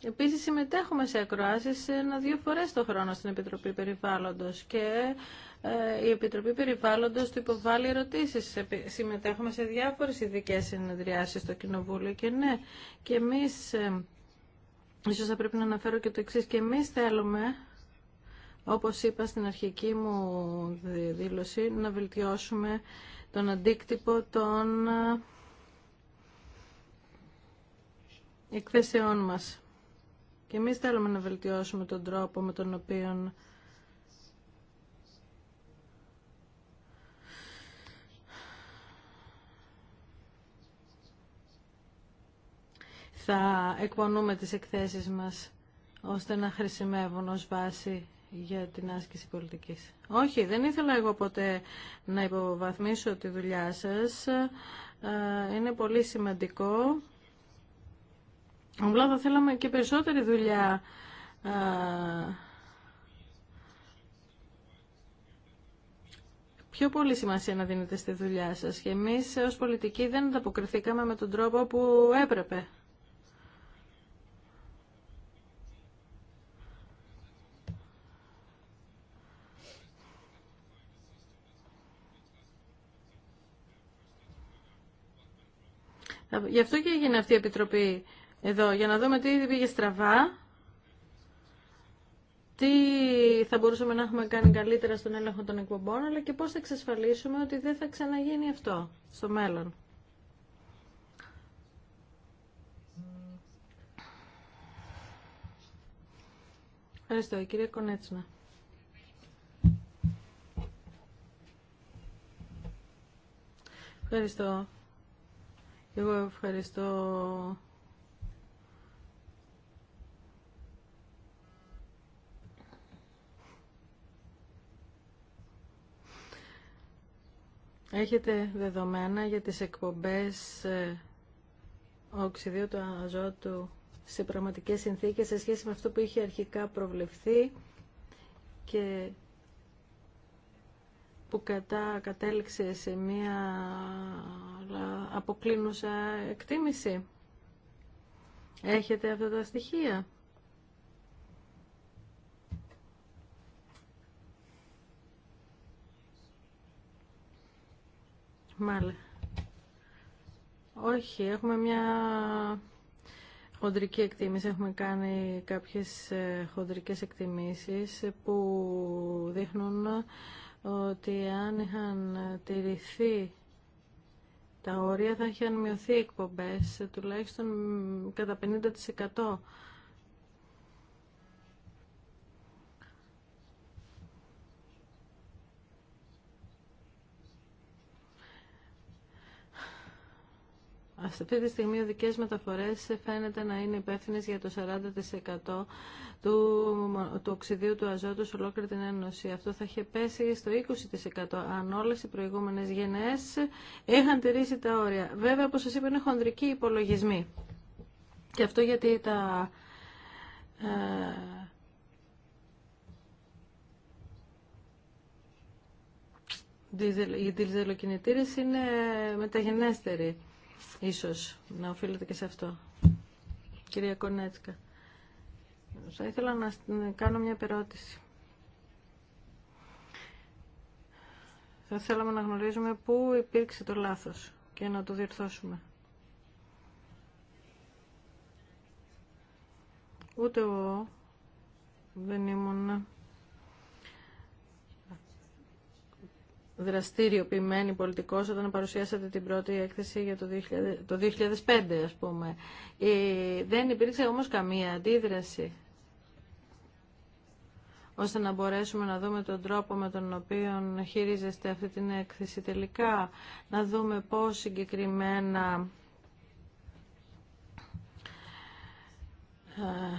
Επίσης συμμετέχουμε σε ακροάσεις ένα-δύο φορές το χρόνο στην Επιτροπή Περιβάλλοντος και ε, η Επιτροπή Περιβάλλοντος του υποβάλλει ερωτήσεις. Συμμετέχουμε σε διάφορες ειδικέ συνεδριάσεις στο Κοινοβούλιο και ναι, και εμείς, ε, ίσως θα πρέπει να αναφέρω και το εξής, και εμείς θέλουμε, όπως είπα στην αρχική μου δήλωση, να βελτιώσουμε τον αντίκτυπο των ε, εκθέσεών μας. Και εμείς θέλουμε να βελτιώσουμε τον τρόπο με τον οποίο θα εκπονούμε τις εκθέσεις μας ώστε να χρησιμεύουν ως βάση για την άσκηση πολιτικής. Όχι, δεν ήθελα εγώ ποτέ να υποβαθμίσω τη δουλειά σας. Ε, είναι πολύ σημαντικό Απλά θα θέλαμε και περισσότερη δουλειά ε, πιο πολύ σημασία να δίνετε στη δουλειά σας και εμείς ως πολιτικοί δεν ανταποκριθήκαμε με τον τρόπο που έπρεπε. Γι' αυτό και έγινε αυτή η Επιτροπή εδώ για να δούμε τι πήγε στραβά, τι θα μπορούσαμε να έχουμε κάνει καλύτερα στον έλεγχο των εκπομπών, αλλά και πώς θα εξασφαλίσουμε ότι δεν θα ξαναγίνει αυτό στο μέλλον. Ευχαριστώ, κυρία Κονέτσνα. Ευχαριστώ. Εγώ ευχαριστώ Έχετε δεδομένα για τις εκπομπές ε, οξυδίου του αζώτου σε πραγματικές συνθήκες σε σχέση με αυτό που είχε αρχικά προβλεφθεί και που κατά κατέληξε σε μία αποκλίνουσα εκτίμηση. Έχετε αυτά τα στοιχεία. Μάλιστα. Όχι, έχουμε μια χοντρική εκτίμηση. Έχουμε κάνει κάποιες ε, χοντρικές εκτιμήσεις που δείχνουν ότι αν είχαν τηρηθεί τα όρια θα είχαν μειωθεί οι εκπομπές τουλάχιστον κατά 50%. Σε αυτή τη στιγμή, οι οδικές μεταφορές φαίνεται να είναι υπεύθυνε για το 40% του, του οξυδίου του αζότου σε ολόκληρη την Ένωση. Αυτό θα είχε πέσει στο 20% αν όλες οι προηγούμενες γενναίες είχαν τηρήσει τα όρια. Βέβαια, όπως σας είπα, είναι χονδρικοί υπολογισμοί. Και αυτό γιατί τα... Ε, οι διζελοκινητήρες είναι μεταγενέστεροι. Ίσως να οφείλεται και σε αυτό. Κυρία Κονέτσκα, θα ήθελα να κάνω μια περώτηση. Θα θέλαμε να γνωρίζουμε πού υπήρξε το λάθος και να το διορθώσουμε. Ούτε εγώ δεν ήμουν δραστηριοποιημένη πολιτικός όταν παρουσιάσατε την πρώτη έκθεση για το, 2000, το 2005 ας πούμε. Ε, δεν υπήρξε όμως καμία αντίδραση ώστε να μπορέσουμε να δούμε τον τρόπο με τον οποίο χειρίζεστε αυτή την έκθεση τελικά, να δούμε πώς συγκεκριμένα ε,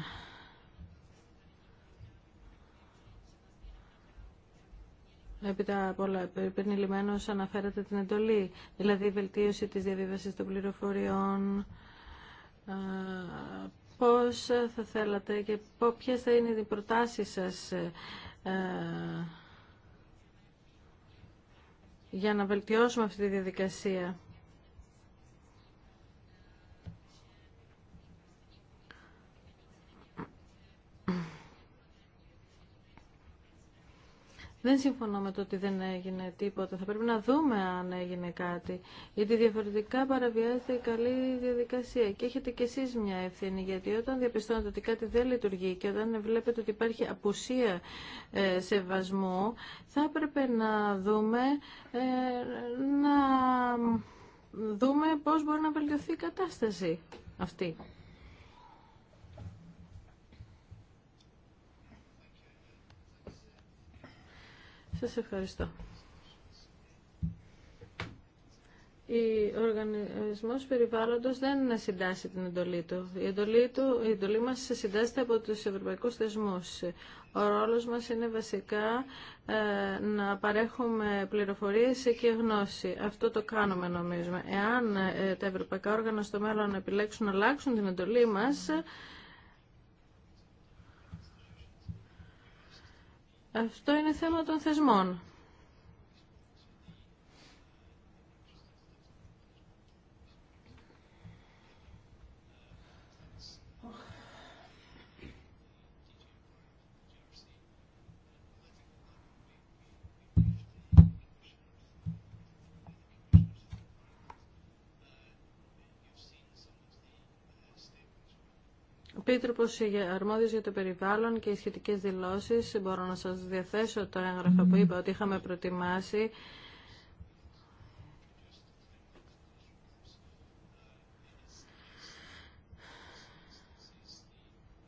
Έπειτα από όλα, περιλημμένως αναφέρατε την εντολή, δηλαδή η βελτίωση της διαβίβασης των πληροφοριών, πώς θα θέλατε και ποιε θα είναι οι προτάσεις σας ε, ε, για να βελτιώσουμε αυτή τη διαδικασία. Δεν συμφωνώ με το ότι δεν έγινε τίποτα. Θα πρέπει να δούμε αν έγινε κάτι. Γιατί διαφορετικά παραβιάζεται η καλή διαδικασία. Και έχετε κι εσεί μια ευθύνη. Γιατί όταν διαπιστώνετε ότι κάτι δεν λειτουργεί και όταν βλέπετε ότι υπάρχει απουσία ε, σεβασμού, θα έπρεπε να δούμε ε, να δούμε πώς μπορεί να βελτιωθεί η κατάσταση αυτή. Σας ευχαριστώ. Ο οργανισμός περιβάλλοντος δεν συντάσσει την εντολή του. Η εντολή, του, η εντολή μας συντάσσεται από τους ευρωπαϊκούς θεσμούς. Ο ρόλος μας είναι βασικά ε, να παρέχουμε πληροφορίες και γνώση. Αυτό το κάνουμε νομίζουμε. Εάν ε, τα ευρωπαϊκά όργανα στο μέλλον επιλέξουν να αλλάξουν την εντολή μας, Αυτό είναι θέμα των θεσμών. Επίτροπο αρμόδιο για το Περιβάλλον και οι σχετικέ δηλώσεις. Μπορώ να σας διαθέσω το έγγραφο που είπα ότι είχαμε προετοιμάσει.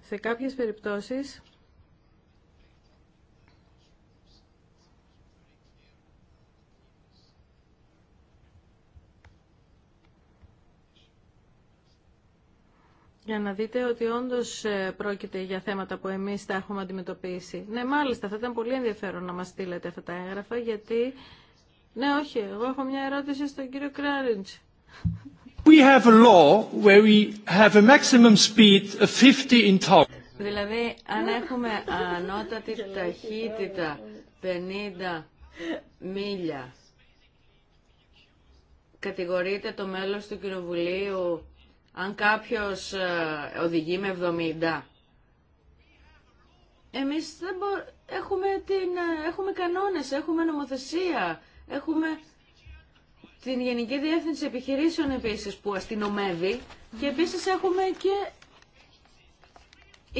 Σε κάποιες περιπτώσεις για να δείτε ότι όντω ε, πρόκειται για θέματα που εμεί τα έχουμε αντιμετωπίσει. Ναι, μάλιστα, θα ήταν πολύ ενδιαφέρον να μας στείλετε αυτά τα έγγραφα, γιατί... Ναι, όχι, εγώ έχω μια ερώτηση στον κύριο Κράριντς. We have a law where we have a maximum speed of 50 in town. Δηλαδή, αν έχουμε ανώτατη ταχύτητα 50 μίλια, κατηγορείται το μέλος του Κοινοβουλίου αν κάποιος ε, οδηγεί με 70, εμείς έχουμε, την... Ε, έχουμε κανόνες, έχουμε νομοθεσία, έχουμε την Γενική Διεύθυνση Επιχειρήσεων επίσης που αστυνομεύει και επίσης έχουμε και 28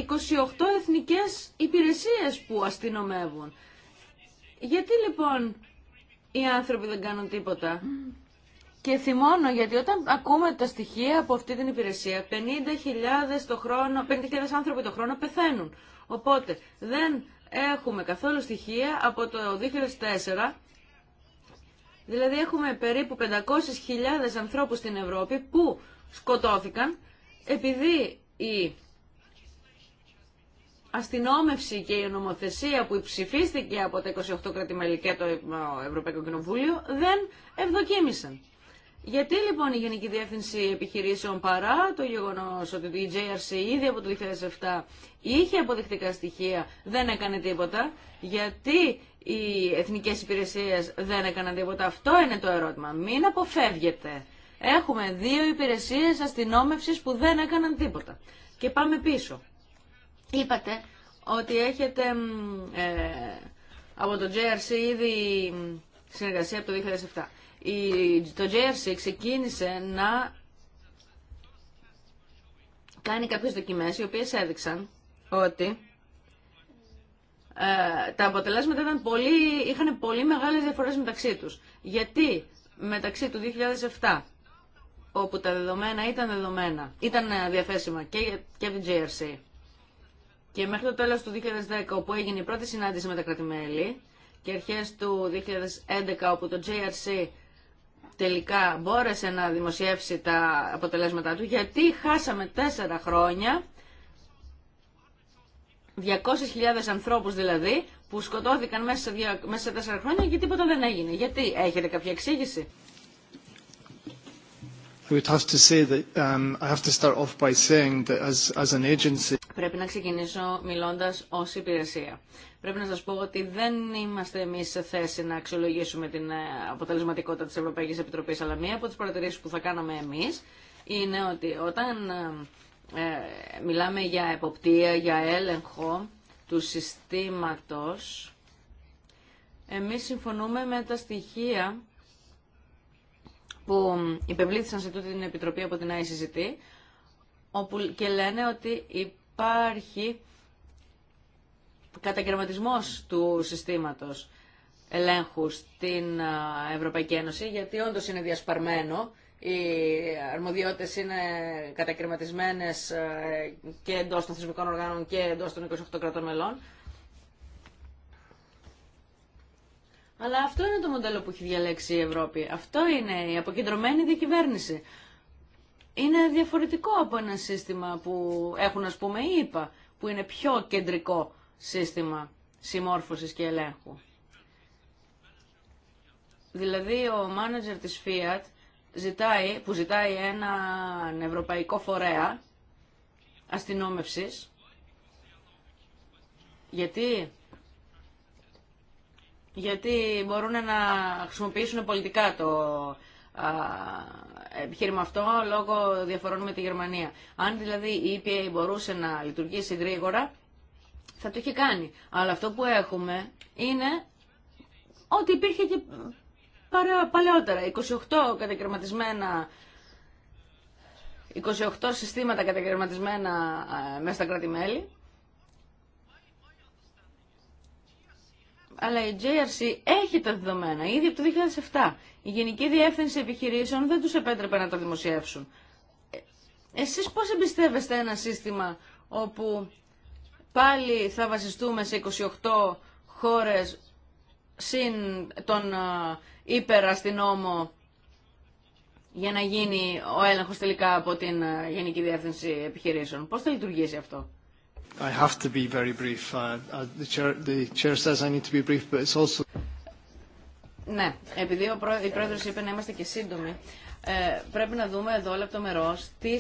εθνικές υπηρεσίες που αστυνομεύουν. Γιατί λοιπόν οι άνθρωποι δεν κάνουν τίποτα. Και θυμώνω γιατί όταν ακούμε τα στοιχεία από αυτή την υπηρεσία, 50.000 το χρόνο, 50.000 άνθρωποι το χρόνο πεθαίνουν. Οπότε δεν έχουμε καθόλου στοιχεία από το 2004, δηλαδή έχουμε περίπου 500.000 ανθρώπους στην Ευρώπη που σκοτώθηκαν επειδή η αστυνόμευση και η νομοθεσία που ψηφίστηκε από τα 28 κρατη και το Ευρωπαϊκό Κοινοβούλιο δεν ευδοκίμησαν. Γιατί λοιπόν η Γενική Διεύθυνση Επιχειρήσεων παρά το γεγονός ότι η JRC ήδη από το 2007 είχε αποδεικτικά στοιχεία, δεν έκανε τίποτα, γιατί οι εθνικές υπηρεσίες δεν έκαναν τίποτα. Αυτό είναι το ερώτημα. Μην αποφεύγετε. Έχουμε δύο υπηρεσίες αστυνόμευσης που δεν έκαναν τίποτα. Και πάμε πίσω. Είπατε ότι έχετε ε, από το JRC ήδη συνεργασία από το 2007 το JRC ξεκίνησε να κάνει κάποιες δοκιμές οι οποίες έδειξαν ότι ε, τα αποτελέσματα ήταν πολύ, είχαν πολύ μεγάλες διαφορές μεταξύ τους. Γιατί μεταξύ του 2007 όπου τα δεδομένα ήταν δεδομένα, ήταν διαθέσιμα και, και από την JRC και μέχρι το τέλος του 2010 όπου έγινε η πρώτη συνάντηση με τα κρατημέλη και αρχές του 2011 όπου το JRC τελικά μπόρεσε να δημοσιεύσει τα αποτελέσματά του, γιατί χάσαμε τέσσερα χρόνια, 200.000 ανθρώπους δηλαδή, που σκοτώθηκαν μέσα σε, μέσα σε τέσσερα χρόνια και τίποτα δεν έγινε. Γιατί, έχετε κάποια εξήγηση. Πρέπει να ξεκινήσω μιλώντας ως υπηρεσία. Πρέπει να σας πω ότι δεν είμαστε εμείς σε θέση να αξιολογήσουμε την ε, αποτελεσματικότητα της Ευρωπαϊκής Επιτροπής, αλλά μία από τις παρατηρήσεις που θα κάναμε εμείς είναι ότι όταν ε, ε, μιλάμε για εποπτεία, για έλεγχο του συστήματος, εμείς συμφωνούμε με τα στοιχεία που υπευλήθησαν σε τούτη την Επιτροπή από την ICCT, όπου και λένε ότι υπάρχει κατακαιρματισμός του συστήματος ελέγχου στην Ευρωπαϊκή Ένωση, γιατί όντως είναι διασπαρμένο, οι αρμοδιότητες είναι κατακαιρματισμένες και εντός των θεσμικών οργάνων και εντός των 28 κρατών μελών. Αλλά αυτό είναι το μοντέλο που έχει διαλέξει η Ευρώπη. Αυτό είναι η αποκεντρωμένη διακυβέρνηση. Είναι διαφορετικό από ένα σύστημα που έχουν, ας πούμε, οι ΙΠΑ, που είναι πιο κεντρικό σύστημα συμμόρφωσης και ελέγχου. Δηλαδή ο μάνατζερ της Fiat ζητάει, που ζητάει έναν ευρωπαϊκό φορέα αστυνόμευσης γιατί γιατί μπορούν να χρησιμοποιήσουν πολιτικά το α, επιχείρημα αυτό λόγω διαφορών με τη Γερμανία. Αν δηλαδή η EPA μπορούσε να λειτουργήσει γρήγορα, θα το είχε κάνει. Αλλά αυτό που έχουμε είναι ότι υπήρχε και παλαιότερα 28 κατακαιρματισμένα 28 συστήματα κατακαιρματισμένα ε, μέσα στα κράτη-μέλη. Αλλά η JRC έχει τα δεδομένα ήδη από το 2007. Η Γενική Διεύθυνση Επιχειρήσεων δεν τους επέτρεπε να τα δημοσιεύσουν. Ε, εσείς πώς εμπιστεύεστε ένα σύστημα όπου πάλι θα βασιστούμε σε 28 χώρες συν τον ε, υπεραστινόμο για να γίνει ο έλεγχος τελικά από την ε, Γενική Διεύθυνση Επιχειρήσεων. Πώς θα λειτουργήσει αυτό. Ναι, επειδή ο η πρόεδρος είπε να είμαστε και σύντομοι, ε, πρέπει να δούμε εδώ λεπτομερώ τι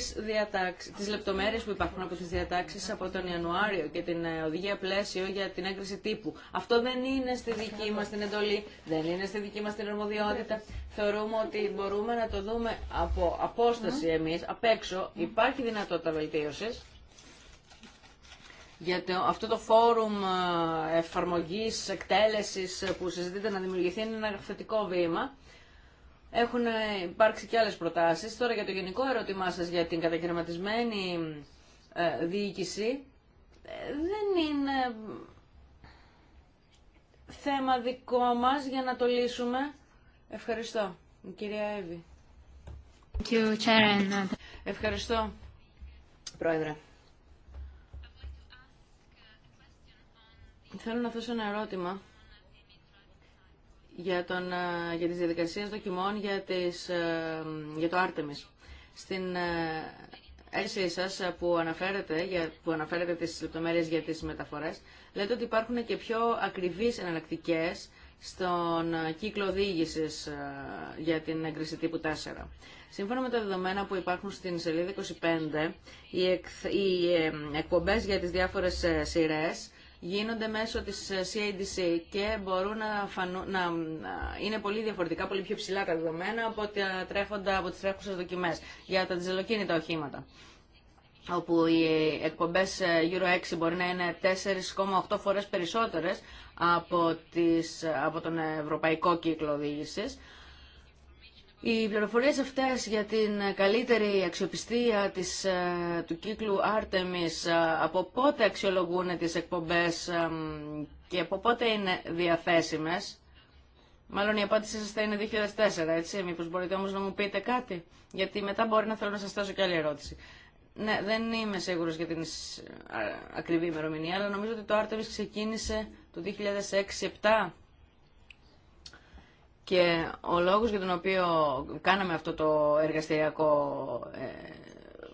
τις λεπτομέρειες που υπάρχουν από τι διατάξει από τον Ιανουάριο και την ε, οδηγία πλαίσιο για την έγκριση τύπου. Αυτό δεν είναι στη δική μα την εντολή, δεν είναι στη δική μα την αρμοδιότητα. Θεωρούμε ότι μπορούμε να το δούμε από απόσταση εμεί απ' έξω. Υπάρχει δυνατότητα βελτίωση, Γιατί αυτό το φόρουμ ε, εφαρμογής, εκτέλεσης που συζητείται να δημιουργηθεί είναι ένα θετικό βήμα. Έχουν ε, υπάρξει και άλλες προτάσεις. Τώρα για το γενικό ερώτημά σας για την κατακαιρματισμένη ε, διοίκηση, ε, δεν είναι θέμα δικό μας για να το λύσουμε. Ευχαριστώ, κυρία Εύη. Uh, Ευχαριστώ, Πρόεδρε. Θέλω να θέσω ένα ερώτημα για, τον, ε, για τις διαδικασίες δοκιμών για, τις, ε, για το Άρτεμις. Στην έρση ε, σας που αναφέρετε, για, που αναφέρετε τις λεπτομέρειες για τις μεταφορές, λέτε ότι υπάρχουν και πιο ακριβείς εναλλακτικέ στον κύκλο οδήγηση για την έγκριση τύπου 4. Σύμφωνα με τα δεδομένα που υπάρχουν στην σελίδα 25, οι, εκ, οι εκπομπές για τις διάφορες σειρές γίνονται μέσω της CADC ε, και μπορούν να, είναι πολύ διαφορετικά, πολύ πιο ψηλά τα δεδομένα από, τα τρέχοντα, από τις τρέχουσες δοκιμές για τα τζελοκίνητα οχήματα όπου οι εκπομπές ε, Euro 6 μπορεί να είναι 4,8 φορές περισσότερες από, ε, από τον ευρωπαϊκό κύκλο οδήγησης. Οι πληροφορίες αυτές για την καλύτερη αξιοπιστία της, ε, του κύκλου Άρτεμις, από πότε αξιολογούν τις εκπομπές ε, και από πότε είναι διαθέσιμες, μάλλον η απάντησή σας θα είναι 2004, έτσι, μήπως μπορείτε όμως να μου πείτε κάτι, γιατί μετά μπορεί να θέλω να σας θέσω και άλλη ερώτηση. Ναι, δεν είμαι σίγουρος για την ακριβή ημερομηνία, αλλά νομίζω ότι το Άρτεμις ξεκίνησε το 2006-2007, και ο λόγος για τον οποίο κάναμε αυτό το εργαστηριακό,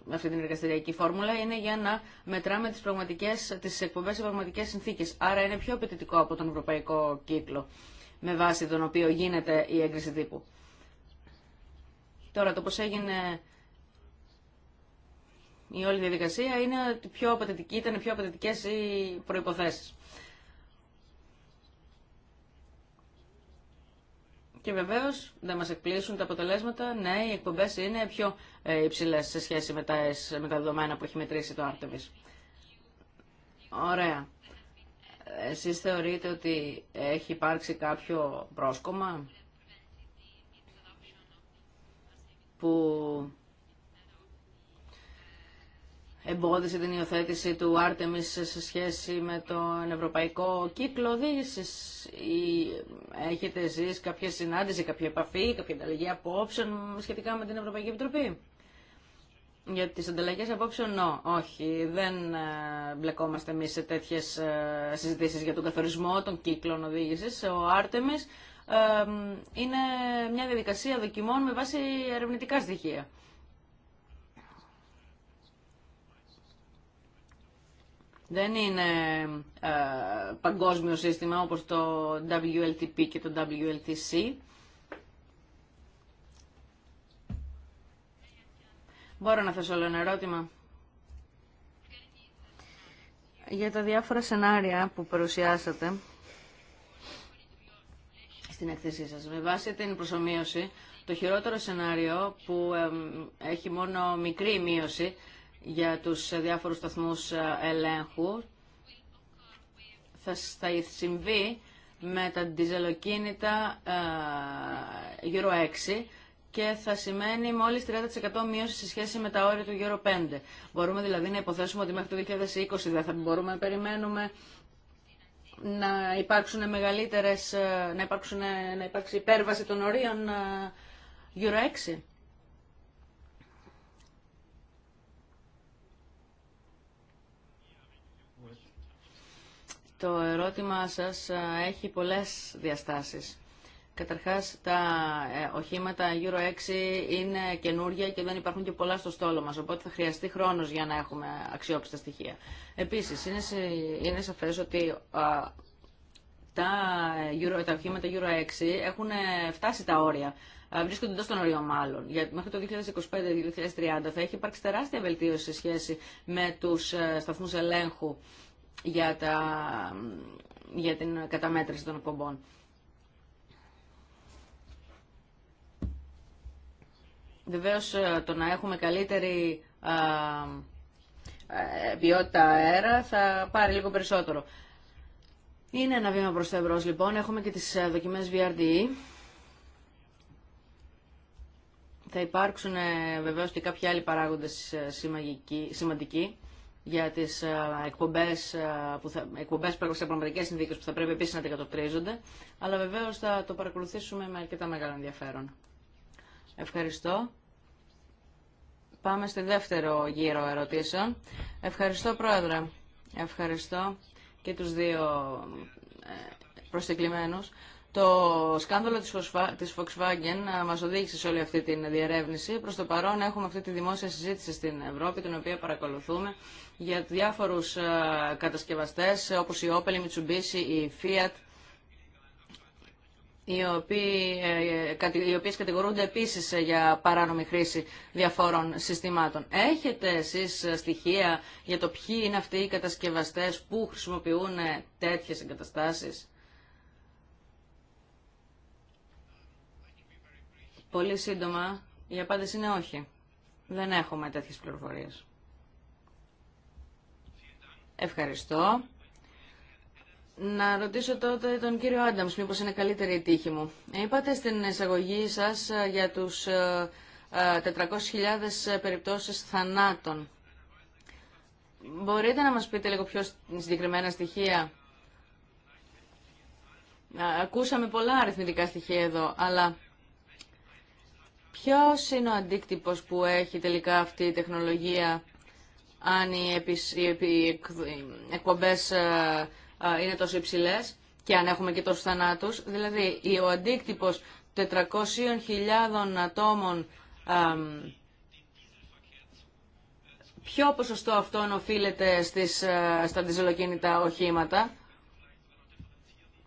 ε, αυτή την εργαστηριακή φόρμουλα είναι για να μετράμε τις, πραγματικές, τις εκπομπές σε πραγματικές συνθήκες. Άρα είναι πιο απαιτητικό από τον ευρωπαϊκό κύκλο με βάση τον οποίο γίνεται η έγκριση τύπου. Τώρα το πώς έγινε η όλη διαδικασία είναι ότι πιο ήταν πιο απαιτητικές οι προϋποθέσεις. Και βεβαίω δεν μα εκπλήσουν τα αποτελέσματα. Ναι, οι εκπομπέ είναι πιο ε, υψηλέ σε σχέση με τα, με τα δεδομένα που έχει μετρήσει το Artemis. Ωραία. Εσεί θεωρείτε ότι έχει υπάρξει κάποιο πρόσκομα που εμπόδισε την υιοθέτηση του Άρτεμις σε σχέση με τον ευρωπαϊκό κύκλο οδήγηση. Έχετε εσείς κάποια συνάντηση, κάποια επαφή, κάποια ανταλλαγή απόψεων σχετικά με την Ευρωπαϊκή Επιτροπή. Για τι ανταλλαγέ απόψεων, ναι. όχι. Δεν ε, μπλεκόμαστε εμεί σε τέτοιε συζητήσει για τον καθορισμό των κύκλων οδήγηση. Ο Άρτεμι είναι μια διαδικασία δοκιμών με βάση ερευνητικά στοιχεία. δεν είναι ε, παγκόσμιο σύστημα όπως το WLTP και το WLTC. Μπορώ να θέσω όλο ένα ερώτημα. Για τα διάφορα σενάρια που παρουσιάσατε στην εκθέσή σας, με βάση την προσωμείωση, το χειρότερο σενάριο που έχει μόνο μικρή μείωση για τους διάφορους σταθμούς ελέγχου θα, θα συμβεί με τα διζελοκίνητα γύρω ε, 6 και θα σημαίνει μόλις 30% μείωση σε σχέση με τα όρια του γύρω 5. Μπορούμε δηλαδή να υποθέσουμε ότι μέχρι το 2020 δεν θα μπορούμε να περιμένουμε να υπάρξουν μεγαλύτερες, ε, να, υπάρξουν, να υπάρξει υπέρβαση των ορίων γύρω ε, 6. Το ερώτημα σας έχει πολλές διαστάσεις. Καταρχάς, τα ε, οχήματα Euro 6 είναι καινούργια και δεν υπάρχουν και πολλά στο στόλο μας, οπότε θα χρειαστεί χρόνος για να έχουμε αξιόπιστα στοιχεία. Επίσης, είναι, είναι σαφές ότι τα, ε, Euro, τα οχήματα Euro 6 έχουν ε, φτάσει τα όρια. Βρίσκονται εντό των ορίων, μάλλον. Γιατί μέχρι το 2025-2030 θα έχει υπάρξει τεράστια βελτίωση σε σχέση με του σταθμού ελέγχου για, τα, για την καταμέτρηση των εκπομπών. Βεβαίω ε, το να έχουμε καλύτερη ε, ποιότητα αέρα θα πάρει λίγο περισσότερο. Είναι ένα βήμα προς το λοιπόν. Έχουμε και τις ε, δοκιμές VRDE. Θα υπάρξουν βεβαίως και κάποιοι άλλοι παράγοντες σημαντικοί για τις ε, εκπομπές, ε, που θα, εκπομπές σε πραγματικέ συνθήκες που θα πρέπει επίσης να αντικατοπτρίζονται, αλλά βεβαίω θα το παρακολουθήσουμε με αρκετά μεγάλο ενδιαφέρον. Ευχαριστώ. Πάμε στη δεύτερο γύρο ερωτήσεων. Ευχαριστώ, Πρόεδρε. Ευχαριστώ και τους δύο ε, προσκεκλημένους. Το σκάνδαλο της Volkswagen ε, μας οδήγησε σε όλη αυτή την διερεύνηση. Προς το παρόν έχουμε αυτή τη δημόσια συζήτηση στην Ευρώπη, την οποία παρακολουθούμε, για διάφορους ε, κατασκευαστές όπως η Opel, η Mitsubishi, η Fiat, οι, ε, οι οποίες κατηγορούνται επίσης για παράνομη χρήση διαφόρων συστημάτων. Έχετε εσείς στοιχεία για το ποιοι είναι αυτοί οι κατασκευαστές που χρησιμοποιούν τέτοιες εγκαταστάσεις. Πολύ σύντομα, η απάντηση είναι όχι. Δεν έχουμε τέτοιες πληροφορίες. Ευχαριστώ. Να ρωτήσω τότε τον κύριο Άνταμς, μήπως είναι καλύτερη η τύχη μου. Είπατε στην εισαγωγή σας ε, για τους 400.000 ε, ε, περιπτώσεις θανάτων. Μπορείτε να μας πείτε λίγο πιο συγκεκριμένα στοιχεία. Ακούσαμε πολλά αριθμητικά στοιχεία εδώ, αλλά Ποιος είναι ο αντίκτυπος που έχει τελικά αυτή η τεχνολογία αν οι εκπομπές ε, ε, είναι τόσο υψηλές και αν έχουμε και τόσους θανάτους. Δηλαδή, ο αντίκτυπος 400.000 ατόμων ποιο ποσοστό αυτόν οφείλεται στις, ε, στα διζελοκίνητα οχήματα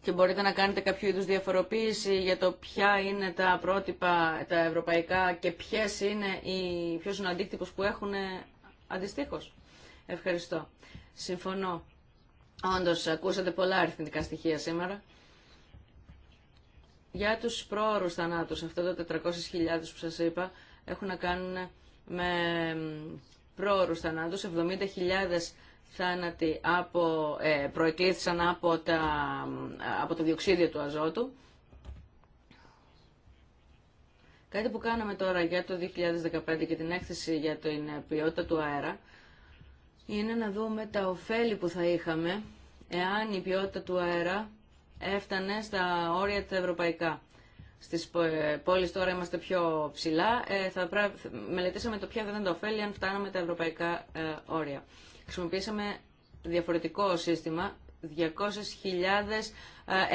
και μπορείτε να κάνετε κάποιο είδους διαφοροποίηση για το ποια είναι τα πρότυπα τα ευρωπαϊκά και ποιες είναι οι, ποιος είναι ο αντίκτυπος που έχουν ε, αντιστοίχως. Ευχαριστώ. Συμφωνώ. Όντως, ακούσατε πολλά αριθμητικά στοιχεία σήμερα. Για τους πρόωρους θανάτους, αυτό το 400.000 που σας είπα, έχουν να κάνουν με πρόωρους θανάτους, 70.000 θάνατοι από, ε, προεκλήθησαν από, από το διοξίδιο του αζότου. Κάτι που κάναμε τώρα για το 2015 και την έκθεση για την ποιότητα του αέρα είναι να δούμε τα ωφέλη που θα είχαμε εάν η ποιότητα του αέρα έφτανε στα όρια τα ευρωπαϊκά. Στις ε, πόλεις τώρα είμαστε πιο ψηλά. Ε, θα Μελετήσαμε το ποια θα ήταν τα ωφέλη αν φτάναμε τα ευρωπαϊκά όρια χρησιμοποίησαμε διαφορετικό σύστημα. 200.000 ε,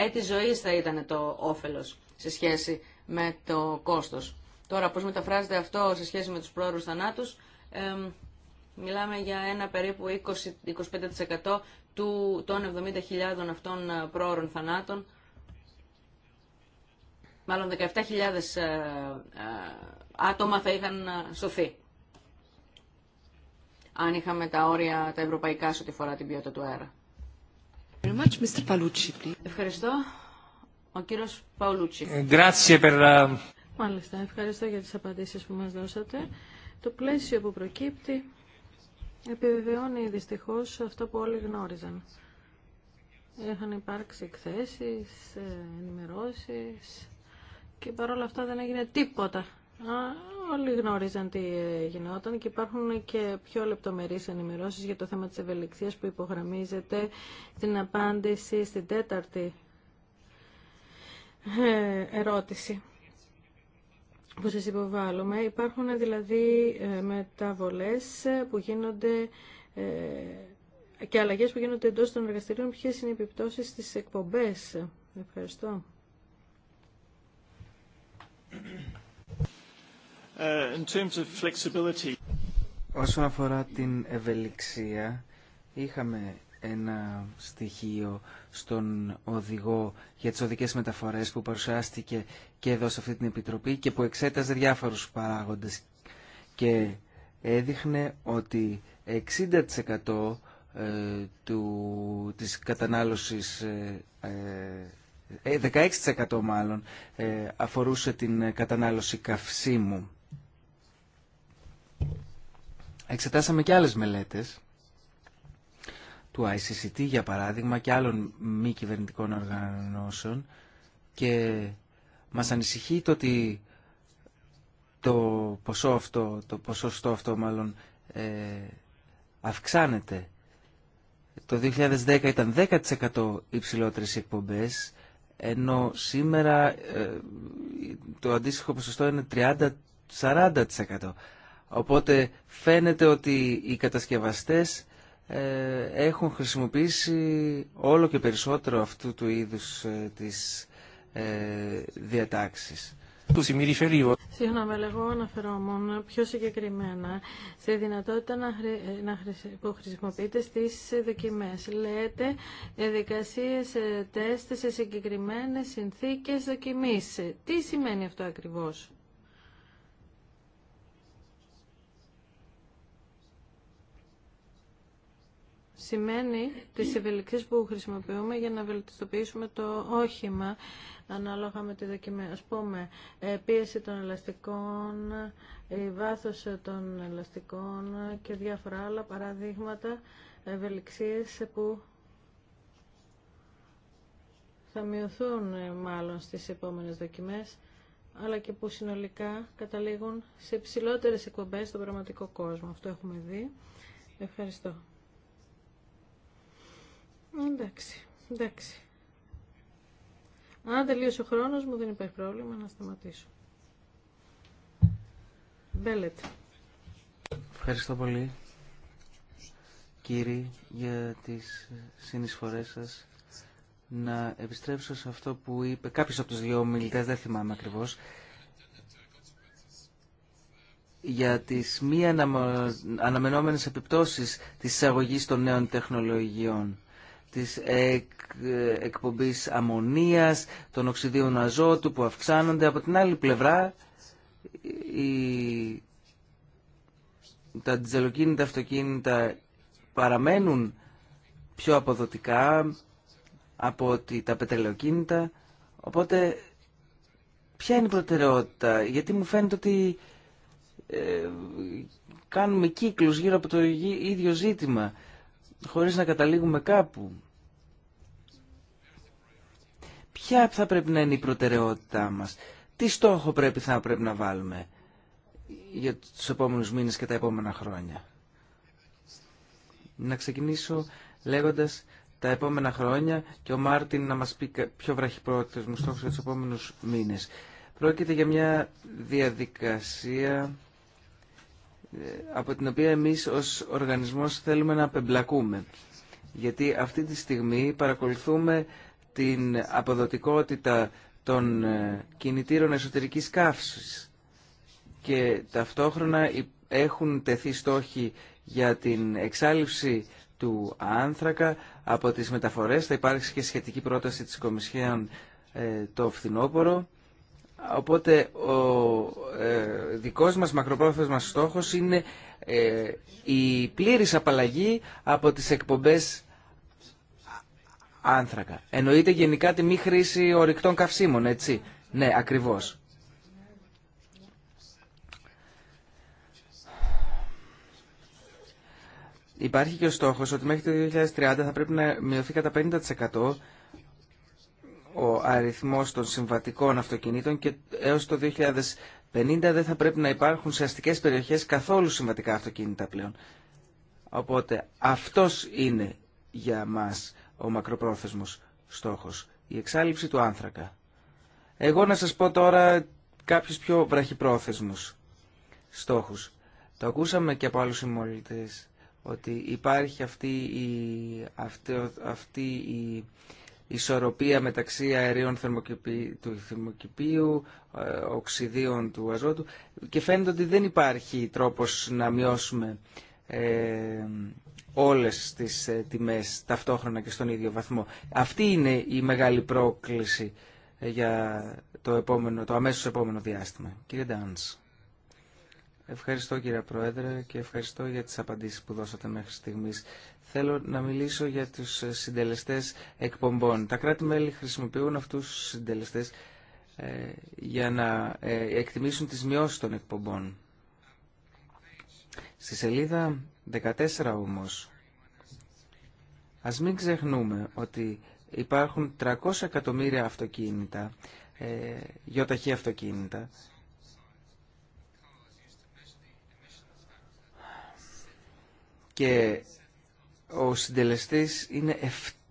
έτη ζωής θα ήταν το όφελος σε σχέση με το κόστος. Τώρα πώς μεταφράζεται αυτό σε σχέση με τους πρόωρους θανάτους, μιλάμε για ένα περίπου 20-25% του, των 70.000 αυτών ε, πρόωρων θανάτων, μάλλον 17.000 ε, άτομα θα είχαν σωθεί αν είχαμε τα όρια τα ευρωπαϊκά σε ό,τι φορά την ποιότητα του αέρα. Ευχαριστώ. Ο κύριος Παουλούτσι. Ε, Μάλιστα, ευχαριστώ για τις απαντήσεις που μας δώσατε. Το πλαίσιο που προκύπτει επιβεβαιώνει δυστυχώς αυτό που όλοι γνώριζαν. Έχουν υπάρξει εκθέσεις, ε, ενημερώσεις και παρόλα αυτά δεν έγινε τίποτα Όλοι γνώριζαν τι ε, γινόταν και υπάρχουν και πιο λεπτομερείς ενημερώσεις για το θέμα της ευελιξίας που υπογραμμίζεται στην απάντηση στην τέταρτη ε, ερώτηση που σας υποβάλλουμε. Υπάρχουν δηλαδή ε, μεταβολές που γίνονται και αλλαγές που γίνονται εντός των εργαστηρίων. Ποιες είναι οι επιπτώσεις στις εκπομπές. Ευχαριστώ. Uh, Όσον αφορά την ευελιξία, είχαμε ένα στοιχείο στον οδηγό για τις οδικές μεταφορές που παρουσιάστηκε και εδώ σε αυτή την Επιτροπή και που εξέταζε διάφορους παράγοντες και έδειχνε ότι 60% ε, του, της κατανάλωσης 16% ε, ε, μάλλον αφορούσε την κατανάλωση καυσίμου εξετάσαμε και άλλες μελέτες του ICCT για παράδειγμα και άλλων μη κυβερνητικών οργανώσεων και μας ανησυχεί το ότι το ποσό αυτό, το ποσοστό αυτό μάλλον ε, αυξάνεται. Το 2010 ήταν 10% υψηλότερες εκπομπές, ενώ σήμερα ε, το αντίστοιχο ποσοστό είναι 30-40%. Οπότε φαίνεται ότι οι κατασκευαστές ε, έχουν χρησιμοποιήσει όλο και περισσότερο αυτού του είδους ε, της ε, διατάξεις. Συγγνώμη, αλλά εγώ αναφερόμουν πιο συγκεκριμένα στη δυνατότητα να χρη... Να χρη... που χρησιμοποιείται στις δοκιμέ. Λέτε διαδικασίες τεστ σε συγκεκριμένες συνθήκε δοκιμή. Τι σημαίνει αυτό ακριβώ, σημαίνει τις ευελιξίες που χρησιμοποιούμε για να βελτιστοποιήσουμε το όχημα ανάλογα με τη δοκιμή. Ας πούμε, ε, πίεση των ελαστικών, ε, βάθος ε, των ελαστικών και διάφορα άλλα παραδείγματα ευελιξίες που θα μειωθούν μάλλον στις επόμενες δοκιμές αλλά και που συνολικά καταλήγουν σε ψηλότερες εκπομπές στον πραγματικό κόσμο. Αυτό έχουμε δει. Ευχαριστώ. Εντάξει, εντάξει. Αν τελείωσε ο χρόνος μου δεν υπάρχει πρόβλημα να σταματήσω. Μπέλετ. Ευχαριστώ πολύ κύριοι για τις συνεισφορές σας. Να επιστρέψω σε αυτό που είπε κάποιος από τους δύο μιλητές, δεν θυμάμαι ακριβώς, για τις μη αναμενόμενες επιπτώσεις της εισαγωγής των νέων τεχνολογιών της εκ, εκπομπής αμμονίας, των οξυδίων αζότου που αυξάνονται. Από την άλλη πλευρά, η, τα τζελοκίνητα αυτοκίνητα παραμένουν πιο αποδοτικά από τα πετρελαιοκίνητα. Οπότε, ποια είναι η προτεραιότητα, γιατί μου φαίνεται ότι ε, κάνουμε κύκλους γύρω από το ίδιο ζήτημα, χωρίς να καταλήγουμε κάπου ποια θα πρέπει να είναι η προτεραιότητά μας, τι στόχο πρέπει θα πρέπει να βάλουμε για τους επόμενους μήνες και τα επόμενα χρόνια. Να ξεκινήσω λέγοντας τα επόμενα χρόνια και ο Μάρτιν να μας πει πιο βραχυπρόθεσμους μου στόχους για τους επόμενους μήνες. Πρόκειται για μια διαδικασία ε, από την οποία εμείς ως οργανισμός θέλουμε να απεμπλακούμε. Γιατί αυτή τη στιγμή παρακολουθούμε την αποδοτικότητα των ε, κινητήρων εσωτερικής καύσης και ταυτόχρονα έχουν τεθεί στόχοι για την εξάλληψη του άνθρακα από τις μεταφορές. Θα υπάρξει και σχετική πρόταση της Κομισιόν ε, το φθινόπωρο. Οπότε ο ε, δικός μας μακροπρόθεσμας στόχος είναι η πλήρης απαλλαγή από τις εκπομπές άνθρακα. Εννοείται γενικά τη μη χρήση ορυκτών καυσίμων, έτσι. Ναι, ακριβώς. Υπάρχει και ο στόχος ότι μέχρι το 2030 θα πρέπει να μειωθεί κατά 50% ο αριθμός των συμβατικών αυτοκινήτων και έως το 2050 δεν θα πρέπει να υπάρχουν σε αστικές περιοχές καθόλου συμβατικά αυτοκίνητα πλέον. Οπότε αυτός είναι για μας ο μακροπρόθεσμος στόχος. Η εξάλληψη του άνθρακα. Εγώ να σας πω τώρα κάποιους πιο βραχυπρόθεσμους στόχους. Το ακούσαμε και από άλλους συμμόλυτες ότι υπάρχει αυτή η, αυτή, αυτή η ισορροπία μεταξύ αερίων θερμοκηπίου, του θερμοκηπίου, ε, οξυδίων του αζότου και φαίνεται ότι δεν υπάρχει τρόπος να μειώσουμε ε, όλες τις ε, τιμές ταυτόχρονα και στον ίδιο βαθμό. Αυτή είναι η μεγάλη πρόκληση ε, για το, επόμενο, το αμέσως επόμενο διάστημα. Κύριε Ντάνς. Ευχαριστώ κύριε Πρόεδρε και ευχαριστώ για τις απαντήσεις που δώσατε μέχρι στιγμής. Θέλω να μιλήσω για τους ε, συντελεστές εκπομπών. Τα κράτη-μέλη χρησιμοποιούν αυτούς τους συντελεστές για να εκτιμήσουν τις μειώσεις των εκπομπών. Στη σελίδα 14 όμως, ας μην ξεχνούμε ότι υπάρχουν 300 εκατομμύρια αυτοκίνητα, ε, γιοταχή αυτοκίνητα, και ο συντελεστής είναι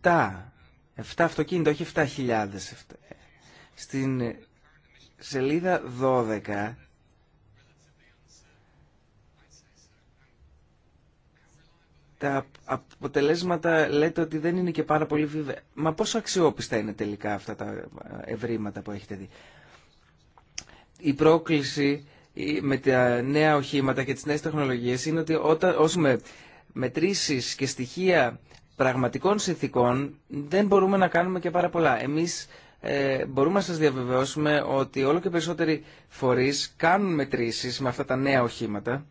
7, 7 αυτοκίνητα, όχι 7.000. Στην σελίδα 12 τα αποτελέσματα λέτε ότι δεν είναι και πάρα πολύ βίβαια. Μα πόσο αξιόπιστα είναι τελικά αυτά τα ευρήματα που έχετε δει. Η πρόκληση με τα νέα οχήματα και τις νέες τεχνολογίες είναι ότι όταν, με μετρήσεις και στοιχεία πραγματικών συνθήκων δεν μπορούμε να κάνουμε και πάρα πολλά. Εμείς ε, μπορούμε να σας διαβεβαιώσουμε ότι όλο και περισσότεροι φορείς κάνουν μετρήσεις με αυτά τα νέα οχήματα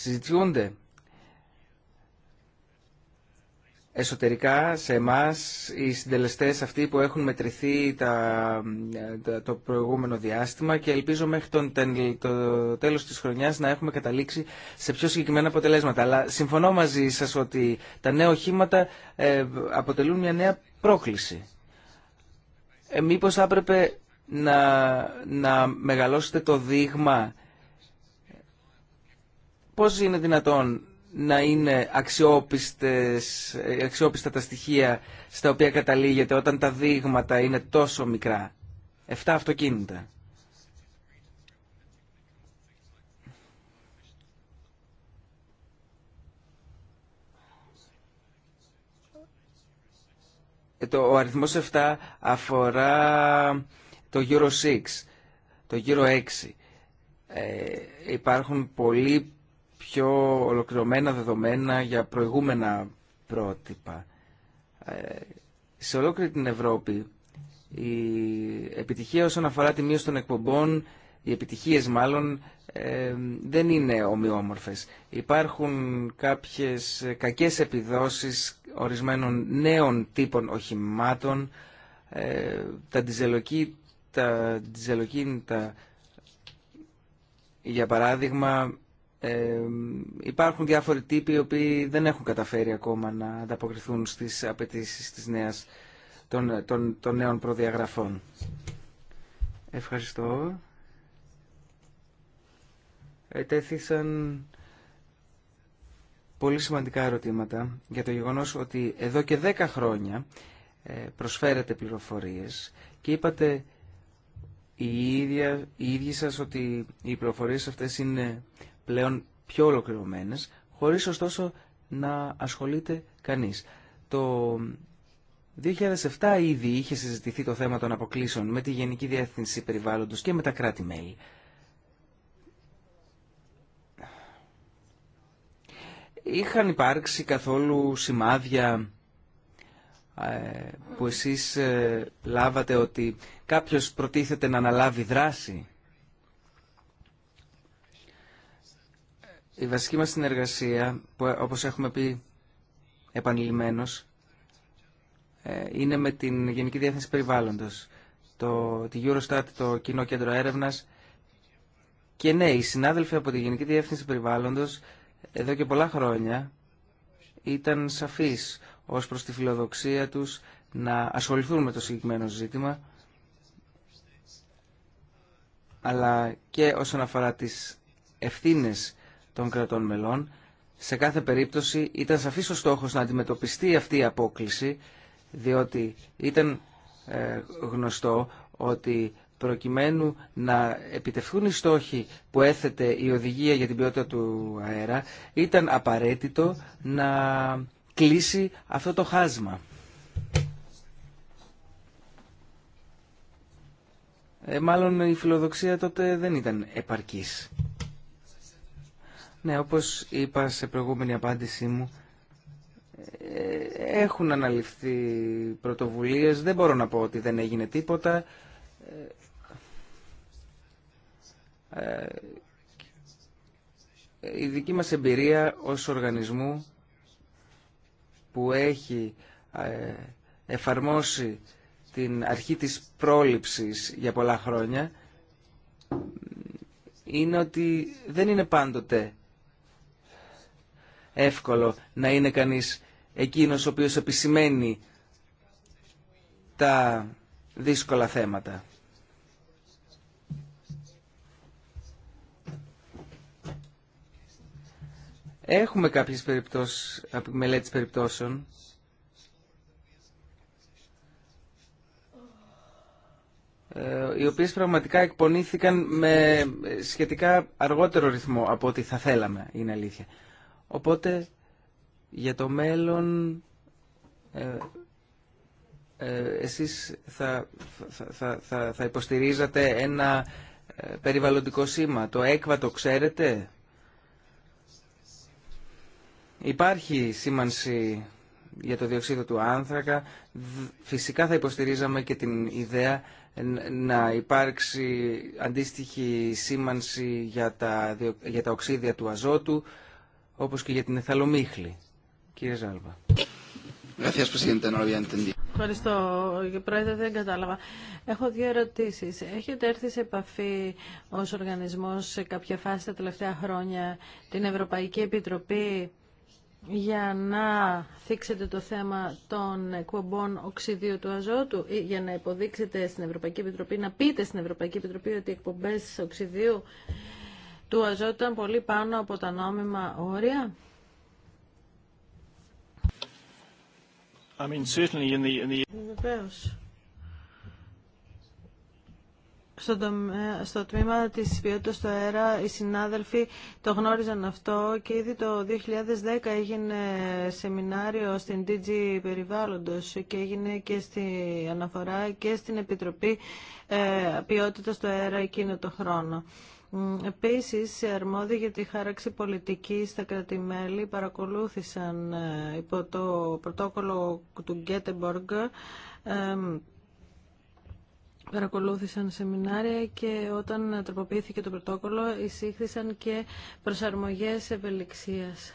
συζητιούνται εσωτερικά σε εμά οι συντελεστές αυτοί που έχουν μετρηθεί τα, το προηγούμενο διάστημα και ελπίζω μέχρι τον, το τέλος της χρονιάς να έχουμε καταλήξει σε πιο συγκεκριμένα αποτελέσματα. Αλλά συμφωνώ μαζί σας ότι τα νέα οχήματα ε, αποτελούν μια νέα πρόκληση. Ε, μήπως θα έπρεπε να, να μεγαλώσετε το δείγμα πώς είναι δυνατόν να είναι αξιόπιστες, αξιόπιστα τα στοιχεία στα οποία καταλήγεται όταν τα δείγματα είναι τόσο μικρά. Εφτά αυτοκίνητα. Ε, ο αριθμός 7 αφορά το γύρο 6, το γύρο 6. Ε, υπάρχουν πολλοί πιο ολοκληρωμένα δεδομένα για προηγούμενα πρότυπα. Ε, σε ολόκληρη την Ευρώπη η επιτυχία όσον αφορά τη μείωση των εκπομπών, οι επιτυχίες μάλλον, ε, δεν είναι ομοιόμορφες. Υπάρχουν κάποιες κακές επιδόσεις ορισμένων νέων τύπων οχημάτων, ε, τα τα για παράδειγμα, ε, υπάρχουν διάφοροι τύποι οι οποίοι δεν έχουν καταφέρει ακόμα να ανταποκριθούν στις απαιτήσει της νέας, των, των, των νέων προδιαγραφών. Ευχαριστώ. Ετέθησαν πολύ σημαντικά ερωτήματα για το γεγονός ότι εδώ και 10 χρόνια ε, προσφέρετε πληροφορίες και είπατε η ίδια, οι ίδιοι σας ότι οι πληροφορίες αυτές είναι πλέον πιο ολοκληρωμένες, χωρίς ωστόσο να ασχολείται κανείς. Το 2007 ήδη είχε συζητηθεί το θέμα των αποκλήσεων με τη Γενική Διεύθυνση Περιβάλλοντος και με τα κράτη-μέλη. Είχαν υπάρξει καθόλου σημάδια ε, που εσείς ε, λάβατε ότι κάποιος προτίθεται να αναλάβει δράση Η βασική μας συνεργασία, που, ε, όπως έχουμε πει επανειλημμένως, ε, είναι με την Γενική Διεύθυνση Περιβάλλοντος, το, τη Eurostat, το Κοινό Κέντρο Έρευνας και ναι, οι συνάδελφοι από τη Γενική Διεύθυνση Περιβάλλοντος εδώ και πολλά χρόνια ήταν σαφείς ως προς τη φιλοδοξία τους να ασχοληθούν με το συγκεκριμένο ζήτημα αλλά και όσον αφορά τις ευθύνες των κρατών μελών. Σε κάθε περίπτωση ήταν σαφής ο στόχος να αντιμετωπιστεί αυτή η απόκληση, διότι ήταν ε, γνωστό ότι προκειμένου να επιτευχθούν οι στόχοι που έθετε η οδηγία για την ποιότητα του αέρα, ήταν απαραίτητο να κλείσει αυτό το χάσμα. Ε, μάλλον η φιλοδοξία τότε δεν ήταν επαρκής. Ναι, όπως είπα σε προηγούμενη απάντησή μου, ε, έχουν αναλυφθεί πρωτοβουλίες. Δεν μπορώ να πω ότι δεν έγινε τίποτα. Ε, ε, η δική μας εμπειρία ως οργανισμού που έχει εφαρμόσει την αρχή της πρόληψης για πολλά χρόνια είναι ότι δεν είναι πάντοτε εύκολο να είναι κανείς εκείνος ο οποίος επισημαίνει τα δύσκολα θέματα. Έχουμε κάποιες περιπτώσεις, μελέτες περιπτώσεων ε, οι οποίες πραγματικά εκπονήθηκαν με σχετικά αργότερο ρυθμό από ό,τι θα θέλαμε, είναι αλήθεια. Οπότε για το μέλλον ε, ε, εσείς θα, θα, θα, θα υποστηρίζατε ένα ε, περιβαλλοντικό σήμα. Το ΕΚΒΑ το ξέρετε. Υπάρχει σήμανση για το διοξείδιο του άνθρακα. Φυσικά θα υποστηρίζαμε και την ιδέα να υπάρξει αντίστοιχη σήμανση για τα, για τα οξύδια του αζότου όπως και για την εθαλομίχλη. Κύριε Ζάλβα. Ευχαριστώ, Πρόεδρε, δεν κατάλαβα. Έχω δύο ερωτήσει. Έχετε έρθει σε επαφή ω οργανισμό σε κάποια φάση τα τελευταία χρόνια την Ευρωπαϊκή Επιτροπή για να θίξετε το θέμα των εκπομπών οξυδίου του αζότου ή για να υποδείξετε στην Ευρωπαϊκή Επιτροπή, να πείτε στην Ευρωπαϊκή Επιτροπή ότι οι εκπομπές οξυδίου του αζότου πολύ πάνω από τα νόμιμα όρια. I certainly in the, in the... Στο, τμήμα της ποιότητας στο αέρα οι συνάδελφοι το γνώριζαν αυτό και ήδη το 2010 έγινε σεμινάριο στην DG Περιβάλλοντος και έγινε και στη αναφορά και στην Επιτροπή ε, Ποιότητας στο αέρα εκείνο το χρόνο. Επίσης, οι αρμόδιοι για τη χάραξη πολιτική στα κρατημέλη παρακολούθησαν ε, υπό το πρωτόκολλο του Γκέτεμποργκ ε, παρακολούθησαν σεμινάρια και όταν τροποποιήθηκε το πρωτόκολλο εισήχθησαν και προσαρμογές ευελιξίας.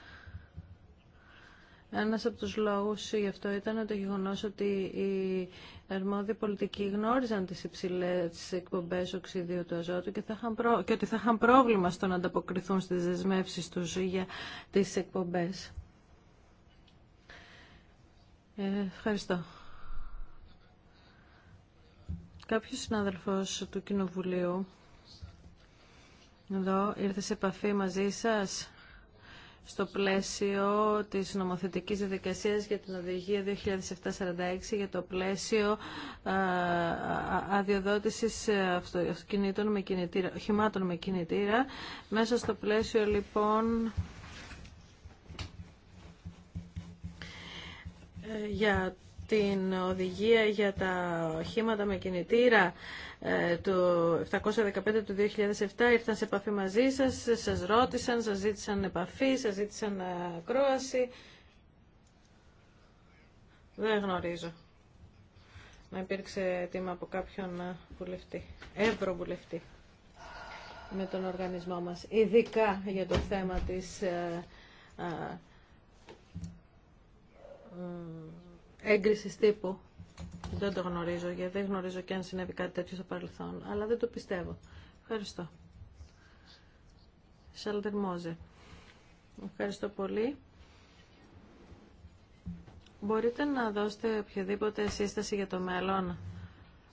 Ένας από τους λόγους γι' αυτό ήταν το γεγονός ότι οι αρμόδιοι πολιτικοί γνώριζαν τις υψηλές εκπομπές οξυδίου του αζότου και, θα και ότι θα είχαν πρόβλημα στο να ανταποκριθούν στις δεσμεύσεις τους για τις εκπομπές. Ε, ευχαριστώ. Κάποιος συνάδελφος του Κοινοβουλίου εδώ ήρθε σε επαφή μαζί σας στο πλαίσιο της νομοθετικής διαδικασίας για την Οδηγία 2746 για το πλαίσιο αδειοδότησης ε, αυτοκινήτων με κινητήρα, οχημάτων με κινητήρα. Μέσα στο πλαίσιο λοιπόν ε, για την οδηγία για τα οχήματα με κινητήρα ε, του 715 του 2007 ήρθαν σε επαφή μαζί σας, σας ρώτησαν, σας ζήτησαν επαφή, σας ζήτησαν ε, ακρόαση. Δεν γνωρίζω να υπήρξε αίτημα από κάποιον ε, βουλευτή, ευρωβουλευτή με τον οργανισμό μας, ειδικά για το θέμα της έγκριση τύπου. Δεν το γνωρίζω, γιατί δεν γνωρίζω και αν συνέβη κάτι τέτοιο στο παρελθόν, αλλά δεν το πιστεύω. Ευχαριστώ. Σαλτερμόζε Ευχαριστώ πολύ. Μπορείτε να δώσετε οποιαδήποτε σύσταση για το μέλλον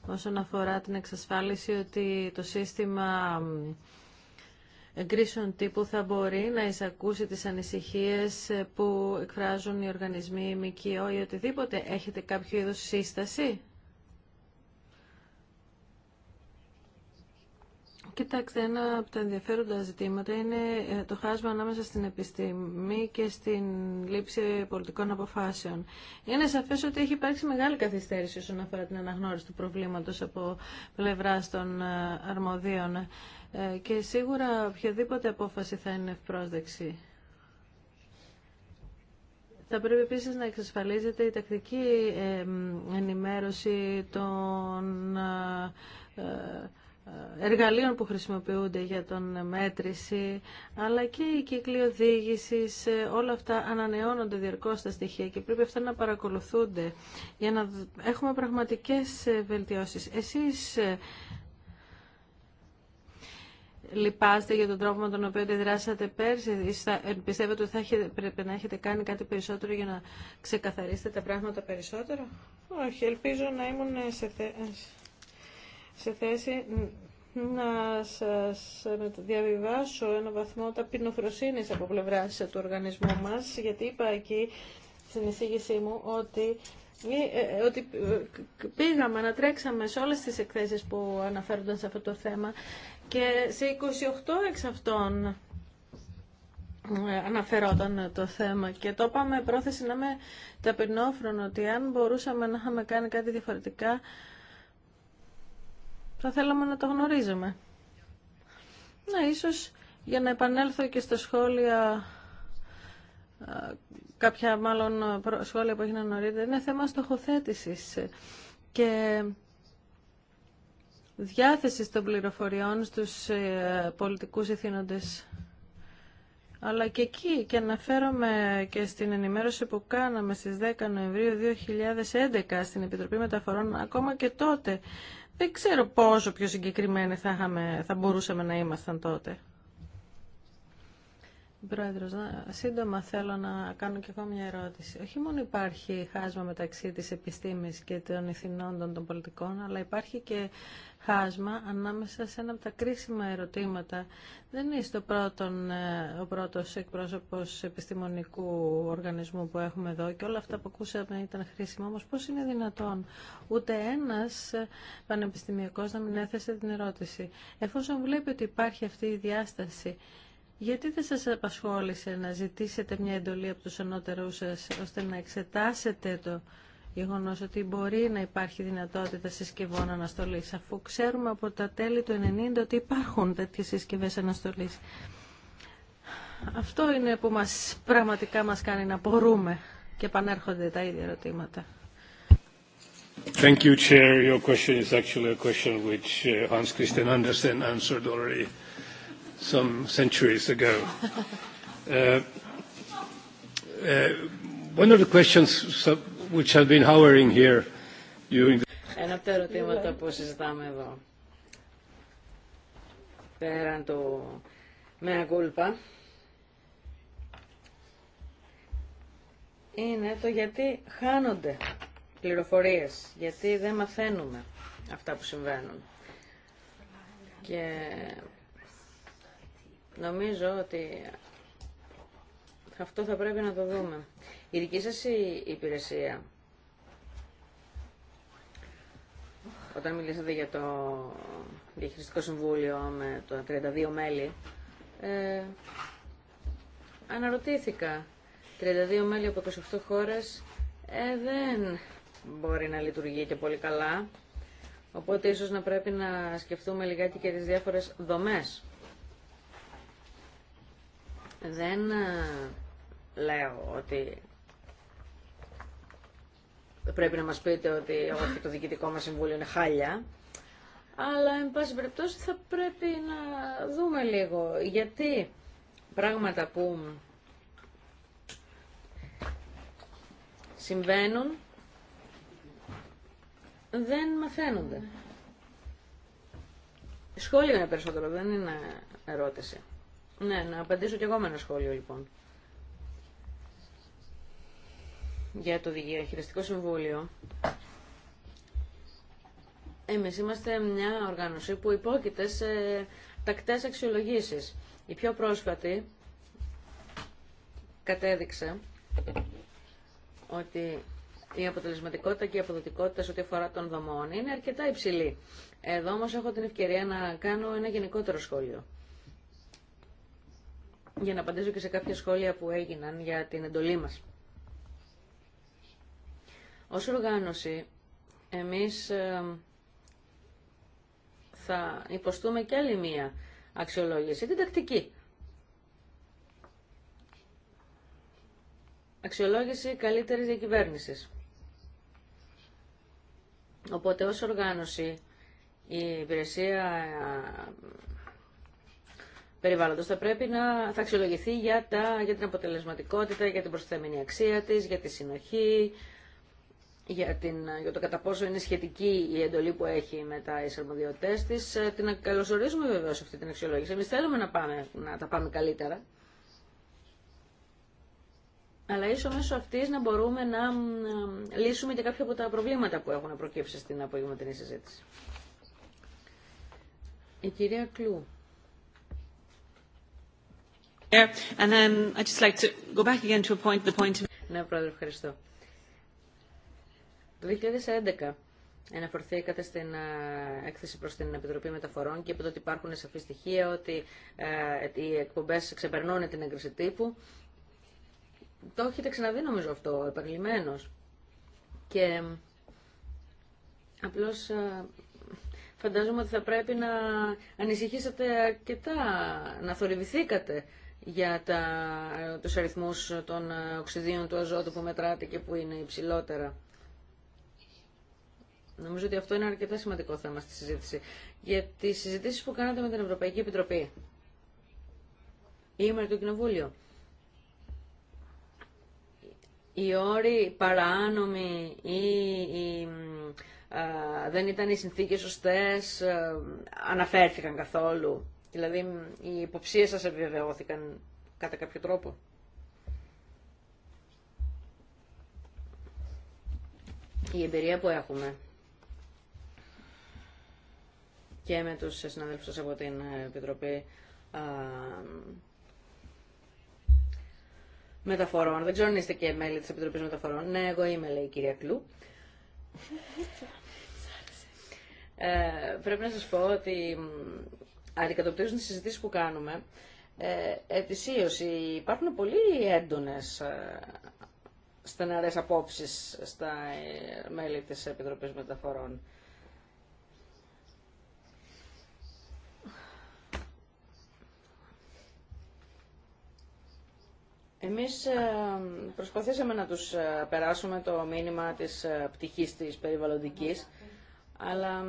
όσον αφορά την εξασφάλιση ότι το σύστημα εγκρίσεων τύπου θα μπορεί να εισακούσει τις ανησυχίες που εκφράζουν οι οργανισμοί, η ΜΚΟ ή οτιδήποτε. Έχετε κάποιο είδους σύσταση. Κοιτάξτε, ένα από τα ενδιαφέροντα ζητήματα είναι ε, το χάσμα ανάμεσα στην επιστήμη και στην λήψη πολιτικών αποφάσεων. Είναι σαφέ ότι έχει υπάρξει μεγάλη καθυστέρηση όσον αφορά την αναγνώριση του προβλήματο από πλευρά των ε, αρμοδίων ε, και σίγουρα οποιαδήποτε απόφαση θα είναι ευπρόσδεξη. Θα πρέπει επίσης να εξασφαλίζεται η τακτική ενημέρωση των ε, ε, εργαλείων που χρησιμοποιούνται για τον μέτρηση, αλλά και η κύκλη οδήγηση, όλα αυτά ανανεώνονται διαρκώς τα στοιχεία και πρέπει αυτά να παρακολουθούνται για να έχουμε πραγματικές βελτιώσεις. Εσείς λυπάστε για τον τρόπο με τον οποίο αντιδράσατε πέρσι. Πιστεύετε ότι θα έχετε, πρέπει να έχετε κάνει κάτι περισσότερο για να ξεκαθαρίσετε τα πράγματα περισσότερο. Όχι, ελπίζω να ήμουν σε, σε θέση να σας διαβιβάσω ένα βαθμό ταπεινοφροσύνης από πλευρά του οργανισμού μας, γιατί είπα εκεί στην εισήγησή μου ότι ε, ε, ότι ε, πήγαμε να τρέξαμε σε όλες τις εκθέσεις που αναφέρονταν σε αυτό το θέμα και σε 28 εξ αυτών ε, αναφερόταν το θέμα και το είπαμε πρόθεση να είμαι ταπεινόφρονο ότι αν μπορούσαμε να είχαμε κάνει κάτι διαφορετικά θα θέλαμε να το γνωρίζουμε. Να ίσως για να επανέλθω και στα σχόλια κάποια μάλλον σχόλια που έγιναν νωρίτερα είναι θέμα στοχοθέτησης και διάθεσης των πληροφοριών στους ε, πολιτικούς ηθήνοντες. Αλλά και εκεί, και αναφέρομαι και στην ενημέρωση που κάναμε στις 10 Νοεμβρίου 2011 στην Επιτροπή Μεταφορών, ακόμα και τότε, δεν ξέρω πόσο πιο συγκεκριμένοι θα, θα μπορούσαμε να ήμασταν τότε. Πρόεδρος, σύντομα θέλω να κάνω και εγώ μια ερώτηση. Όχι μόνο υπάρχει χάσμα μεταξύ της επιστήμης και των ηθινών των πολιτικών, αλλά υπάρχει και χάσμα ανάμεσα σε ένα από τα κρίσιμα ερωτήματα. Δεν είστε ο, πρώτον, ε, ο πρώτος εκπρόσωπος επιστημονικού οργανισμού που έχουμε εδώ και όλα αυτά που ακούσαμε ήταν χρήσιμα, όμως πώς είναι δυνατόν ούτε ένας πανεπιστημιακός να μην έθεσε την ερώτηση. Εφόσον βλέπει ότι υπάρχει αυτή η διάσταση, γιατί δεν σας απασχόλησε να ζητήσετε μια εντολή από τους ανώτερους σας, ώστε να εξετάσετε το γεγονό ότι μπορεί να υπάρχει δυνατότητα συσκευών αναστολής, αφού ξέρουμε από τα τέλη του 90 ότι υπάρχουν τέτοιες συσκευές αναστολής. Αυτό είναι που μας, πραγματικά μας κάνει να μπορούμε και επανέρχονται τα ίδια ερωτήματα. Thank you, Chair. Your question is actually a question which uh, Hans Christian Andersen answered already some centuries ago. Uh, uh, one of Ένα από τα ερωτήματα που συζητάμε εδώ. Πέραν το με κούλπα. Είναι το γιατί χάνονται πληροφορίες, γιατί δεν μαθαίνουμε αυτά που συμβαίνουν. Και Νομίζω ότι αυτό θα πρέπει να το δούμε. Η δική σας η υπηρεσία, όταν μιλήσατε για το Διαχειριστικό Συμβούλιο με το 32 μέλη, ε, αναρωτήθηκα. 32 μέλη από 28 χώρες ε, δεν μπορεί να λειτουργεί και πολύ καλά. Οπότε ίσως να πρέπει να σκεφτούμε λιγάκι και τις διάφορες δομές δεν ε, λέω ότι πρέπει να μας πείτε ότι όχι το διοικητικό μας συμβούλιο είναι χάλια, αλλά εν πάση περιπτώσει θα πρέπει να δούμε λίγο γιατί πράγματα που συμβαίνουν δεν μαθαίνονται. Σχόλιο είναι περισσότερο, δεν είναι ερώτηση. Ναι, να απαντήσω κι εγώ με ένα σχόλιο λοιπόν. Για το Διαχειριστικό Συμβούλιο. Εμείς είμαστε μια οργάνωση που υπόκειται σε τακτές αξιολογήσεις. Η πιο πρόσφατη κατέδειξε ότι η αποτελεσματικότητα και η αποδοτικότητα σε ό,τι αφορά των δομών είναι αρκετά υψηλή. Εδώ όμως έχω την ευκαιρία να κάνω ένα γενικότερο σχόλιο για να απαντήσω και σε κάποια σχόλια που έγιναν για την εντολή μας. Ως οργάνωση, εμείς ε, θα υποστούμε και άλλη μία αξιολόγηση, την τακτική. Αξιολόγηση καλύτερης διακυβέρνησης. Οπότε ως οργάνωση η υπηρεσία περιβάλλοντος θα πρέπει να θα αξιολογηθεί για, τα, για την αποτελεσματικότητα, για την προσθέμενη αξία της, για τη συνοχή, για, την, για το κατά πόσο είναι σχετική η εντολή που έχει με τα εισαρμοδιωτές της. Ε, την καλωσορίζουμε βεβαίως αυτή την αξιολόγηση. Εμείς θέλουμε να, πάμε, να τα πάμε καλύτερα. Αλλά ίσω μέσω αυτή να μπορούμε να λύσουμε και κάποια από τα προβλήματα που έχουν προκύψει στην απογευματινή συζήτηση. Η κυρία Κλού. Ναι, πρόεδρε, ευχαριστώ. Το 2011 αναφορθήκατε στην έκθεση προς την Επιτροπή Μεταφορών και είπατε ότι υπάρχουν σαφή στοιχεία, ότι οι εκπομπές ξεπερνούν την έγκριση τύπου. Το έχετε ξαναδεί νομίζω αυτό, επαγγελμένος. Και απλώς φαντάζομαι ότι θα πρέπει να ανησυχήσετε αρκετά, να θορυβηθήκατε για τα, ε, τους αριθμούς των ε, οξυδίων του αζότου που μετράτε και που είναι υψηλότερα. Νομίζω ότι αυτό είναι αρκετά σημαντικό θέμα στη συζήτηση. Για τις συζητήσεις που κάνατε με την Ευρωπαϊκή Επιτροπή ή με το Κοινοβούλιο. Οι όροι παράνομοι ή ε, δεν ήταν οι συνθήκες σωστές, αναφέρθηκαν καθόλου Δηλαδή οι υποψίες σας επιβεβαιώθηκαν κατά κάποιο τρόπο. Η εμπειρία που έχουμε και με τους συναδέλφους σας από την ε, Επιτροπή Μεταφορών. Δεν ξέρω αν είστε και μέλη της Επιτροπής Μεταφορών. Ναι, εγώ είμαι, λέει η κυρία Κλού. Ε, πρέπει να σας πω ότι αντικατοπτρίζουν τις συζητήσεις που κάνουμε, ε, ετησίως υπάρχουν πολύ έντονες ε, στεναρές απόψεις στα ε, μέλη της Επιτροπής Μεταφορών. Εμείς ε, προσπαθήσαμε να τους ε, περάσουμε το μήνυμα της πτυχής της περιβαλλοντικής, αλλά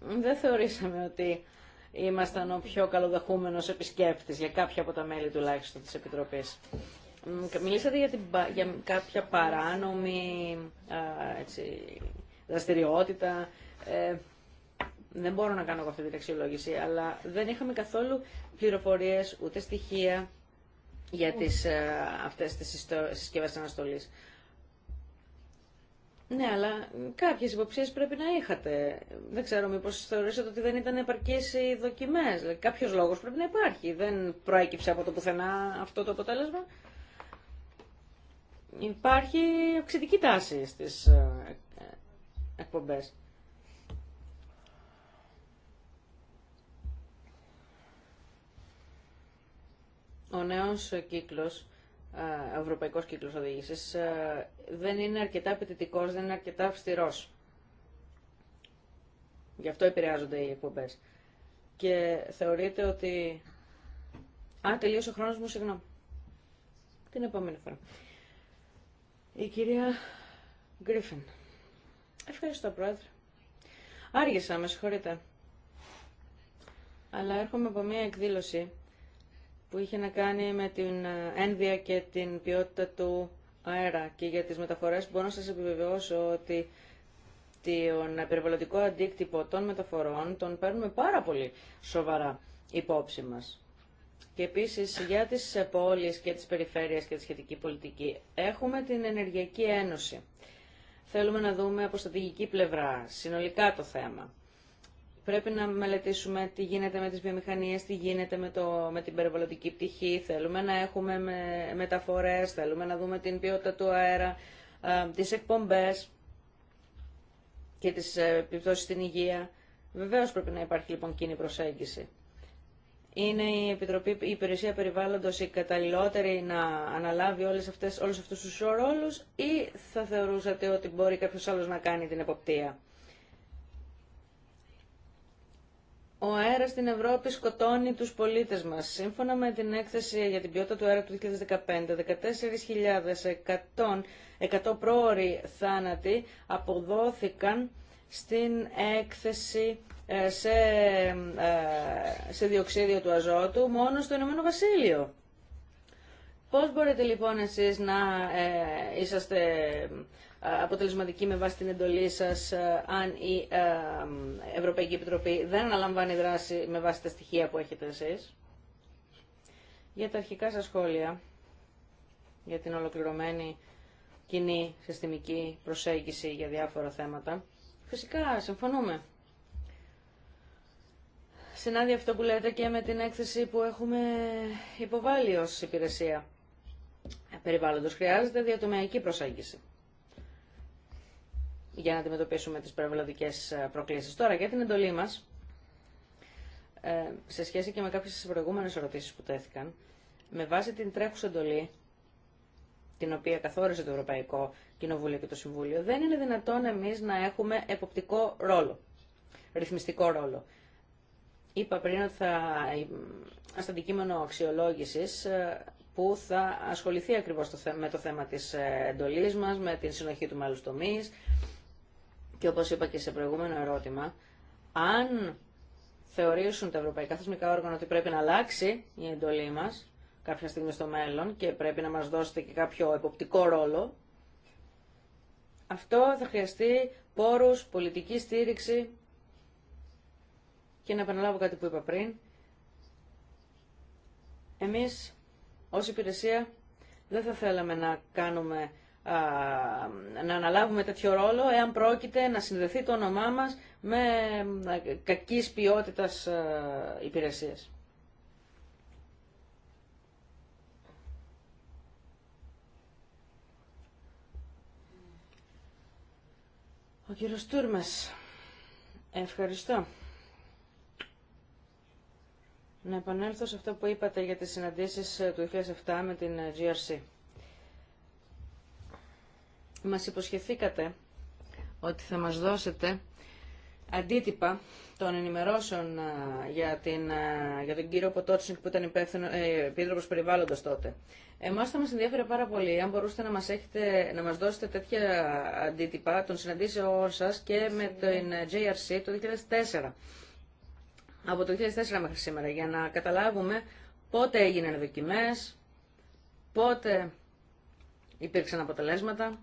δεν θεωρήσαμε ότι ήμασταν ο πιο καλοδεχούμενο επισκέπτης για κάποια από τα μέλη τουλάχιστον τη Επιτροπής. Μιλήσατε για, κάποια παράνομη α, δραστηριότητα. Ε, δεν μπορώ να κάνω αυτή την αξιολόγηση, αλλά δεν είχαμε καθόλου πληροφορίε ούτε στοιχεία για τις, α, ε, αυτές τις συσκευές αναστολής. Ναι, αλλά κάποιες υποψίες πρέπει να είχατε. Δεν ξέρω μήπως θεωρήσατε ότι δεν ήταν επαρκείς οι δοκιμές. Δηλαδή, κάποιος λόγος πρέπει να υπάρχει. Δεν προέκυψε από το πουθενά αυτό το αποτέλεσμα. Υπάρχει αυξητική τάση στις ε, ε, εκπομπές. Ο νέος κύκλος ε, ευρωπαϊκό κύκλο οδήγηση ε, δεν είναι αρκετά απαιτητικό, δεν είναι αρκετά αυστηρό. Γι' αυτό επηρεάζονται οι εκπομπέ. Και θεωρείται ότι. Α, τελείωσε ο χρόνο μου, συγγνώμη. Την επόμενη φορά. Η κυρία Γκρίφιν. Ευχαριστώ, Πρόεδρε. Άργησα, με συγχωρείτε. Αλλά έρχομαι από μια εκδήλωση που είχε να κάνει με την ε, ένδια και την ποιότητα του αέρα και για τις μεταφορές μπορώ να σας επιβεβαιώσω ότι τον περιβαλλοντικό αντίκτυπο των μεταφορών τον παίρνουμε πάρα πολύ σοβαρά υπόψη μας. Και επίσης για τις πόλεις και τις περιφέρειες και τη σχετική πολιτική έχουμε την Ενεργειακή Ένωση. Θέλουμε να δούμε από στρατηγική πλευρά συνολικά το θέμα. Πρέπει να μελετήσουμε τι γίνεται με τις βιομηχανίες, τι γίνεται με, το, με την περιβαλλοντική πτυχή, θέλουμε να έχουμε με, μεταφορές, θέλουμε να δούμε την ποιότητα του αέρα, ε, τις εκπομπές και τις ε, επιπτώσεις στην υγεία. Βεβαίως πρέπει να υπάρχει λοιπόν κοινή προσέγγιση. Είναι η, Επιτροπή, η Υπηρεσία Περιβάλλοντος η καταλληλότερη να αναλάβει όλες αυτές, όλους αυτούς τους ρόλους ή θα θεωρούσατε ότι μπορεί κάποιος άλλος να κάνει την εποπτεία. Ο αέρας στην Ευρώπη σκοτώνει τους πολίτες μας. Σύμφωνα με την έκθεση για την ποιότητα του αέρα του 2015, 14.100 100 πρόοροι θάνατοι αποδόθηκαν στην έκθεση ε, σε, ε, σε διοξίδιο του αζότου μόνο στο Ηνωμένο Βασίλειο. Πώς μπορείτε λοιπόν εσείς να ε, είσαστε ε, αποτελεσματικοί με βάση την εντολή σας ε, αν η ε, Ευρωπαϊκή Επιτροπή δεν αναλαμβάνει δράση με βάση τα στοιχεία που έχετε εσείς. Για τα αρχικά σας σχόλια, για την ολοκληρωμένη κοινή συστημική προσέγγιση για διάφορα θέματα, φυσικά συμφωνούμε. Συνάδει αυτό που λέτε και με την έκθεση που έχουμε υποβάλει ως υπηρεσία περιβάλλοντος. Χρειάζεται διατομιακή προσέγγιση για να αντιμετωπίσουμε τις περιβαλλοντικές ε, προκλήσεις. Τώρα, για την εντολή μας, ε, σε σχέση και με κάποιες προηγούμενε ερωτήσεις που τέθηκαν, με βάση την τρέχουσα εντολή, την οποία καθόρισε το Ευρωπαϊκό Κοινοβούλιο και το Συμβούλιο, δεν είναι δυνατόν εμείς να έχουμε εποπτικό ρόλο, ρυθμιστικό ρόλο. Είπα πριν ότι θα, ε, στο αντικείμενο αξιολόγηση που θα ασχοληθεί ακριβώς με το θέμα της ε, εντολής μας, με την συνοχή του μέλους τομείς και όπως είπα και σε προηγούμενο ερώτημα, αν θεωρήσουν τα ευρωπαϊκά θεσμικά όργανα ότι πρέπει να αλλάξει η εντολή μας κάποια στιγμή στο μέλλον και πρέπει να μας δώσετε και κάποιο εποπτικό ρόλο, αυτό θα χρειαστεί πόρους, πολιτική στήριξη και να επαναλάβω κάτι που είπα πριν. Εμείς ως υπηρεσία δεν θα θέλαμε να κάνουμε να αναλάβουμε τέτοιο ρόλο εάν πρόκειται να συνδεθεί το όνομά μας με κακής ποιότητας υπηρεσίας. Ο κύριος Τούρμας. Ευχαριστώ. Να επανέλθω σε αυτό που είπατε για τις συναντήσεις ε, του 2007 με την ε, GRC. Μας υποσχεθήκατε ότι θα μας δώσετε αντίτυπα των ενημερώσεων ε, για, την, για τον κύριο Ποτότσινγκ που ήταν υπεύθυνο, ε, περιβάλλοντος τότε. Εμάς θα μας ενδιαφέρει πάρα πολύ αν μπορούσατε να μας, έχετε, να μας δώσετε τέτοια αντίτυπα των συναντήσεών σας και με την JRC το 2004 από το 2004 μέχρι σήμερα για να καταλάβουμε πότε έγιναν δοκιμές, πότε υπήρξαν αποτελέσματα.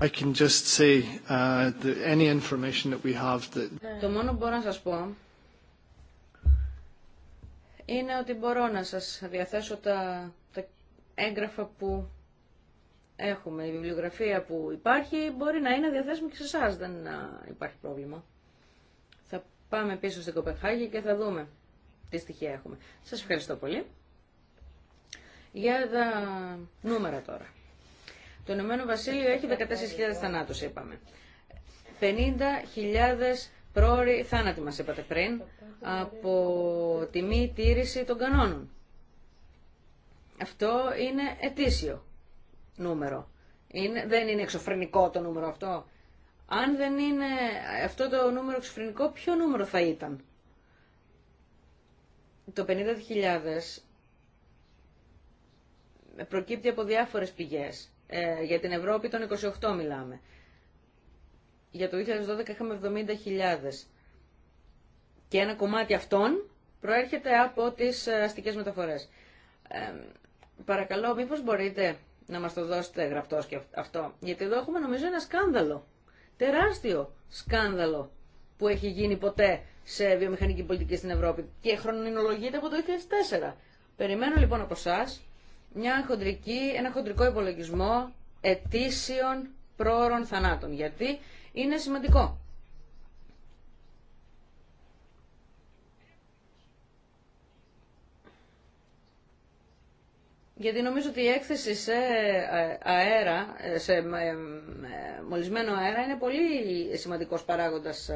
I can just say uh, any information that we have that... Ε, το μόνο που μπορώ να σας πω είναι ότι μπορώ να σας διαθέσω τα, τα έγγραφα που έχουμε. Η βιβλιογραφία που υπάρχει μπορεί να είναι διαθέσιμη και σε εσά. Δεν υπάρχει πρόβλημα. Πάμε πίσω στην Κοπεχάγη και θα δούμε τι στοιχεία έχουμε. Σας ευχαριστώ πολύ. Για τα νούμερα τώρα. Το Ηνωμένο Βασίλειο έχει 14.000 θανάτους, είπαμε. 50.000 πρόοροι θάνατοι μας είπατε πριν, από τη μη τήρηση των κανόνων. Αυτό είναι ετήσιο νούμερο. Είναι, δεν είναι εξωφρενικό το νούμερο αυτό. Αν δεν είναι αυτό το νούμερο εξωφρενικό, ποιο νούμερο θα ήταν. Το 50.000 προκύπτει από διάφορες πηγές. Ε, για την Ευρώπη των 28 μιλάμε. Για το 2012 είχαμε 70.000. Και ένα κομμάτι αυτών προέρχεται από τις ε, αστικές μεταφορές. Ε, παρακαλώ, μήπως μπορείτε να μας το δώσετε γραπτός και αυτό. Γιατί εδώ έχουμε νομίζω ένα σκάνδαλο τεράστιο σκάνδαλο που έχει γίνει ποτέ σε βιομηχανική πολιτική στην Ευρώπη και χρονολογείται από το 2004. Περιμένω λοιπόν από εσά μια χοντρική, ένα χοντρικό υπολογισμό ετήσιων πρόωρων θανάτων, γιατί είναι σημαντικό. γιατί νομίζω ότι η έκθεση σε ε, αέρα, ε, σε ε, μολυσμένο αέρα είναι πολύ σημαντικός παράγοντας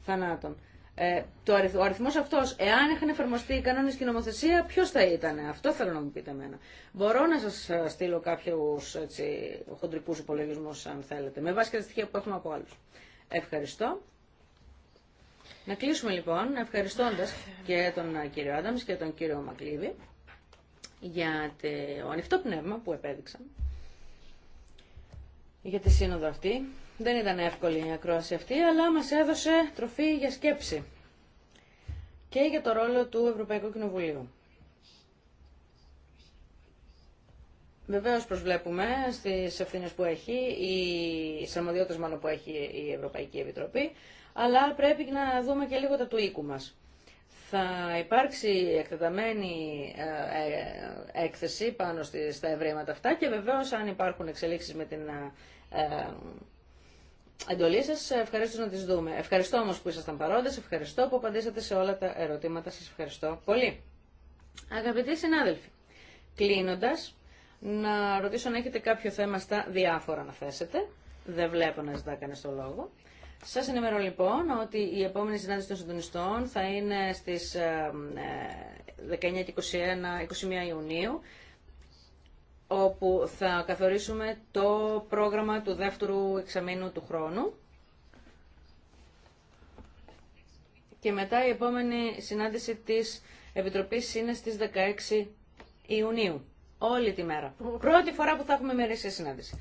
θανάτων. Ε, το ο αριθμός αυτός, εάν είχαν εφαρμοστεί οι κανόνες και η νομοθεσία, ποιος θα ήταν. Αυτό θέλω να μου πείτε εμένα. Μπορώ να σας στείλω κάποιους έτσι, χοντρικούς υπολογισμούς, αν θέλετε, με βάση και τα στοιχεία που έχουμε από άλλους. Ευχαριστώ. Να κλείσουμε λοιπόν, ευχαριστώντας και τον κύριο Άνταμς και τον κύριο Μακλίδη για το ανοιχτό πνεύμα που επέδειξαν για τη σύνοδο αυτή. Δεν ήταν εύκολη η ακρόαση αυτή, αλλά μας έδωσε τροφή για σκέψη και για το ρόλο του Ευρωπαϊκού Κοινοβουλίου. Βεβαίως προσβλέπουμε στις ευθύνε που έχει, η Σαρμοδιότητας μάλλον που έχει η Ευρωπαϊκή Επιτροπή, αλλά πρέπει να δούμε και λίγο τα του οίκου μας. Θα υπάρξει εκτεταμένη ε, ε, έκθεση πάνω στα ευρήματα αυτά και βεβαίως αν υπάρχουν εξελίξεις με την ε, εντολή σας, ευχαριστώ να τις δούμε. Ευχαριστώ όμως που ήσασταν παρόντες, ευχαριστώ που απαντήσατε σε όλα τα ερωτήματα, σας ευχαριστώ πολύ. Αγαπητοί συνάδελφοι, κλείνοντας, να ρωτήσω αν έχετε κάποιο θέμα στα διάφορα να θέσετε. Δεν βλέπω να ζητά κανένα το λόγο. Σας ενημερώ λοιπόν ότι η επόμενη συνάντηση των συντονιστών θα είναι στις 19 ε, 21 ε, Ιουνίου όπου θα καθορίσουμε το πρόγραμμα του δεύτερου εξαμήνου του χρόνου. Και μετά η επόμενη συνάντηση της Επιτροπής είναι στις 16 Ιουνίου. Όλη τη μέρα. Πρώτη φορά που θα έχουμε μερίσια συνάντηση.